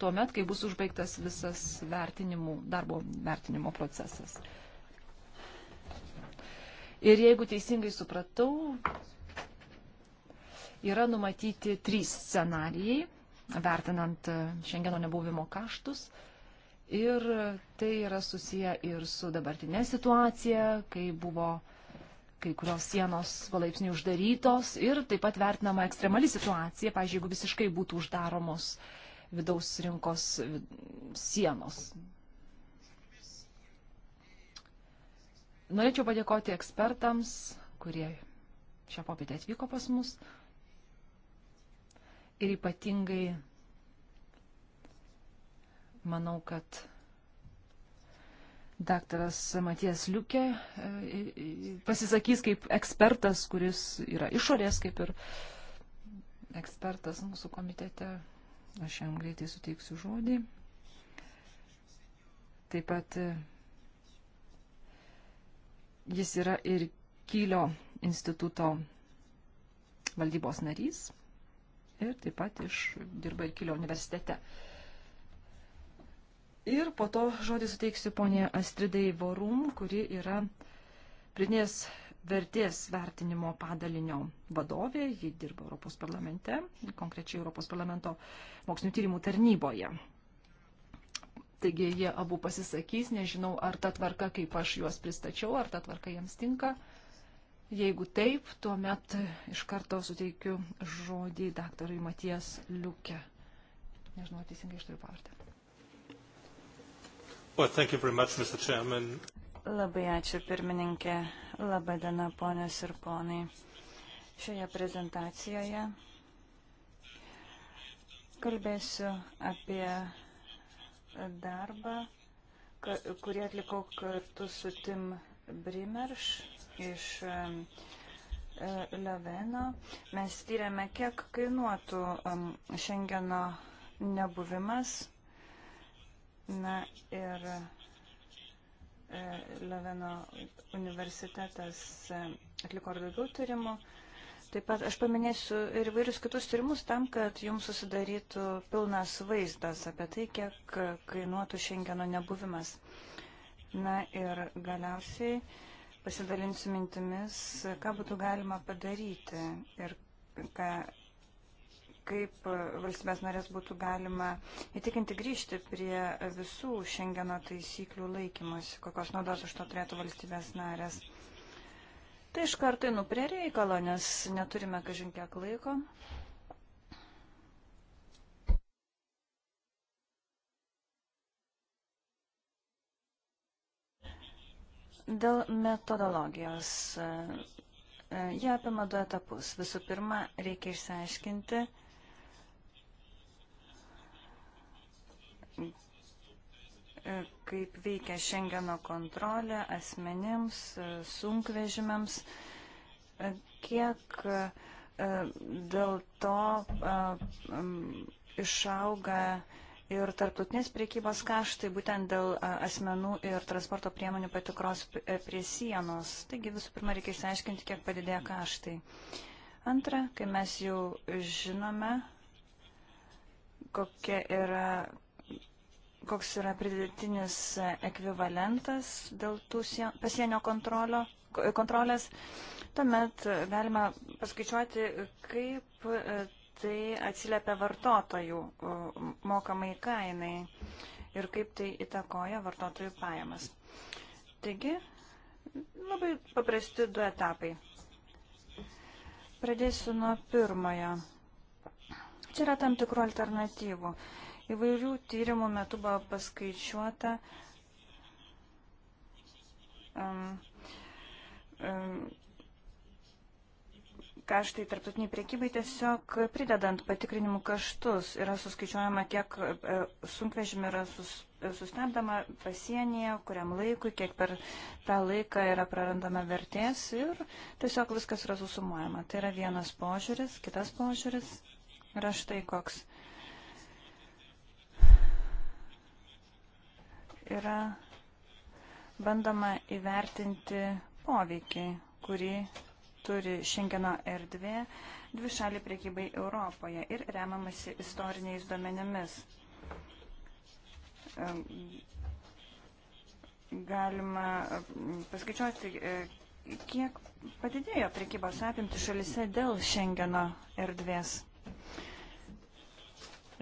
Speaker 3: tuo met, kai bus užbaigtas visas vertinimų, darbo vertinimo procesas. Ir jeigu teisingai supratau, yra numatyti trys scenarijai, vertinant šiandieno nebuvimo kaštus. Ir tai yra susiję ir su dabartinė situacija, kai buvo kai kurios sienos palaipsniui uždarytos ir taip pat vertinama ekstremali situacija, pažiūrėjau, jeigu visiškai būtų uždaromos vidaus rinkos sienos. Norėčiau padėkoti ekspertams, kurie šią popietę atvyko pas mus ir ypatingai Manau, kad daktaras Matijas Liukė e, e, e, pasisakys kaip ekspertas, kuris yra išorės, kaip ir ekspertas mūsų komitete. Aš jam greitai suteiksiu žodį. Taip pat jis yra ir Kylio instituto valdybos narys ir taip pat iš, dirba ir Kylio universitete. Uh, Ir po to žodį suteiksiu ponė Astridai Vorum, kuri yra pridinės vertės vertinimo padalinio vadovė. Ji dirba Europos parlamente, konkrečiai Europos parlamento mokslinio tyrimų tarnyboje. Taigi jie abu pasisakys, nežinau, ar ta tvarka, kaip aš juos pristačiau, ar ta tvarka jiems tinka. Jeigu taip, tuomet iš karto suteikiu žodį daktarui Matijas Liukė.
Speaker 2: Nežinau, teisingai ištariu pavardę.
Speaker 1: Well, thank you very much, Mr. Chairman.
Speaker 2: Labai ačiū pirmininkė, laba diena ponios ir ponai. Šioje prezentacijoje kalbėsiu apie darbą, kurį atlikau kartu su Tim Brimerš iš e, Leveno. Mes tyrėme, kiek kainuotų Šengeno nebuvimas Na ir e, Leveno universitetas e, atliko ir daugiau tyrimų. Taip pat aš paminėsiu ir vairius kitus tyrimus tam, kad jums susidarytų pilnas vaizdas apie tai, kiek kainuotų šengeno nebuvimas. Na ir galiausiai pasidalinsiu mintimis, ką būtų galima padaryti ir ką kaip e, valstybės narės būtų galima įtikinti grįžti prie visų Šengeno taisyklių laikymosi, kokios naudos iš to turėtų valstybės narės. Tai iš karto einu prie reikalo, nes neturime kažin kiek laiko. Dėl metodologijos e, e, jie apima du etapus. Visų pirma, reikia išsiaiškinti, kaip veikia Šengeno kontrolė asmenims, sunkvežimiams, kiek e, dėl to e, išauga ir tarptautinės priekybos kaštai būtent dėl e, asmenų ir transporto priemonių patikros prie sienos. Taigi visų pirma reikia išsiaiškinti, kiek padidėja kaštai. Antra, kai mes jau žinome, kokia yra koks yra pridėtinis ekvivalentas dėl tų pasienio kontrolio, kontrolės, tuomet galima paskaičiuoti, kaip e, tai atsiliepia vartotojų mokamai kainai ir kaip tai įtakoja vartotojų pajamas. Taigi, labai paprasti du etapai. Pradėsiu nuo pirmojo. Čia yra tam tikrų alternatyvų. Įvairių tyrimų metu buvo paskaičiuota, um, um, kaštai tarptautiniai priekybai tiesiog pridedant patikrinimų kaštus yra suskaičiuojama, kiek e, sunkvežimė yra sus, sustabdama pasienyje, kuriam laikui, kiek per tą laiką yra prarandama vertės ir tiesiog viskas yra susumuojama. Tai yra vienas požiūris, kitas požiūris yra štai koks. yra bandoma įvertinti poveikį, kurį turi Šengeno erdvė dvi šalį priekybai Europoje ir remiamasi istoriniais duomenėmis. Galima paskaičiuoti, e, kiek padidėjo priekybos apimti šalise dėl Šengeno erdvės.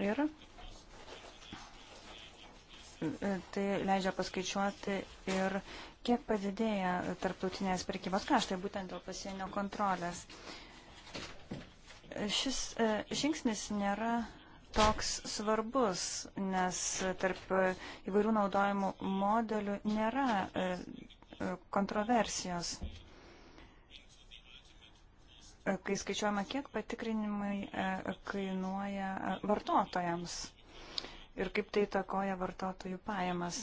Speaker 2: Ir tai leidžia paskaičiuoti ir kiek padidėja tarptautinės prekybos kaštai būtent dėl pasienio kontrolės. Šis e, žingsnis nėra toks svarbus, nes tarp įvairių naudojimų modelių nėra e, e, kontroversijos. Kai skaičiuojama, kiek patikrinimai kainuoja vartotojams ir kaip tai takoja vartotojų pajamas.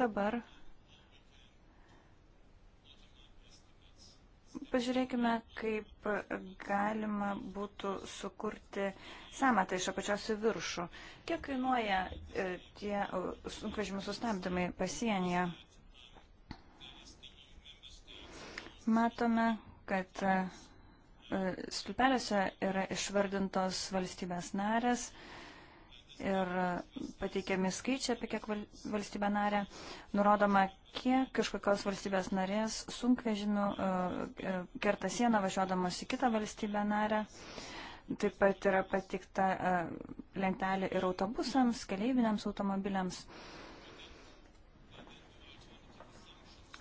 Speaker 2: Dabar pažiūrėkime, kaip galima būtų sukurti samatą iš apačios į viršų. Kiek kainuoja e, tie e, sunkvežimių sustabdymai pasienyje? Matome, kad e, stulpelėse yra išvardintos valstybės narės, ir pateikiami skaičiai apie kiek valstybę narę, nurodoma, kiek kažkokios valstybės narės sunkvežimių e, e, kerta sieną važiuodamos į kitą valstybę narę. Taip pat yra patikta e, lentelė ir autobusams, keleiviniams automobiliams.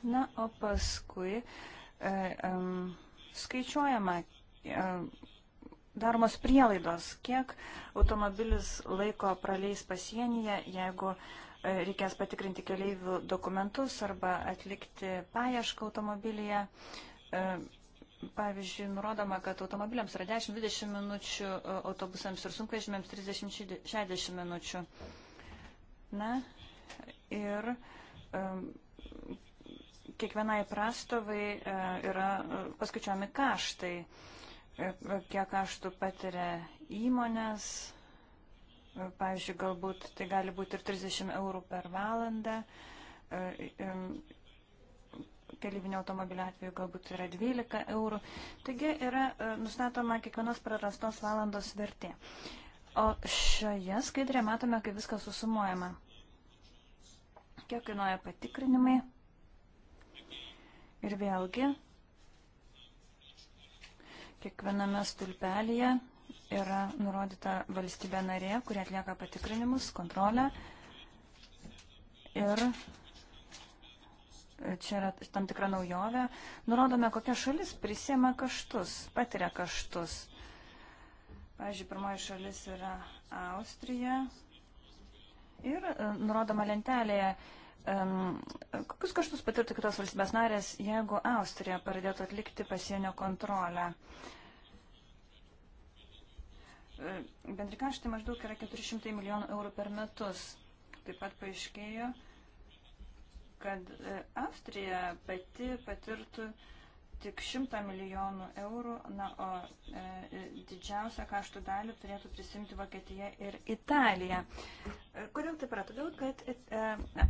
Speaker 2: Na, o paskui e, e, skaičiuojama, e, daromos prielaidos, kiek automobilis laiko praleis pasienyje, jeigu e, reikės patikrinti keleivių dokumentus arba atlikti paiešką automobilyje. E, pavyzdžiui, nurodoma, kad automobiliams yra 10-20 minučių, e, autobusams ir sunkvežimėms 30-60 minučių. Na ir um, kiekvienai prastovai uh, yra paskaičiuomi kaštai. Uh, kiek kaštų patiria įmonės. Pavyzdžiui, galbūt tai gali būti ir 30 eurų per valandą. Kelyvinio automobilio atveju galbūt yra 12 eurų. Taigi yra e, nustatoma kiekvienos prarastos valandos vertė. O šioje skaidrėje matome, kaip viskas susumuojama. Kiek kainuoja patikrinimai. Ir vėlgi Kiekviename stulpelėje yra nurodyta valstybė narė, kurie atlieka patikrinimus, kontrolę. Ir čia yra tam tikra naujovė. Nurodome, kokia šalis prisėma kaštus, patiria kaštus. Pavyzdžiui, pirmoji šalis yra Austrija. Ir e, nurodoma lentelėje um, kokius kaštus patirtų kitos valstybės narės, jeigu Austrija pradėtų atlikti pasienio kontrolę? E, bendri kaštai maždaug yra 400 milijonų eurų per metus. Taip pat paaiškėjo, kad e, Austrija pati patirtų uh, tik 100 milijonų eurų, na, o e, e didžiausią kaštų dalį turėtų prisimti Vokietija ir Italija. E, kodėl taip yra? Todėl, kad e, e,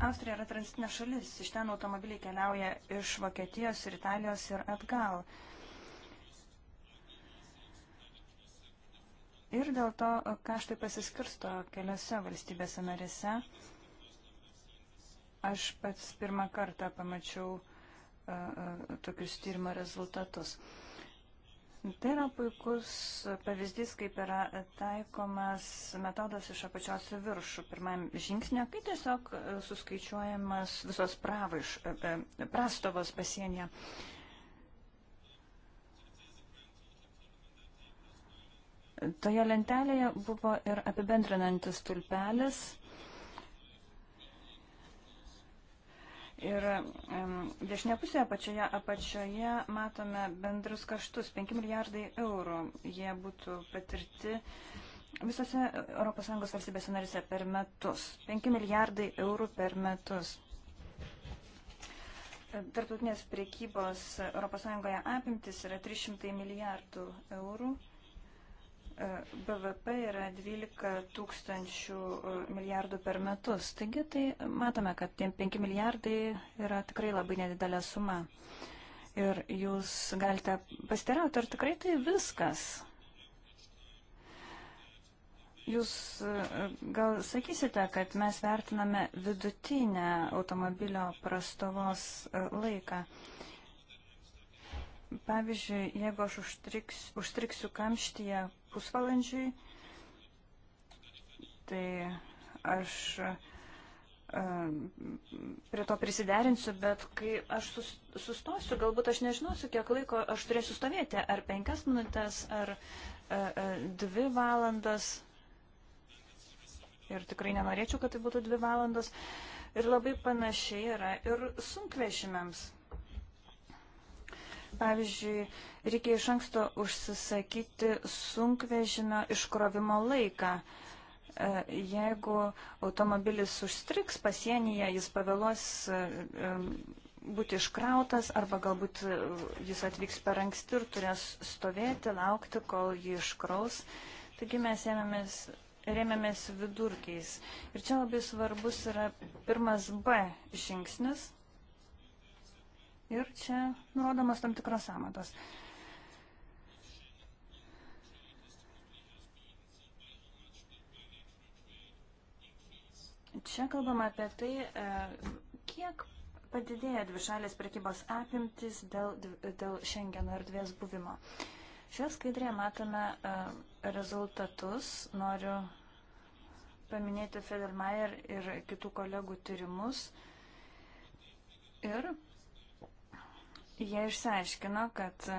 Speaker 2: Austrija yra tranzitinė šalis, iš ten automobiliai keliauja iš Vokietijos ir Italijos ir atgal. Ir dėl to kaštai pasiskirsto keliose valstybėse narėse. Aš pats pirmą kartą pamačiau tokius tyrimo rezultatus. Tai yra puikus pavyzdys, kaip yra taikomas metodas iš apačios į viršų. Pirmajam žingsnė, kai tiesiog suskaičiuojamas visos pravaiš, prastovos pasienyje. Toje lentelėje buvo ir apibendrinantis tulpelis Ir dešinė pusė apačioje, apačioje matome bendrus kaštus - 5 milijardai eurų. Jie būtų patirti visose ES valstybėse narise per metus. 5 milijardai eurų per metus. Tarptautinės priekybos ES apimtis yra 300 milijardų eurų. BVP yra 12 tūkstančių e, milijardų per metus. Taigi tai matome, kad tie 5 milijardai yra tikrai labai nedidelė suma. Ir jūs galite pasiteirauti, ar tikrai tai viskas. Jūs e, gal sakysite, kad mes vertiname vidutinę automobilio prastovos e, laiką. Pavyzdžiui, jeigu aš užtriks, užtriksiu kamštyje, pusvalandžiui. Tai aš e, prie to prisiderinsiu, bet kai aš sus, sustosiu, galbūt aš nežinosiu, kiek laiko aš turėsiu stovėti, ar penkias minutės, ar a, e, a, e, dvi valandas. Ir tikrai nenorėčiau, kad tai būtų dvi valandos. Ir labai panašiai yra ir sunkvežimiams. Pavyzdžiui, reikia iš anksto užsisakyti sunkvežimio iškrovimo laiką. E, jeigu automobilis užstriks pasienyje, jis pavėluos e, e, būti iškrautas arba galbūt jis atvyks per anksti ir turės stovėti, laukti, kol jį iškraus. Taigi mes ėmėmės, rėmėmės vidurkiais. Ir čia labai svarbus yra pirmas B žingsnis. Ir čia nurodomas tam tikros samatos. Čia kalbama apie tai, e, kiek padidėja dvišalės prekybos apimtis dėl, dėl Schengeno erdvės buvimo. Šioje skaidrėje matome e, rezultatus. Noriu paminėti Federmeier ir kitų kolegų tyrimus. Ir Jie išsiaiškino, kad e,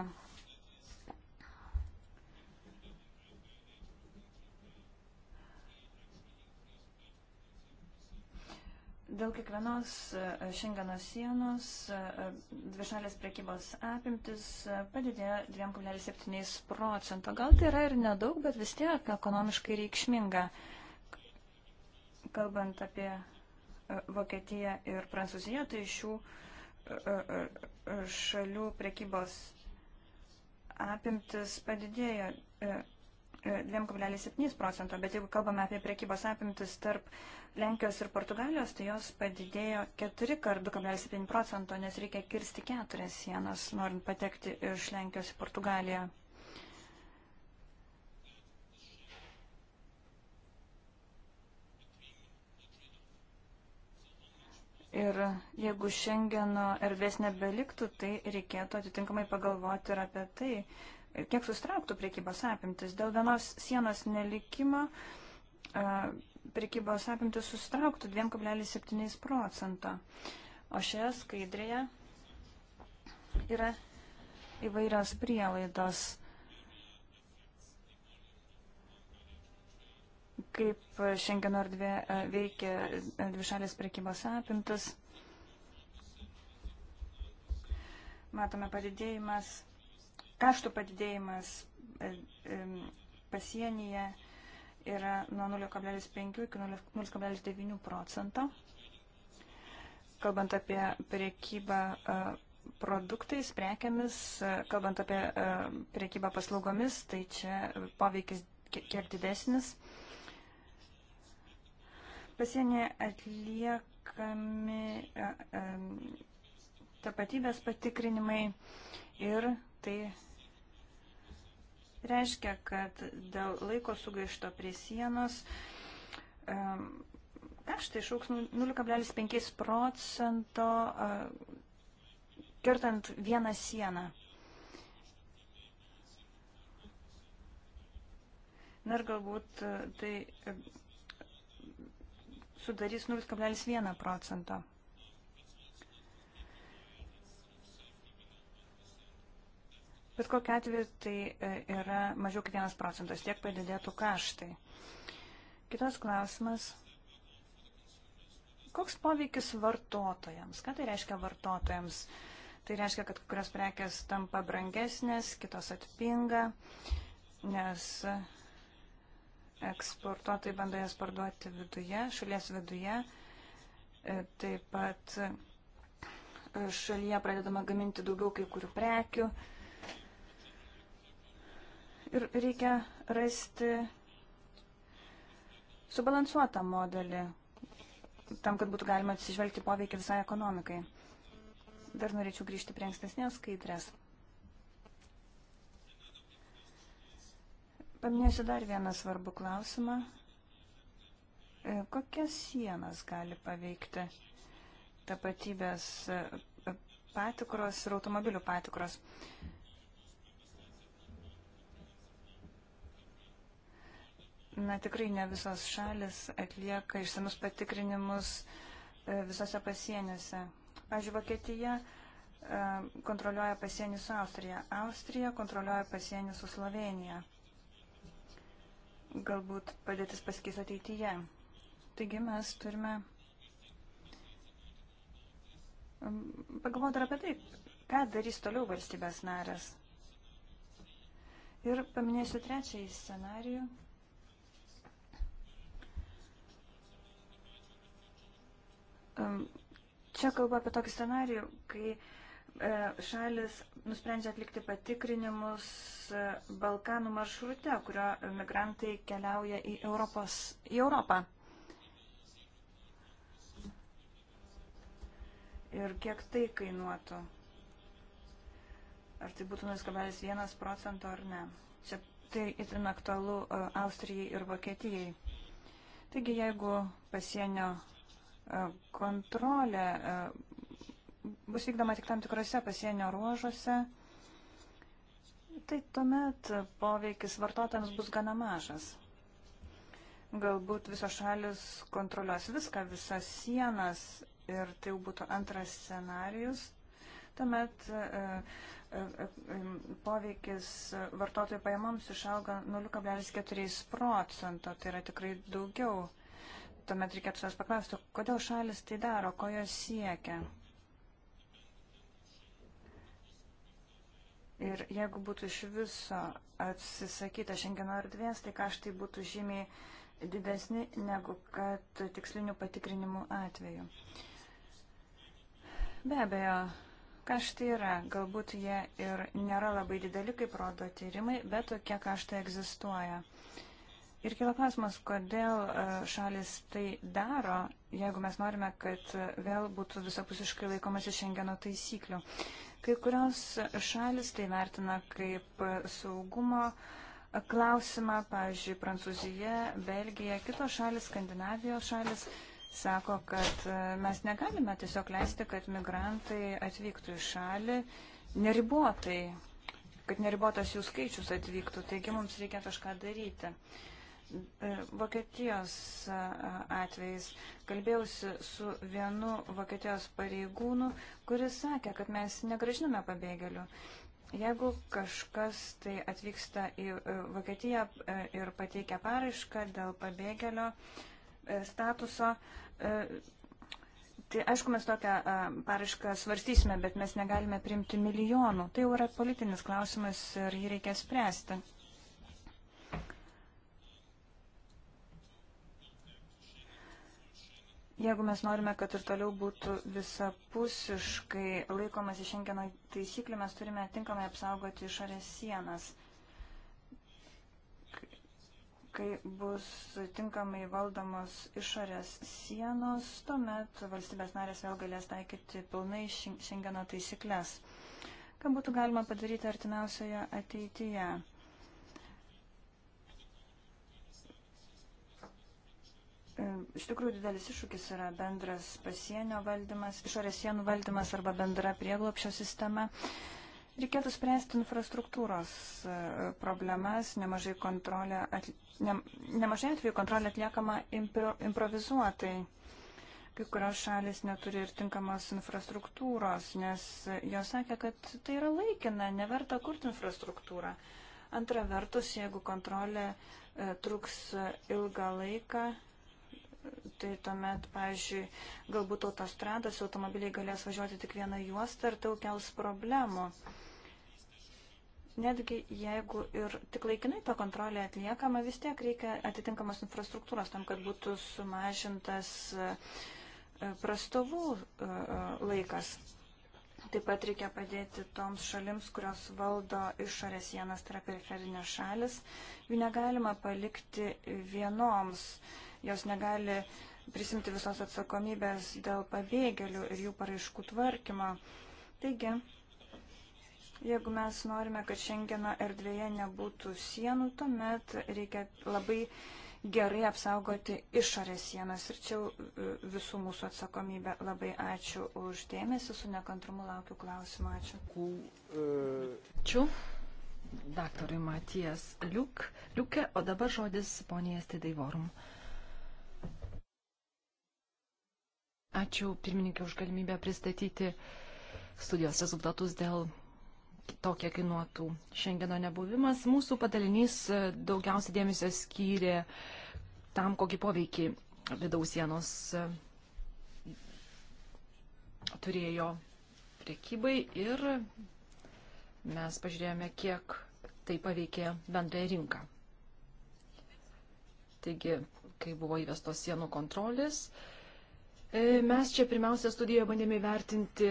Speaker 2: Dėl kiekvienos e, Šengeno sienos e, dvišalės prekybos apimtis padidėjo 2,7 procento. Gal tai yra ir nedaug, bet vis tiek ekonomiškai reikšminga. Kalbant apie Vokietiją ir Prancūziją, tai šių uh, šalių prekybos apimtis padidėjo 2,7 e, e, procento, bet jeigu kalbame apie prekybos apimtis tarp Lenkijos ir Portugalijos, tai jos padidėjo 4 kart 2,7 procento, nes reikia kirsti keturias sienas, norint patekti iš Lenkijos į Portugaliją. Ir jeigu Šengeno erdvės nebeliktų, tai reikėtų atitinkamai pagalvoti ir apie tai, kiek sustrauktų priekybos apimtis. Dėl vienos sienos nelikimo e, priekybos apimtis sustrauktų 2,7 procento. O šioje skaidrėje yra įvairios prielaidos kaip Šengeno erdvė e, veikia e, dvišalės prekybos apimtis. Matome padidėjimas, kaštų padidėjimas e, pasienyje yra nuo 0,5 iki 0,9 procento. Kalbant apie priekybą produktais, prekiamis, kalbant apie priekybą paslaugomis, tai čia poveikis kiek didesnis. Pasienyje atliekami e, e, tapatybės patikrinimai ir tai reiškia, kad dėl laiko sugaišto prie sienos e, kaštai išauks 0,5 nu- procento kirtant vieną sieną. Na ir galbūt tai sudarys 0,1 procento. Bet kokiu atveju tai e, yra mažiau kaip 1 procentas, tiek padidėtų kaštai. Kitas klausimas. Koks poveikis vartotojams? Ką tai reiškia vartotojams? Tai reiškia, kad kurios prekės tampa brangesnės, kitos atpinga, nes eksportuotojai bando jas parduoti viduje, šalies viduje. E, taip pat e, šalyje pradedama gaminti daugiau kai kurių prekių. Ir reikia rasti subalansuotą modelį, tam, kad būtų galima atsižvelgti poveikį visai ekonomikai. Dar norėčiau grįžti prie ankstesnės skaidrės. Paminėsiu dar vieną svarbų klausimą. E, kokias sienas gali paveikti tapatybės e, patikros ir automobilių patikros? Na, tikrai ne visos šalis atlieka išsamus patikrinimus e, visose pasieniuose. Pavyzdžiui, Vokietija kontroliuoja pasienį su Austrija. Austrija kontroliuoja pasienį su Slovenija galbūt padėtis pasikeis ateityje. Taigi mes turime um, pagalvoti ir apie tai, ką darys toliau valstybės narės. Ir paminėsiu trečiąjį scenarijų. Um, čia kalba apie tokį scenarijų, kai uh, E, šalis nusprendžia atlikti patikrinimus e, Balkanų maršrute, kurio migrantai keliauja į, Europos, į Europą. Ir kiek tai kainuotų? Ar tai būtų 0,1 procento ar ne? Čia tai itin aktualu e, Austrijai ir Vokietijai. Taigi, jeigu pasienio kontrolė bus vykdoma tik tam tikrose pasienio ruožuose, tai tuomet poveikis vartotojams bus gana mažas. Galbūt visos šalis kontroliuos viską, visas sienas ir tai jau būtų antras scenarius. Tuomet e, e, e, poveikis vartotojų pajamoms išauga 0,4 procento, tai yra tikrai daugiau. Tuomet reikėtų savęs paklausti, kodėl šalis tai daro, ko jos siekia. Ir jeigu būtų iš viso atsisakyta šengeno erdvės, tai kaštai būtų žymiai didesni negu kad tikslinių patikrinimų atveju. Be abejo, kaštai yra, galbūt jie ir nėra labai dideli, kaip rodo tyrimai, bet tokie kaštai egzistuoja. Ir kila klausimas, kodėl e, šalis tai daro, jeigu mes norime, kad vėl būtų visapusiškai laikomasi šengeno taisyklių. Kai kurios šalis tai vertina kaip saugumo klausimą, pavyzdžiui, Prancūzija, Belgija, kitos šalis, Skandinavijos šalis sako, kad e, mes negalime tiesiog leisti, kad migrantai atvyktų į šalį neribotai, kad neribotas jų skaičius atvyktų, taigi mums reikia kažką daryti. Uh, E, Vokietijos e, atvejais kalbėjausi su vienu Vokietijos pareigūnu, kuris sakė, kad mes negražiname pabėgėlių. Jeigu kažkas tai atvyksta į e, Vokietiją ir pateikia paraišką dėl pabėgėlio statuso, tai aišku, mes tokią paraišką svarstysime, bet mes negalime priimti milijonų. Tai jau yra politinis klausimas ir jį reikia spręsti. Jeigu mes norime, kad ir toliau būtų visapusiškai laikomas iš šengeno taisyklių, mes turime tinkamai apsaugoti išorės sienas. Kai bus tinkamai valdomos išorės sienos, tuomet valstybės narės vėl galės taikyti pilnai šengeno taisyklės. Ką būtų galima padaryti artimiausioje ateityje? Iš tikrųjų didelis iššūkis yra bendras pasienio valdymas, išorės sienų valdymas arba bendra prieglopšio sistema. Reikėtų spręsti infrastruktūros e, problemas, nemažai, kontrolė, atli... ne, nemažai atveju kontrolė atliekama impro, improvizuotai. Kai kurios šalis neturi ir tinkamos infrastruktūros, nes jos sakė, kad tai yra laikina, neverta kurti infrastruktūrą. Antra vertus, jeigu kontrolė e, truks e, ilgą laiką, tai tuomet, pavyzdžiui, galbūt autostrados automobiliai galės važiuoti tik vieną juostą ir tai kels problemų. Netgi jeigu ir tik laikinai ta kontrolė atliekama, vis tiek reikia atitinkamos infrastruktūros tam, kad būtų sumažintas e, prastovų e, e, laikas. Taip pat reikia padėti toms šalims, kurios valdo išorės sienas, tai yra periferinės šalis. Jų negalima palikti vienoms. Uh, Jos negali prisimti visos atsakomybės dėl pabėgėlių ir jų paraiškų tvarkymo. Taigi, jeigu mes norime, kad Šengeno erdvėje nebūtų sienų, tuomet reikia labai gerai apsaugoti išorės sienas. Ir čia visų mūsų atsakomybė. Labai ačiū už dėmesį, su nekantrumu laukiu klausimą. Ačiū.
Speaker 3: Ačiū. Daktarui Matijas Liuk, Liukė, o dabar žodis poniai Estidai Vorum. Uh, Ačiū pirmininkė už galimybę pristatyti studijos rezultatus dėl to, kiek kainuotų šiandieno nebuvimas. Mūsų padalinys daugiausia dėmesio skyrė tam, kokį poveikį vidaus sienos turėjo priekybai ir mes pažiūrėjome, kiek tai paveikė bendrąją rinką. Taigi, kai buvo įvestos sienų kontrolės, E, mes čia pirmiausia studijoje bandėme įvertinti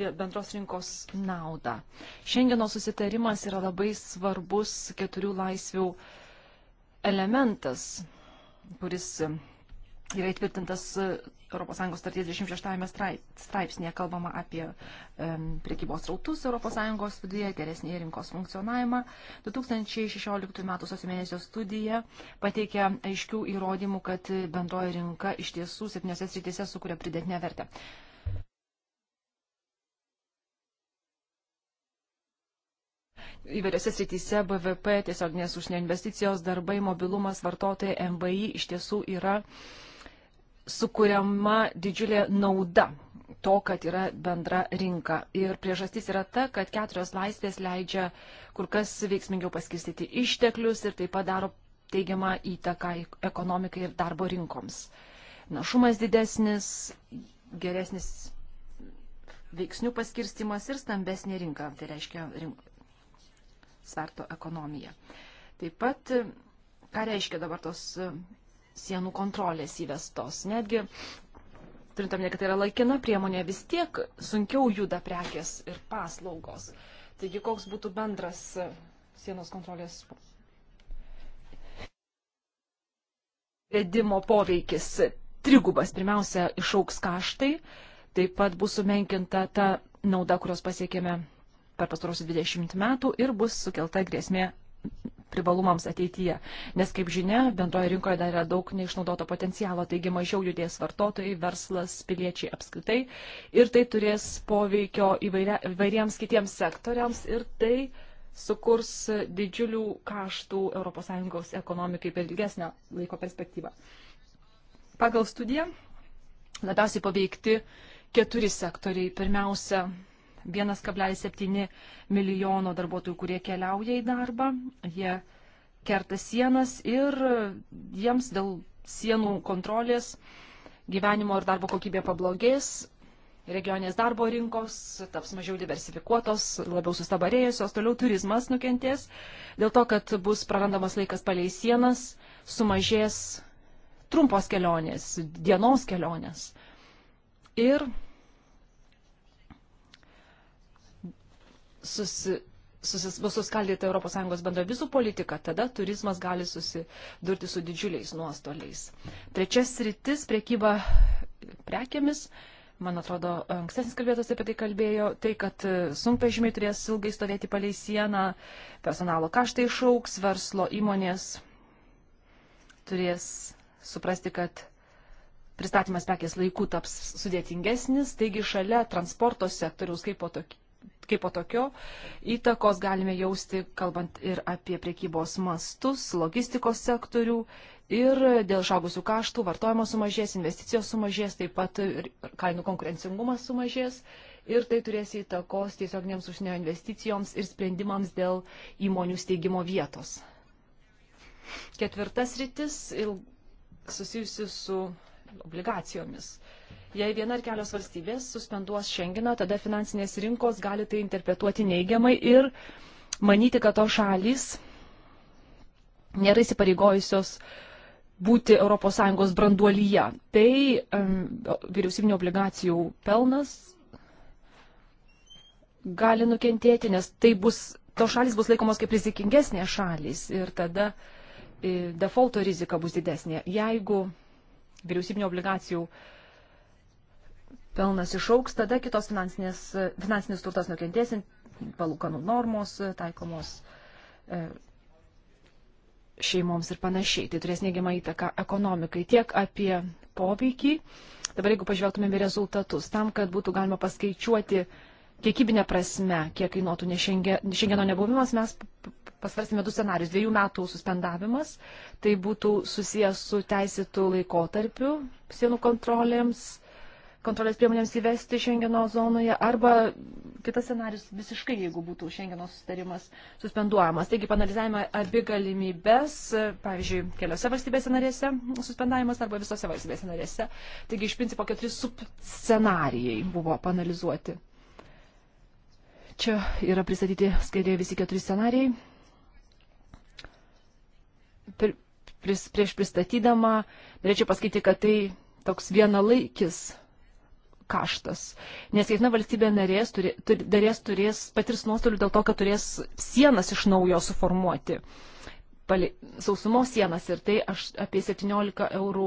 Speaker 3: bendros rinkos naudą. Šengeno susitarimas yra labai svarbus keturių laisvių elementas, kuris yra įtvirtintas ES starties 26 straipsnėje kalbama apie um, priekybos rautus ES viduje, geresnį rinkos funkcionavimą. 2016 m. sausio mėnesio studija pateikia aiškių įrodymų, kad bendroji rinka iš tiesų septyniose srityse sukuria pridėtinę vertę. Įvairiose srityse BVP, tiesioginės užsienio investicijos, darbai, mobilumas, vartotojai, MVI iš tiesų yra uh, sukuriama didžiulė nauda to, kad yra bendra rinka. Ir priežastis yra ta, kad keturios laisvės leidžia kur kas veiksmingiau paskirstyti išteklius ir taip pat daro teigiamą įtaką ekonomikai ir darbo rinkoms. Našumas didesnis, geresnis veiksnių paskirstimas ir stambesnė rinka, tai reiškia rink... sverto ekonomija. Taip pat, ką reiškia dabar tos sienų kontrolės įvestos. Netgi, turint omenyje, kad tai yra laikina priemonė, vis tiek sunkiau juda prekės ir paslaugos. Taigi, koks būtų bendras sienos kontrolės vedimo poveikis? Trigubas pirmiausia išauks kaštai, taip pat bus sumenkinta ta nauda, kurios pasiekėme per pastarosius 20 metų ir bus sukelta grėsmė privalumams ateityje. Nes, kaip žinia, bendroje rinkoje dar yra daug neišnaudoto potencialo, taigi mažiau judės vartotojai, verslas, piliečiai apskritai. Ir tai turės poveikio įvairia, įvairiems kitiems sektoriams ir tai sukurs didžiulių kaštų ES ekonomikai per ilgesnę laiko perspektyvą. Pagal studiją labiausiai paveikti keturi sektoriai. Pirmiausia, 1,7 milijono darbuotojų, kurie keliauja į darbą. Jie kerta sienas ir jiems dėl sienų kontrolės gyvenimo ir darbo kokybė pablogės, regioninės darbo rinkos taps mažiau diversifikuotos, labiau sustabarėjusios, toliau turizmas nukentės dėl to, kad bus prarandamas laikas palei sienas, sumažės trumpos kelionės, dienos kelionės. Ir susi, susis, bus suskaldyta ES bendra vizų politika, tada turizmas gali susidurti su didžiuliais nuostoliais. Trečias rytis - priekyba prekiamis. Man atrodo, ankstesnis kalbėtas apie tai kalbėjo, tai, kad sunkvežimiai turės ilgai stovėti palei sieną, personalo kaštai išauks, verslo įmonės turės suprasti, kad pristatymas prekės laikų taps sudėtingesnis, taigi šalia transporto sektoriaus kaip po tokį kaip po tokio įtakos galime jausti, kalbant ir apie priekybos mastus, logistikos sektorių ir dėl šaugusių kaštų vartojimo sumažės, investicijos sumažės, taip pat kainų konkurencingumas sumažės ir tai turės įtakos tiesioginėms užsienio investicijoms ir sprendimams dėl įmonių steigimo vietos. Ketvirtas rytis susijusi su obligacijomis. Uh, Jei viena ar kelios valstybės suspenduos Šengeną, tada finansinės rinkos gali tai interpretuoti neigiamai ir manyti, kad to šalys nėra įsipareigojusios būti ES branduolyje. Tai um, vyriausybinio obligacijų pelnas gali nukentėti, nes tai bus, to šalis bus laikomos kaip rizikingesnė šalis ir tada e, defaulto rizika bus didesnė. Jeigu vyriausybinio obligacijų uh, pelnas išauks, tada kitos finansinis turtas nukentės, palūkanų normos e, taikomos e, šeimoms ir panašiai. Tai turės neigiamą įtaką ekonomikai. Tiek apie poveikį. Dabar jeigu pažvelgtumėm į rezultatus, tam, kad būtų galima paskaičiuoti kiekybinę prasme, kiek kainuotų šengeno nebuvimas, mes pasvarstėme du scenarius. Dviejų metų suspendavimas, tai būtų susijęs su teisėtų laikotarpiu sienų kontrolėms kontrolės priemonėms įvesti Šengeno zonoje arba kitas scenarius visiškai, jeigu būtų Šengeno sustarimas suspenduojamas. Taigi panalizavome abi galimybės, pavyzdžiui, keliose valstybėse narėse suspendavimas arba visose valstybėse narėse. Taigi iš principo keturi subscenarijai buvo panalizuoti. Čia yra pristatyti skaidrėje visi keturi scenarijai. Pir, pris, prieš pristatydama norėčiau pasakyti, kad tai toks vienalaikis kaštas. Nes kiekviena valstybė narės, turė, narės turės patirs nuostolių dėl to, kad turės sienas iš naujo suformuoti. Pali, sausumos sienas ir tai aš, apie 17 eurų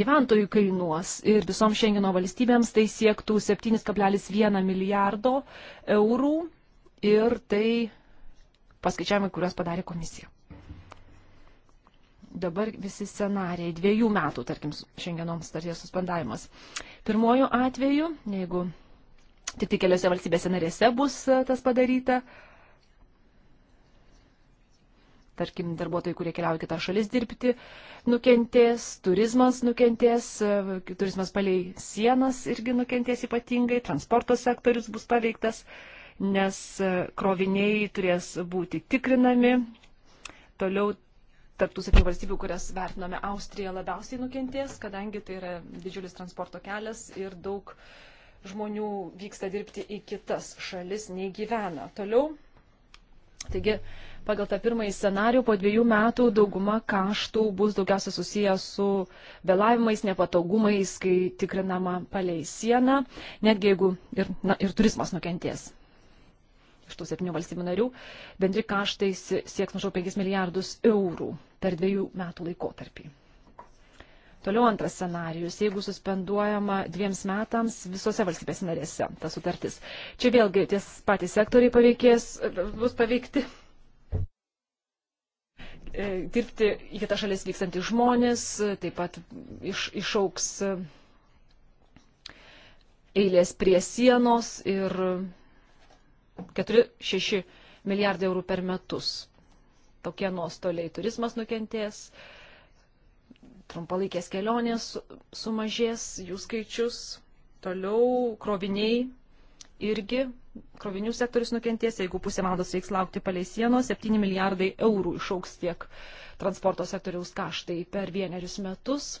Speaker 3: gyventojų kainuos ir visoms Šengino valstybėms tai siektų 7,1 milijardo eurų ir tai paskaičiavimai, kuriuos padarė komisija dabar visi scenarijai, dviejų metų, tarkim, šiandienom starties suspendavimas. Pirmojų atveju, jeigu tik tai keliose valstybėse narėse bus e, tas padaryta, tarkim, darbuotojai, kurie keliauja kitą šalis dirbti, nukentės, turizmas nukentės, e, turizmas paliai sienas irgi nukentės ypatingai, transporto sektorius bus paveiktas, nes e, kroviniai turės būti tikrinami, toliau tarp tų septynių valstybių, kurias vertiname, Austrija labiausiai nukentės, kadangi tai yra didžiulis transporto kelias ir daug žmonių vyksta dirbti į kitas šalis, nei gyvena. Toliau, taigi, pagal tą pirmąjį scenarių, po dviejų metų dauguma kaštų bus daugiausia susiję su vėlavimais, nepatogumais, kai tikrinama palei sieną, netgi jeigu ir, na, ir turizmas nukentės tų septynių valstybių narių, bendri kaštai sieks mažiau 5 milijardus eurų per dviejų metų laikotarpį. Toliau antras scenarius, jeigu suspenduojama dviems metams visose valstybės narėse ta sutartis. Čia vėlgi ties patys sektoriai paveikės, bus paveikti. E, dirbti į kitą šalis vykstantys žmonės, taip pat iš, išauks eilės prie sienos ir 4-6 milijardai eurų per metus. Tokie nuostoliai turizmas nukentės, trumpalaikės kelionės sumažės, jų skaičius, toliau kroviniai irgi, krovinių sektorius nukentės, jeigu pusę valandos reiks laukti palei sienos, 7 milijardai eurų išauks tiek transporto sektoriaus kaštai per vienerius metus.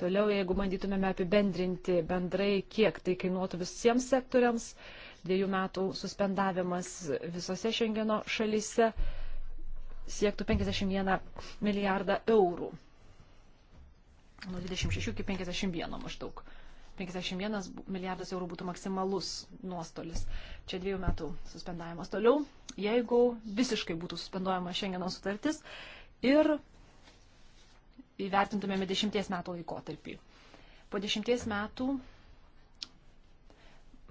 Speaker 3: Toliau, jeigu bandytumėme apibendrinti bendrai, kiek tai kainuotų visiems sektoriams, dviejų metų suspendavimas visose Šengeno šalyse siektų 51 milijardą eurų. Nuo 26 iki 51 maždaug. 51 milijardas eurų būtų maksimalus nuostolis. Čia dviejų metų suspendavimas. Toliau, jeigu visiškai būtų suspenduojama Šengeno sutartis ir įvertintumėme 10 metų laikotarpį. Po 10 metų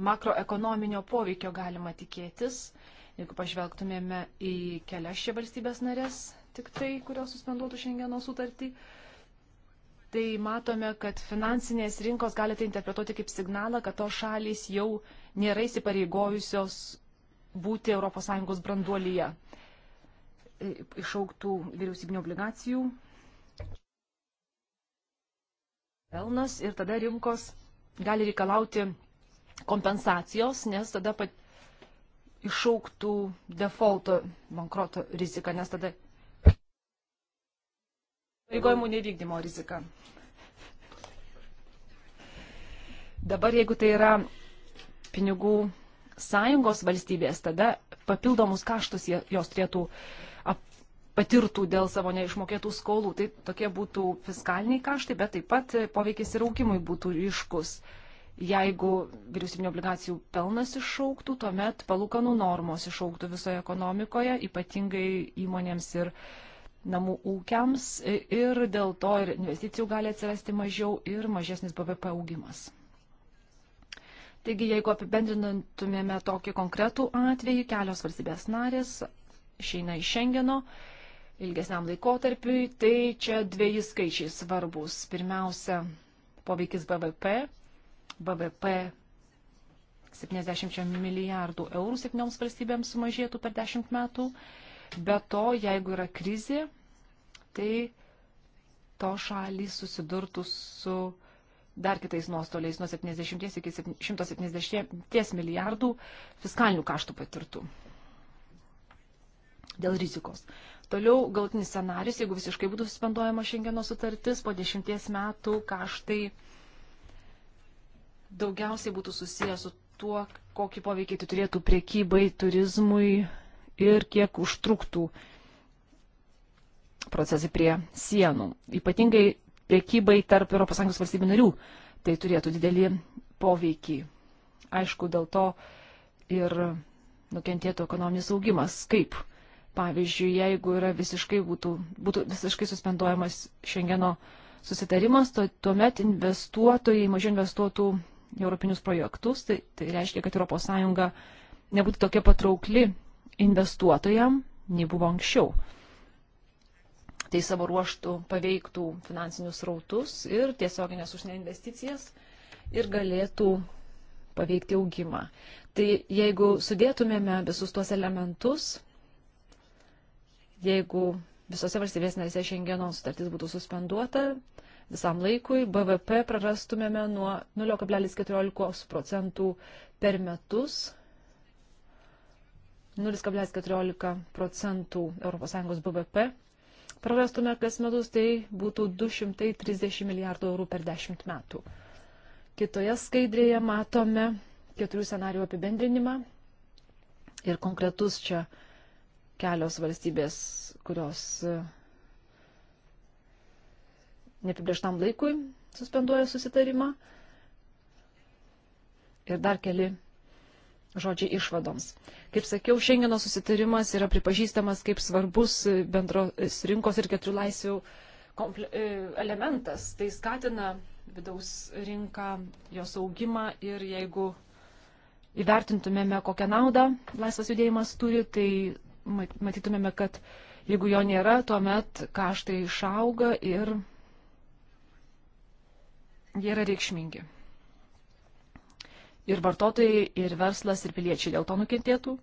Speaker 3: makroekonominio poveikio galima tikėtis, jeigu pažvelgtumėme į kelias šią valstybės narės, tik tai, kurios suspenduotų šiandieno sutartį. Tai matome, kad finansinės rinkos gali tai interpretuoti kaip signalą, kad tos šalys jau nėra įsipareigojusios būti ES branduolyje išauktų vyriausybinio obligacijų pelnas ir tada rinkos gali reikalauti kompensacijos, nes tada pat išauktų defaulto bankroto rizika, nes tada pareigojimų nevykdymo rizika. Dabar, jeigu tai yra pinigų sąjungos valstybės, tada papildomus kaštus jos turėtų patirtų dėl savo neišmokėtų skolų. Tai tokie būtų fiskaliniai kaštai, bet taip pat poveikis ir augimui būtų ryškus. Uh, Jeigu vyriausybinio obligacijų pelnas išauktų, tuomet palūkanų normos išauktų visoje ekonomikoje, ypatingai įmonėms ir namų ūkiams ir dėl to ir investicijų gali atsirasti mažiau ir mažesnis BVP augimas. Taigi, jeigu apibendrinantumėme tokį konkretų atvejį, kelios valstybės narės išeina iš Šengeno ilgesniam laikotarpiui, tai čia dviejai skaičiai svarbus. Pirmiausia, poveikis BVP BVP 70 milijardų eurų septynioms valstybėms sumažėtų per 10 metų. Be to, jeigu yra krizė, tai to šalys susidurtų su dar kitais nuostoliais nuo 70 iki 170 milijardų fiskalinių kaštų patirtų dėl rizikos. Toliau galtinis scenarius, jeigu visiškai būtų suspenduojama Šengeno sutartis, po dešimties metų kaštai daugiausiai būtų susijęs su tuo, kokį poveikį tai turėtų priekybai, turizmui ir kiek užtruktų procesai prie sienų. Ypatingai priekybai tarp ES valstybių narių tai turėtų didelį poveikį. Aišku, dėl to ir nukentėtų ekonominis augimas. Kaip? Pavyzdžiui, jeigu yra visiškai būtų, būtų visiškai suspenduojamas Šengeno susitarimas, tuomet investuotojai mažiau investuotų europinius projektus, tai, tai reiškia, kad ES nebūtų tokia patraukli investuotojam, nei buvo anksčiau. Tai savo ruoštų paveiktų finansinius rautus ir tiesioginės užsienio investicijas ir galėtų paveikti augimą. Tai jeigu sudėtumėme visus tuos elementus, jeigu visose valstybės narėse Šengeno sutartis būtų suspenduota, visam laikui, BVP prarastumėme nuo 0,14 procentų per metus 0,14 procentų ES BVP prarastume kas metus, tai būtų 230 milijardų eurų per 10 metų. Kitoje skaidrėje matome keturių scenarių apibendrinimą ir konkretus čia kelios valstybės, kurios neapibrieštam laikui suspenduoja susitarimą. Ir dar keli žodžiai išvadoms. Kaip sakiau, Šengeno susitarimas yra pripažįstamas kaip svarbus bendros rinkos ir keturių laisvių e, elementas. Tai skatina vidaus rinką, jos augimą ir jeigu įvertintumėme, kokią naudą laisvas judėjimas turi, tai matytumėme, kad jeigu jo nėra, tuomet kaštai išauga ir Jie yra reikšmingi. Ir vartotojai, ir verslas, ir piliečiai dėl to nukentėtų.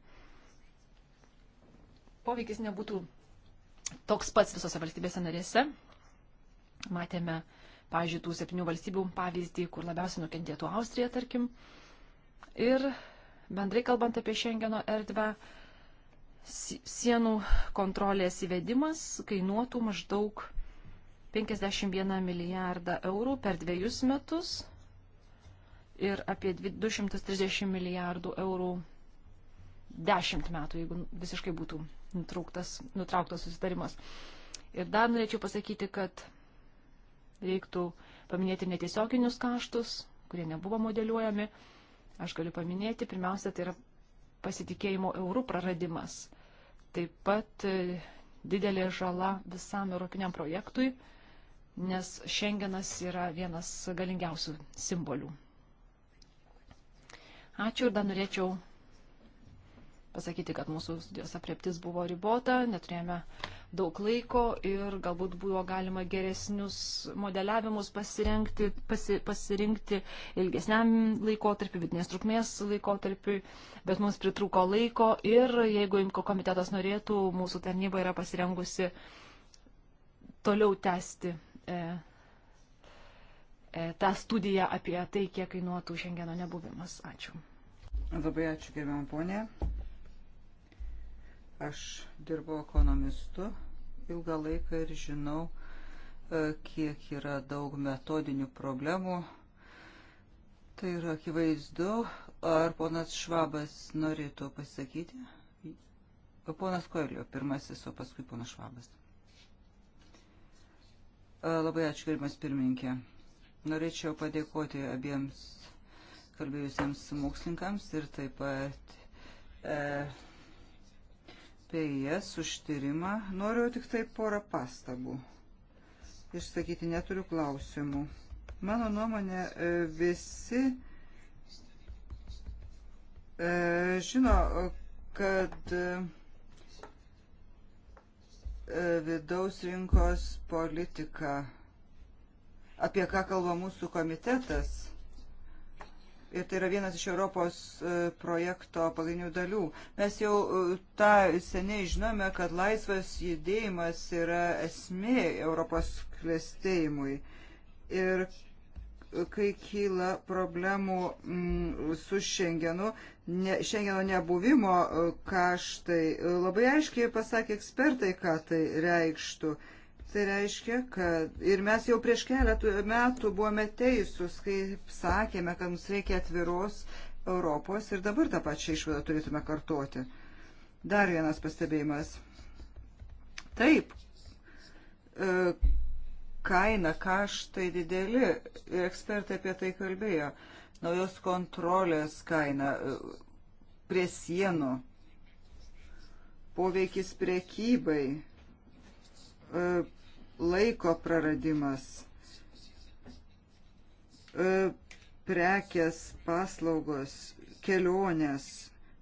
Speaker 3: Poveikis nebūtų toks pats visose valstybėse narėse. Matėme, pavyzdžiui, tų septynių valstybių pavyzdį, kur labiausiai nukentėtų Austrija, tarkim. Ir bendrai kalbant apie Šengeno erdvę, sienų kontrolės įvedimas kainuotų maždaug 51 milijardą eurų per dviejus metus ir apie 230 milijardų eurų 10 metų, jeigu visiškai būtų nutrauktas, nutrauktas susitarimas. Ir dar norėčiau pasakyti, kad reiktų paminėti netiesioginius kaštus, kurie nebuvo modeliuojami. Aš galiu paminėti, pirmiausia, tai yra pasitikėjimo eurų praradimas. Taip pat e, didelė žala visam europiniam projektui, nes Šengenas yra vienas galingiausių simbolių. Ačiū ir dar norėčiau pasakyti, kad mūsų studijos apreptis buvo ribota, neturėjome daug laiko ir galbūt buvo galima geresnius modeliavimus pasirinkti, pasi, pasirinkti ilgesniam laikotarpiu, vidinės trukmės laikotarpiu, bet mums pritruko laiko ir jeigu imko komitetas norėtų, mūsų tarnyba yra pasirengusi toliau tęsti e, e, tą studiją apie tai, kiek kainuotų šiandieno nebuvimas. Ačiū.
Speaker 1: Labai ačiū, gerbiam ponė. Aš dirbau ekonomistu ilgą laiką ir žinau, e, kiek yra daug metodinių problemų. Tai yra akivaizdu. Ar ponas Švabas norėtų pasakyti? Ponas Koelio pirmasis, o paskui ponas Švabas. Labai ačiū, gerimas pirmininkė. Norėčiau padėkoti abiems kalbėjusiems mokslininkams ir taip pat e, PIS užtyrimą. Noriu tik tai porą pastabų. Išsakyti neturiu klausimų. Mano nuomonė, e, visi e, žino, kad e, E, vidaus rinkos politika, apie ką kalba mūsų komitetas. Ir tai yra vienas iš Europos e, projekto pagrindinių dalių. Mes jau e, tą seniai žinome, kad laisvas judėjimas yra esmė Europos klėstėjimui. Ir kai kyla problemų mm, su Šengenu, ne, Šengeno nebuvimo e, kaštai. E, labai aiškiai pasakė ekspertai, ką tai reikštų. Tai reiškia, kad ir mes jau prieš keletą metų buvome teisūs, kai sakėme, kad mums reikia atviros Europos ir dabar tą pačią išvadą turėtume kartoti. Dar vienas pastebėjimas. Taip, e, kaina, kaštai dideli ir ekspertai apie tai kalbėjo. Naujos kontrolės kaina prie sienų, poveikis priekybai, e, laiko praradimas, e, prekės, paslaugos, kelionės,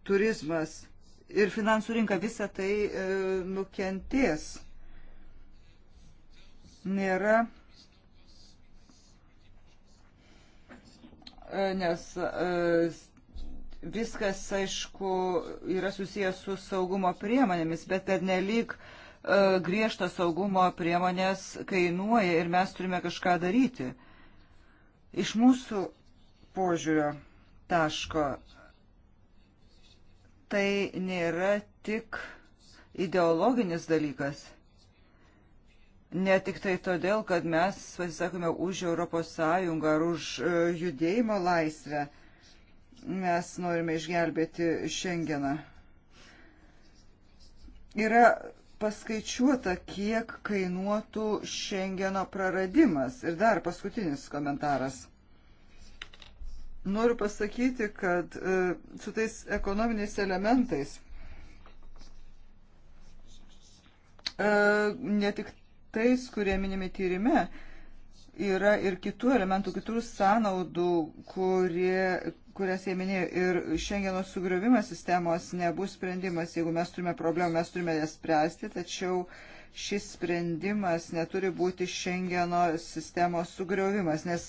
Speaker 1: turizmas ir finansų rinka visą tai e, nukentės nėra, e, nes e, viskas, aišku, yra susijęs su saugumo priemonėmis, bet per nelik e, griežtas saugumo priemonės kainuoja ir mes turime kažką daryti. Iš mūsų požiūrio taško tai nėra tik ideologinis dalykas ne tik tai todėl, kad mes pasisakome už Europos Sąjungą ar už e, judėjimo laisvę. Mes norime išgelbėti Šengeną. Yra paskaičiuota, kiek kainuotų Šengeno praradimas. Ir dar paskutinis komentaras. Noriu pasakyti, kad e, su tais ekonominiais elementais e, ne tik tais, kurie minimi tyrime, yra ir kitų elementų, kitų sąnaudų, kurie, kurias jie minėjo. Ir šiandieno sugriovimas sistemos nebus sprendimas. Jeigu mes turime problemą, mes turime jas spręsti, tačiau šis sprendimas neturi būti šiandieno sistemos sugriovimas, nes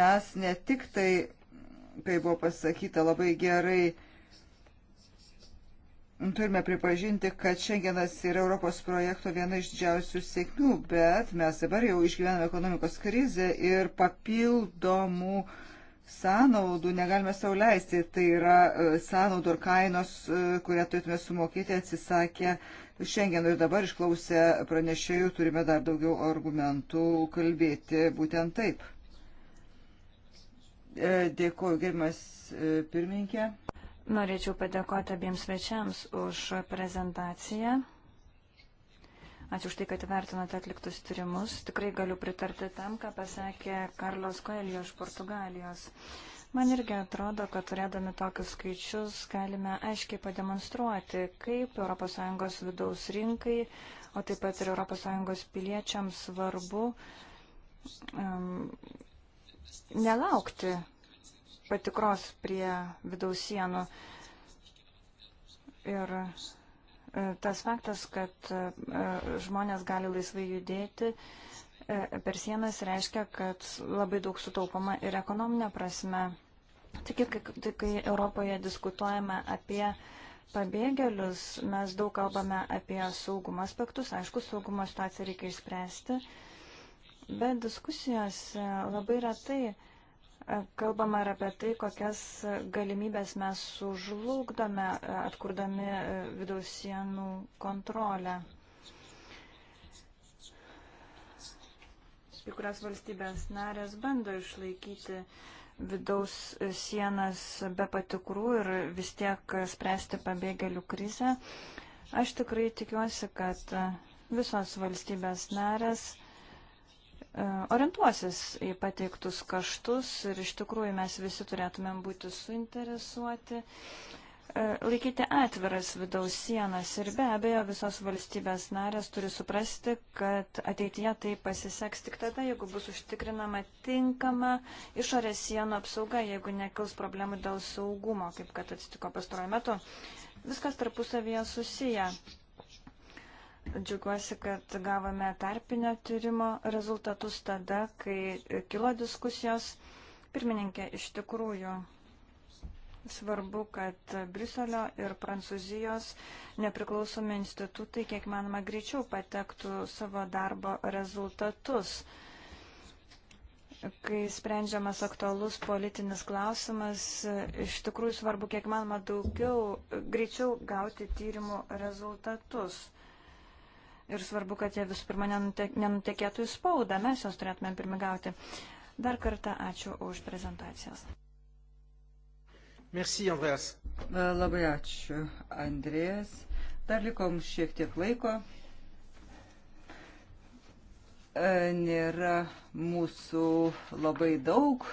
Speaker 1: mes ne tik tai, kaip buvo pasakyta, labai gerai turime pripažinti, kad šiandienas yra Europos projekto viena iš didžiausių sėkmių, bet mes dabar jau išgyvename ekonomikos krizę ir papildomų sąnaudų negalime sauliaisti. Tai yra e, sąnaudų ir kainos, e, kurią turėtume sumokėti, atsisakė šiandien ir dabar išklausę pranešėjų turime dar daugiau argumentų kalbėti būtent taip. E, Dėkuoju, gerimas pirmininkė.
Speaker 2: Norėčiau padėkoti abiems svečiams už prezentaciją. Ačiū už tai, kad vertinote atliktus tyrimus. Tikrai galiu pritarti tam, ką pasakė Karlos Koelio iš Portugalijos. Man irgi atrodo, kad turėdami tokius skaičius galime aiškiai pademonstruoti, kaip ES vidaus rinkai, o taip pat ir ES piliečiams svarbu um, nelaukti patikros prie vidaus sienų. Ir e, tas faktas, kad e, žmonės gali laisvai judėti e, per sienas, reiškia, kad labai daug sutaupama ir ekonominė prasme. Tik kai, tik kai Europoje diskutuojame apie pabėgėlius, mes daug kalbame apie saugumo aspektus. Aišku, saugumo situaciją reikia išspręsti, bet diskusijos labai retai. tai Kalbama ir apie tai, kokias galimybės mes sužlugdome, atkurdami vidaus sienų kontrolę. Kai kurias valstybės narės bando išlaikyti vidaus sienas be patikrų ir vis tiek spręsti pabėgėlių krizę. Aš tikrai tikiuosi, kad visos valstybės narės E, orientuosis į pateiktus kaštus ir iš tikrųjų mes visi turėtumėm būti suinteresuoti e, laikyti atviras vidaus sienas ir be abejo visos valstybės narės turi suprasti, kad ateityje tai pasiseks tik tada, jeigu bus užtikrinama tinkama išorės sienų apsauga, jeigu nekils problemų dėl saugumo, kaip kad atsitiko pastaruoju metu. Viskas tarpusavyje susiję. Džiugiuosi, kad gavome tarpinio tyrimo rezultatus tada, kai kilo diskusijos. Pirmininkė, iš tikrųjų svarbu, kad Briuselio ir Prancūzijos nepriklausomi institutai kiek manoma greičiau patektų savo darbo rezultatus. Kai sprendžiamas aktualus politinis klausimas, iš tikrųjų svarbu kiek manoma daugiau, greičiau gauti tyrimų rezultatus ir svarbu, kad jie visų pirma nenutekėtų į spaudą, mes jos turėtume pirmi gauti. Dar kartą ačiū už prezentacijas.
Speaker 1: Merci, Andreas. E, labai ačiū, Andrėjas. Dar likom šiek tiek laiko e, nėra mūsų labai daug,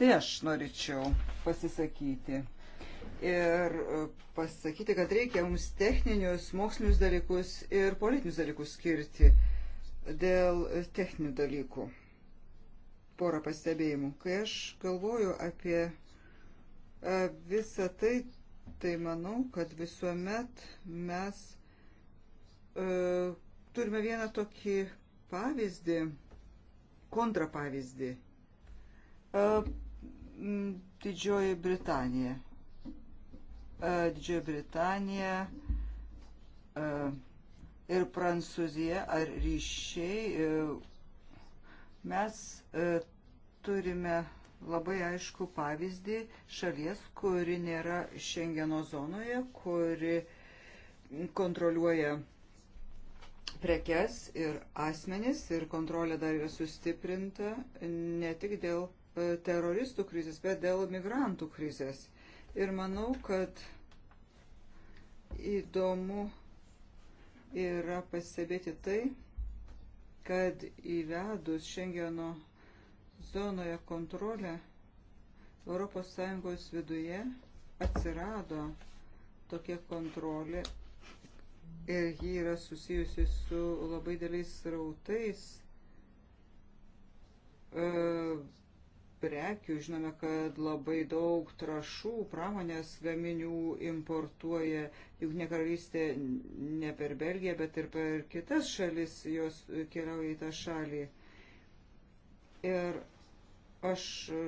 Speaker 1: tai aš norėčiau pasisakyti ir e, pasakyti, kad reikia mums techninius, mokslinius dalykus ir politinius dalykus skirti dėl techninių dalykų. Porą pastebėjimų. Kai aš galvoju apie e, visą tai, tai manau, kad visuomet mes e, turime vieną tokį pavyzdį, kontrapavyzdį. E, Didžioji Britanija. Didžioji Britanija ir Prancūzija ar ryšiai. Mes turime labai aišku pavyzdį šalies, kuri nėra Šengeno zonoje, kuri kontroliuoja prekes ir asmenys ir kontrolė dar yra sustiprinta ne tik dėl teroristų krizės, bet dėl migrantų krizės. Ir manau, kad įdomu yra pastebėti tai, kad įvedus Šengeno zonoje kontrolę ES viduje atsirado tokia kontrolė ir ji yra susijusi su labai dėliais rautais. E, prekių. Žinome, kad labai daug trašų pramonės gaminių importuoja, juk ne karalystė ne per Belgiją, bet ir per kitas šalis jos keliauja į tą šalį. Ir aš e,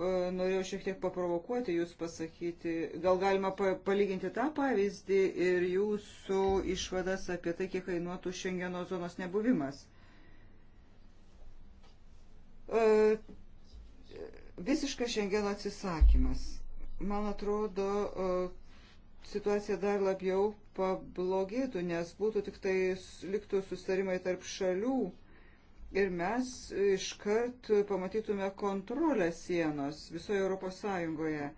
Speaker 1: norėjau šiek tiek paprovokuoti jūs pasakyti, gal galima pa palyginti tą pavyzdį ir jūsų išvadas apie tai, kiek kainuotų Šengeno zonos nebuvimas. E, visiškas šiandien atsisakymas. Man atrodo, e, situacija dar labiau pablogėtų, nes būtų tik tai liktų sustarimai tarp šalių ir mes iškart pamatytume kontrolę sienos visoje Europos Sąjungoje.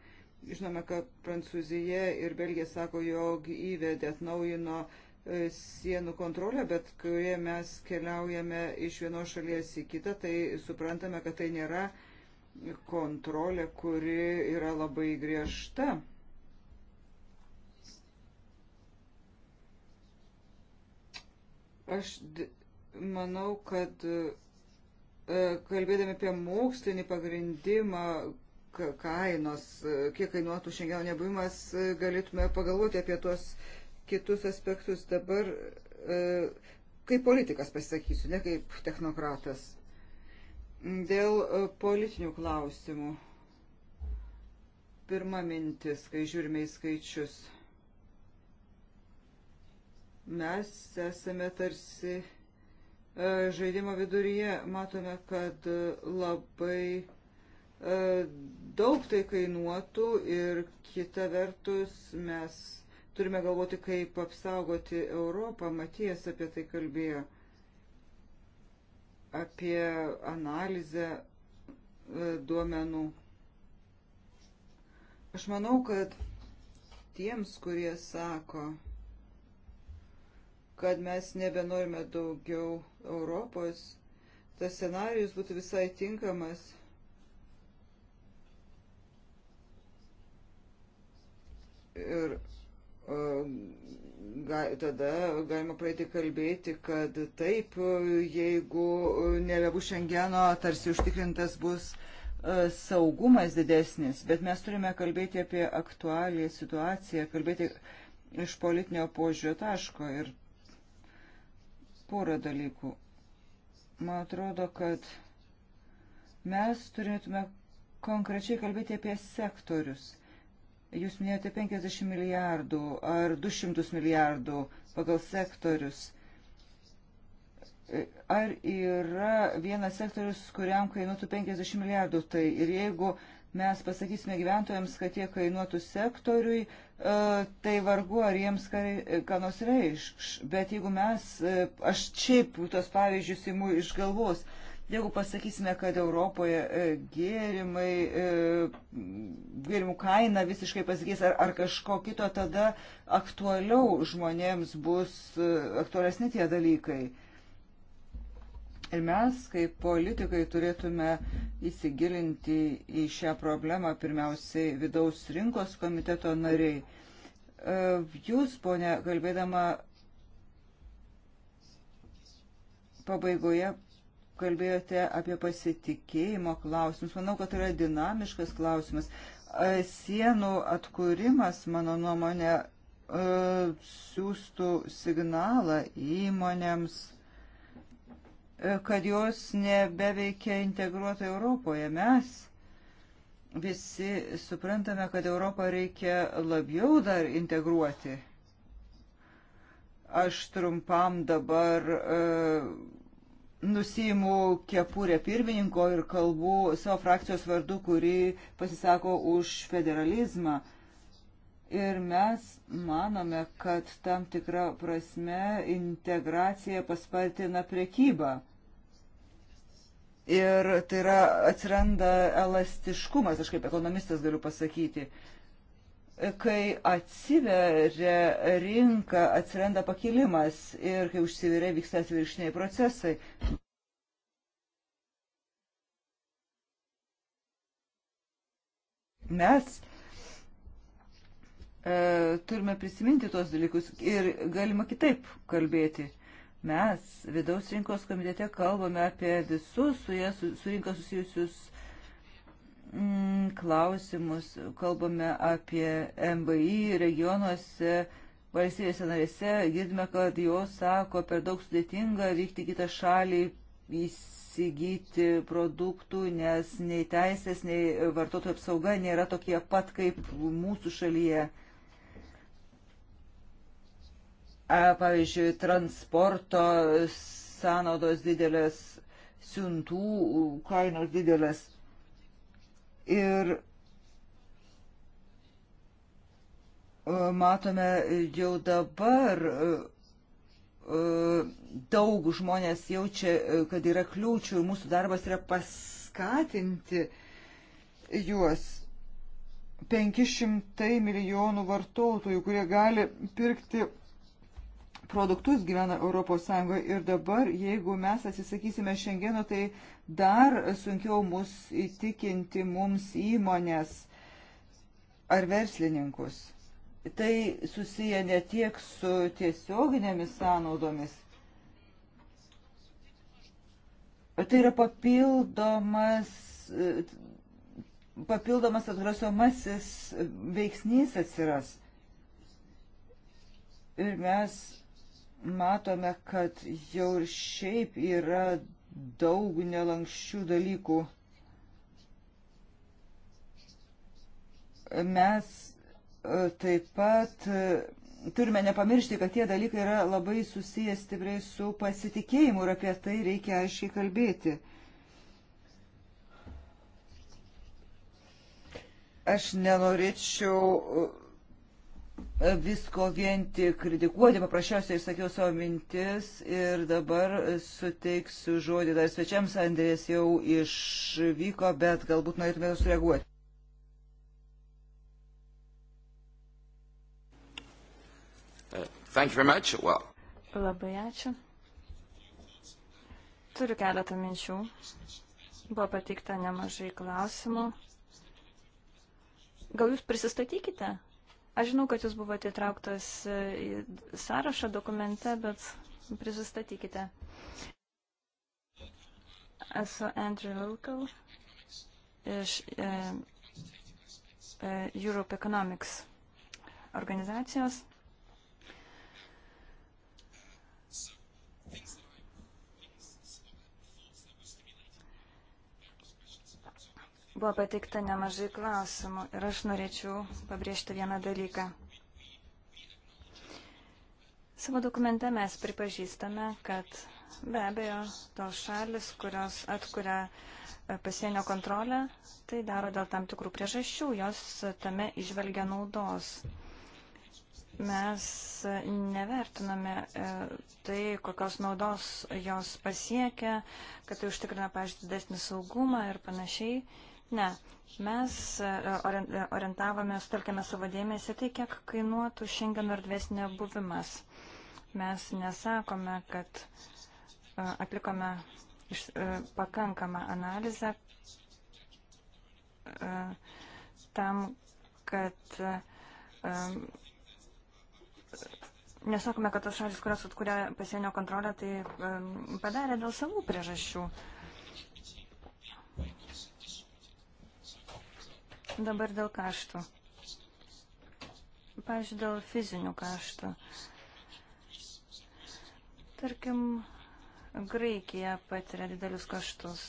Speaker 1: Žinome, kad Prancūzija ir Belgija sako, jog įvedė atnaujino uh, E, sienų kontrolę, bet kai mes keliaujame iš vienos šalies į kitą, tai suprantame, kad tai nėra kontrolė, kuri yra labai griežta. Aš manau, kad e, kalbėdami apie mokslinį pagrindimą kainos, e, kiek kainuotų šiandien nebuvimas, galėtume pagalvoti apie tuos uh, kitus aspektus. Dabar e, kaip politikas pasakysiu, ne kaip technokratas. Dėl e, politinių klausimų. Pirma mintis, kai žiūrime į skaičius. Mes esame tarsi e, žaidimo viduryje matome, kad labai daug tai kainuotų ir kita vertus mes Turime galvoti, kaip apsaugoti Europą. Matijas apie tai kalbėjo, apie analizę e, duomenų. Aš manau, kad tiems, kurie sako, kad mes nebenorime daugiau Europos, tas scenarius būtų visai tinkamas. Ir tada galima praeiti kalbėti, kad taip, jeigu nebebus šengeno, tarsi užtikrintas bus e, saugumas didesnis, bet mes turime kalbėti apie aktualią situaciją, kalbėti iš politinio požiūrio taško ir porą dalykų. Man atrodo, kad mes turėtume konkrečiai kalbėti apie sektorius Jūs minėjote 50 milijardų ar 200 milijardų pagal sektorius. Ar yra vienas sektorius, kuriam kainuotų 50 milijardų? Tai ir jeigu mes pasakysime gyventojams, kad tie kainuotų sektoriui, e, tai vargu ar jiems ką nors reiškš. Bet jeigu mes, e, aš šiaip tos pavyzdžius įmu iš galvos, Jeigu pasakysime, kad Europoje e, gėrimai, e, gėrimų kaina visiškai pasikeis ar, ar kažko kito, tada aktualiau žmonėms bus e, aktualesni tie dalykai. Ir mes, kaip politikai, turėtume įsigilinti į šią problemą, pirmiausiai vidaus rinkos komiteto nariai. Jūs, ponė, kalbėdama pabaigoje kalbėjote apie pasitikėjimo klausimus. Manau, kad tai yra dinamiškas klausimas. Sienų atkūrimas, mano nuomonė, siūstų signalą įmonėms, kad jos nebeveikia integruotai Europoje. Mes visi suprantame, kad Europą reikia labiau dar integruoti aš trumpam dabar nusijimu kepurę pirmininko ir kalbu savo frakcijos vardu, kuri pasisako už federalizmą. Ir mes manome, kad tam tikra prasme integracija paspartina prekybą. Ir tai yra, atsiranda elastiškumas, aš kaip ekonomistas galiu pasakyti. Uh, kai atsiveria rinka, atsiranda pakilimas ir kai užsiveria vyksta atviršiniai procesai. Mes e, turime prisiminti tuos dalykus ir galima kitaip kalbėti. Mes vidaus rinkos komitete kalbame apie visus su, jas, su rinka susijusius Mm, klausimus, kalbame apie MVI regionuose, valstybėse narėse, girdime, kad jos sako, per daug sudėtinga vykti kitą šalį įsigyti produktų, nes nei teisės, nei vartotojų apsauga nėra tokie pat kaip mūsų šalyje. Pavyzdžiui, transporto sąnaudos didelės, siuntų kainos didelės Ir e, matome jau dabar e, e, daug žmonės jaučia, kad yra kliūčių ir mūsų darbas yra paskatinti juos. 500 milijonų vartotojų, kurie gali pirkti produktus gyvena ES ir dabar, jeigu mes atsisakysime šengeno, tai dar sunkiau mus įtikinti mums įmonės ar verslininkus. Tai susiję ne tiek su tiesioginėmis sąnaudomis. Tai yra papildomas papildomas atgrasomasis veiksnys atsiras. Ir mes matome, kad jau ir šiaip yra daug nelankščių dalykų. Mes e, taip pat e, turime nepamiršti, kad tie dalykai yra labai susiję stipriai su pasitikėjimu ir apie tai reikia aiškiai kalbėti. Aš nenorėčiau visko vien tik kritikuoti, paprasčiausiai išsakiau savo mintis ir dabar suteiksiu žodį dar svečiams, Andrės jau išvyko, bet galbūt norėtumėte sureaguoti.
Speaker 3: Well.
Speaker 2: Labai ačiū. Turiu keletą minčių. Buvo pateikta nemažai klausimų. Gal jūs prisistatykite? Aš žinau, kad jūs buvote įtrauktas e, į sąrašą dokumente, bet prisistatykite. Esu Andrew Wilkel iš e, e, Europe Economics organizacijos. Buvo pateikta nemažai klausimų ir aš norėčiau pabrėžti vieną dalyką. Savo dokumente mes pripažįstame, kad be abejo tos šalis, kurios atkuria e, pasienio kontrolę, tai daro dėl tam tikrų priežasčių, jos tame išvelgia naudos mes nevertiname e, tai, kokios naudos jos pasiekia, kad tai užtikrina, pažiūrėjau, didesnį saugumą ir panašiai. Ne. Mes e, e, orientavomės, telkėme savo dėmesį tai, kiek kainuotų šiandien erdvės nebuvimas. Mes nesakome, kad e, atlikome iš, pakankamą analizę tam, kad nesakome, kad tos šalis, kurios atkūrė pasienio kontrolę, tai padarė dėl savų priežasčių. Dabar dėl kaštų. Pavyzdžiui, dėl fizinių kaštų. Tarkim, Graikija patiria didelius kaštus.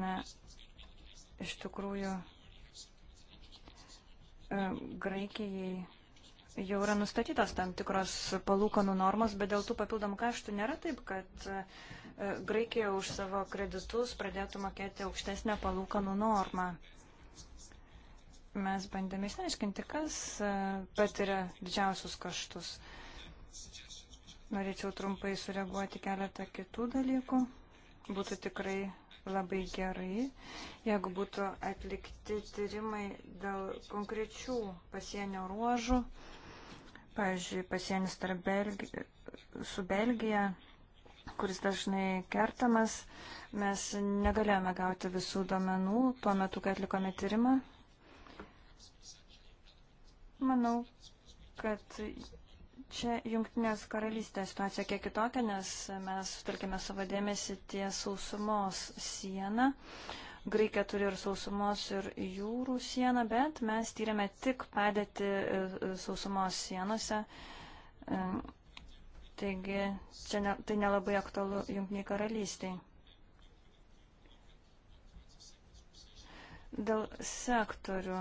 Speaker 2: Na, iš tikrųjų, e, Graikijai jau yra nustatytos tam tikros palūkanų normos, bet dėl tų papildomų kaštų nėra taip, kad Graikija už savo kreditus pradėtų mokėti aukštesnę palūkanų normą. Mes bandėme išsiaiškinti, kas e, patiria didžiausius kaštus. Norėčiau trumpai sureaguoti keletą kitų dalykų. Būtų tikrai labai gerai, jeigu būtų atlikti tyrimai dėl konkrečių pasienio ruožų, pavyzdžiui, pasienis tarp Belgi su Belgija kuris dažnai kertamas. Mes negalėjome gauti visų duomenų tuo metu, kai atlikome tyrimą. Manau, kad čia jungtinės karalystės situacija kiek kitokia, nes mes sutelkime savo dėmesį ties sausumos sieną. Graikija turi ir sausumos, ir jūrų sieną, bet mes tyrėme tik padėti e, e, sausumos sienose e, Taigi čia ne, tai nelabai aktualu Junktiniai karalystiai. Dėl sektorių,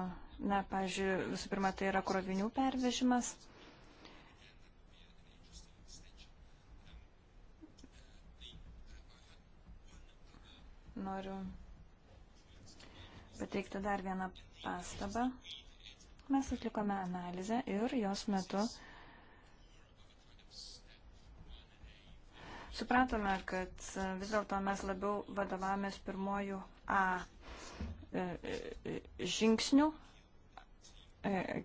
Speaker 2: na, pažiūrėjau, visų pirma, tai yra krovinių pervežimas. Noriu pateikti dar vieną pastabą. Mes atlikome analizę ir jos metu uh, Supratome, kad e, vis dėlto mes labiau vadovavomės pirmojų A e, e, žingsnių.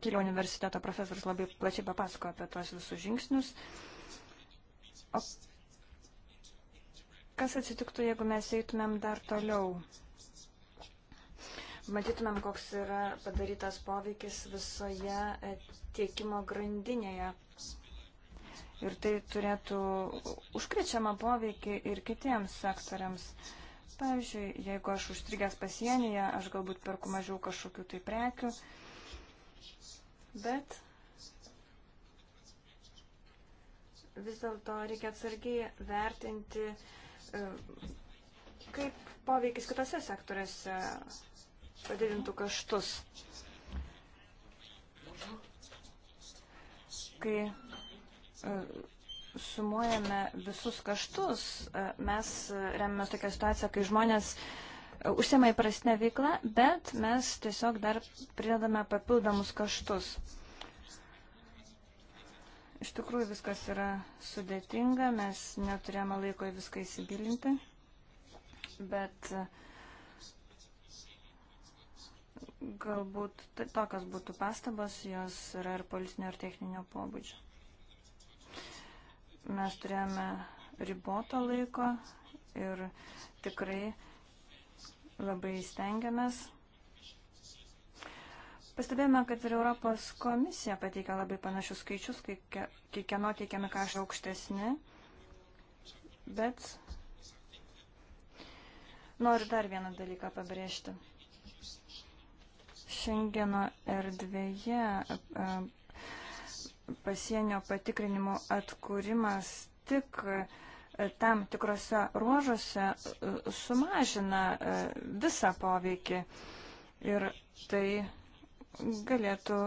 Speaker 2: Kilio universiteto profesorius labai plačiai papasako apie tuos visus žingsnius. O kas atsitiktų, jeigu mes eitumėm dar toliau? Matytumėm, koks yra padarytas poveikis visoje tiekimo grandinėje ir tai turėtų užkrečiamą poveikį ir kitiems sektoriams. Pavyzdžiui, jeigu aš užstrigęs pasienyje, aš galbūt perku mažiau kažkokių tai prekių, bet vis dėlto reikia atsargiai vertinti, e, kaip poveikis kitose sektoriuose padidintų kaštus. Kai E, sumuojame visus kaštus, e, mes e, remiamės tokią situaciją, kai žmonės užsiema įprastinę veiklą, bet mes tiesiog dar pridedame papildomus kaštus. Iš tikrųjų viskas yra sudėtinga, mes neturėjome laiko į viską įsigilinti, bet galbūt tokios būtų pastabos, jos yra ir politinio, ir techninio pobūdžio mes turėjome riboto laiko ir tikrai labai stengiamės. Pastebėjome, kad ir Europos komisija pateikia labai panašius skaičius, kai kiekvieno teikiami kažkai aukštesni, bet noriu dar vieną dalyką pabrėžti. Šengeno erdvėje pasienio patikrinimo atkūrimas tik e, tam tikrose ruožuose e, sumažina e, visą poveikį ir tai galėtų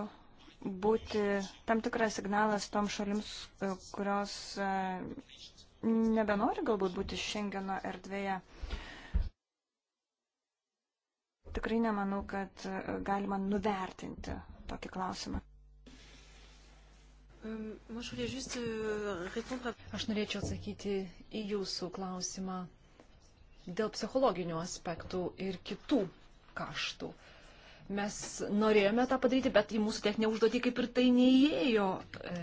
Speaker 2: būti tam tikras signalas tom šalims, kurios nebenori galbūt būti Šengeno erdvėje. Tikrai nemanau, kad galima nuvertinti tokį klausimą. Euh, euh, Aš norėčiau
Speaker 3: atsakyti į jūsų klausimą dėl psichologinių aspektų ir kitų kaštų. Mes norėjome tą padaryti, bet į mūsų techninę užduotį kaip ir tai neįėjo. E,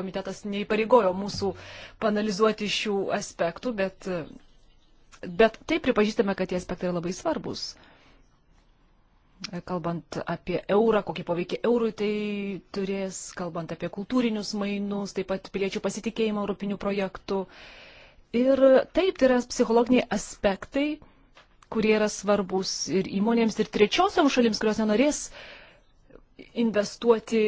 Speaker 3: komitetas neįpareigojo mūsų panalizuoti šių aspektų, bet, e, bet taip pripažįstame, kad tie aspektai yra labai svarbus. Kalbant apie eurą, kokį poveikį eurui tai turės, kalbant apie kultūrinius mainus, taip pat piliečių pasitikėjimą europinių projektų. Ir taip, tai yra psichologiniai aspektai, kurie yra svarbus ir įmonėms, ir trečiosiam šalims, kurios nenorės investuoti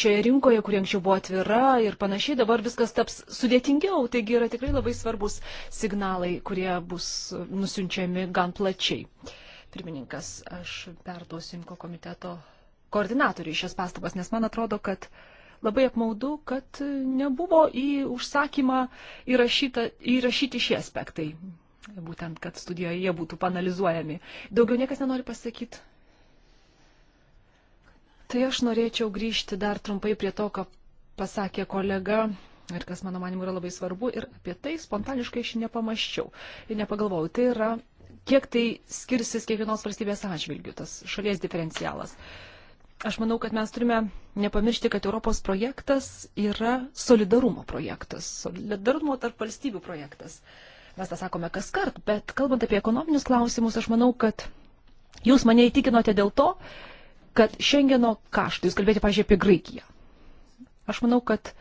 Speaker 3: šioje rinkoje, kuri anksčiau buvo atvira ir panašiai, dabar viskas taps sudėtingiau. Taigi yra tikrai labai svarbus signalai, kurie bus nusiunčiami gan plačiai. Uh, Pirmininkas, aš perduosiu Imko komiteto koordinatoriui šias pastabas, nes man atrodo, kad labai apmaudu, kad nebuvo į užsakymą įrašyta, įrašyti šie aspektai. Būtent, kad studijoje jie būtų panalizuojami. Daugiau niekas nenori pasakyti. Tai aš norėčiau grįžti dar trumpai prie to, ką pasakė kolega ir kas mano manimu yra labai svarbu ir apie tai spontaniškai aš nepamaščiau ir nepagalvojau. Tai yra kiek tai skirsis kiekvienos valstybės atžvilgių, tas šalies diferencialas. Aš manau, kad mes turime nepamiršti, kad Europos projektas yra solidarumo projektas, solidarumo tarp valstybių projektas. Mes tą sakome kas kart, bet kalbant apie ekonominius klausimus, aš manau, kad jūs mane įtikinote dėl to, kad Šengeno kaštai, jūs kalbėjote, pažiūrėjau, apie Graikiją. Aš manau, kad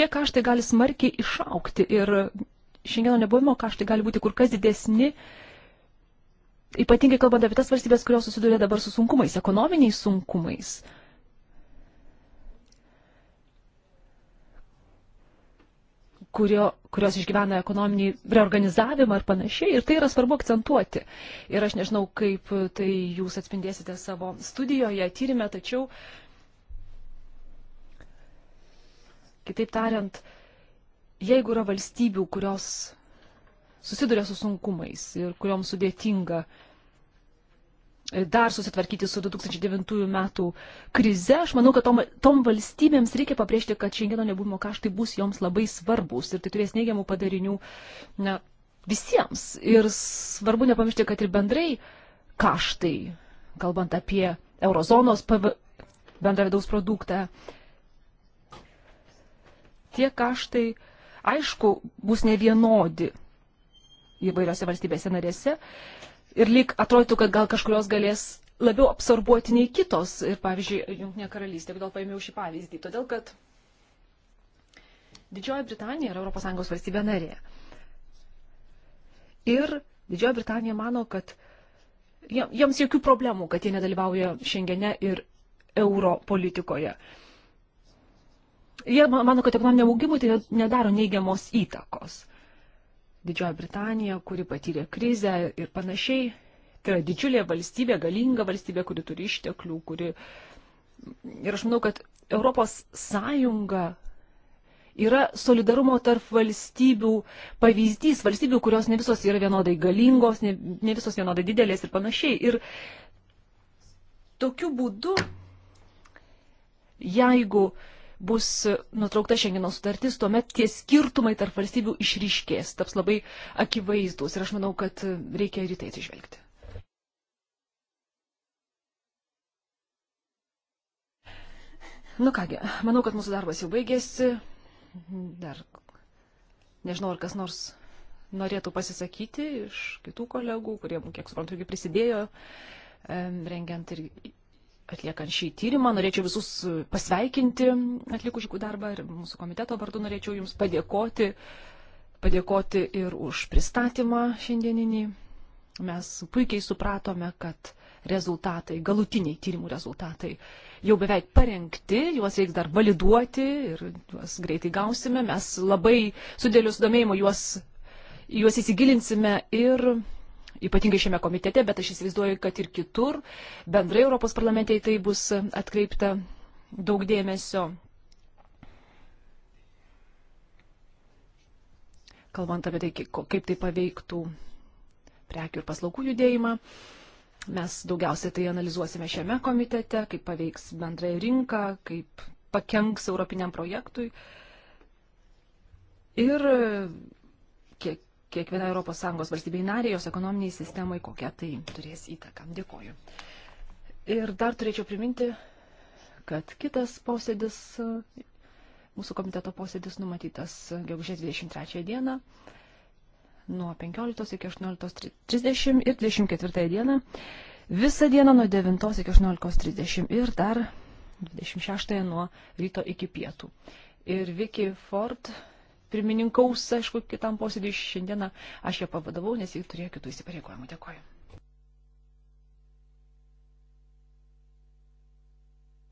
Speaker 3: tie kaštai gali smarkiai išaukti ir šengeno nebuvimo kaštai gali būti kur kas didesni, ypatingai kalbant apie tas valstybės, kurios susiduria dabar su sunkumais, ekonominiais sunkumais. Kurio, kurios išgyvena ekonominį reorganizavimą ir panašiai. Ir tai yra svarbu akcentuoti. Ir aš nežinau, kaip tai jūs atspindėsite savo studijoje, tyrimė, tačiau, kitaip tariant, uh, jeigu yra valstybių, kurios susiduria su sunkumais ir kuriuom sudėtinga e, dar susitvarkyti su 2009 metų krize, aš manau, kad tom, tom valstybėms reikia pabrėžti, kad šiandieno nebūmo kaštai bus joms labai svarbus ir tai turės neigiamų padarinių na, visiems. Ir svarbu nepamiršti, kad ir bendrai kaštai, kalbant apie eurozonos PV, bendrą vidaus produktą, tie kaštai aišku, bus ne vienodi įvairiose valstybėse narėse. Ir lyg atrodytų, kad gal kažkurios galės labiau absorbuoti nei kitos. Ir pavyzdžiui, Junktinė karalystė, kodėl paėmiau šį pavyzdį? Todėl, kad Didžioji Britanija yra ES valstybė narė. Ir Didžioji Britanija mano, kad jiems jokių problemų, kad jie nedalyvauja Šengene ir euro politikoje. Jie mano, kad ekonominiam augimui tai nedaro neigiamos įtakos. Didžioji Britanija, kuri patyrė krizę ir panašiai, tai yra didžiulė valstybė, galinga valstybė, kuri turi išteklių, kuri. Ir aš manau, kad Europos Sąjunga yra solidarumo tarp valstybių pavyzdys, valstybių, kurios ne visos yra vienodai galingos, ne, ne visos vienodai didelės ir panašiai. Ir tokiu būdu, jeigu uh, bus nutraukta Šengeno sutartis, tuomet tie skirtumai tarp valstybių išryškės, taps labai akivaizdus ir aš manau, kad reikia ir į tai atsižvelgti. Nu kągi, manau, kad mūsų darbas jau baigėsi. Dar nežinau, ar kas nors norėtų pasisakyti iš kitų kolegų, kurie, kiek suprantu, irgi prisidėjo rengiant ir atliekant šį tyrimą. Norėčiau visus e, pasveikinti atlikus šį darbą ir mūsų komiteto vardu norėčiau Jums padėkoti, padėkoti ir už pristatymą šiandieninį. Mes puikiai supratome, kad rezultatai, galutiniai tyrimų rezultatai jau beveik parengti, juos reiks dar validuoti ir juos greitai gausime. Mes labai su dėliu sudomėjimu juos, juos įsigilinsime ir ypatingai šiame komitete, bet aš įsivaizduoju, kad ir kitur bendrai Europos parlamente į tai bus atkreipta daug dėmesio. Kalbant apie tai, kaip tai paveiktų prekių ir paslaugų judėjimą, mes daugiausiai tai analizuosime šiame komitete, kaip paveiks bendrąją rinką, kaip pakenks europiniam projektui. Ir kiek kiekviena ES valstybei narė, jos ekonominiai sistemai, kokia tai turės įtaką. Dėkoju. Ir dar turėčiau priminti, kad kitas posėdis, mūsų komiteto posėdis numatytas gegužės 23 dieną nuo 15 iki 18.30 ir 24 dieną. Visą dieną nuo 9 iki 18.30 ir dar 26 nuo ryto iki pietų. Ir Vicky Ford pirmininkaus, aišku, kitam posėdį šiandieną. Aš ją pavadavau, nes jį turėjo kitų įsipareigojimų.
Speaker 1: Dėkoju.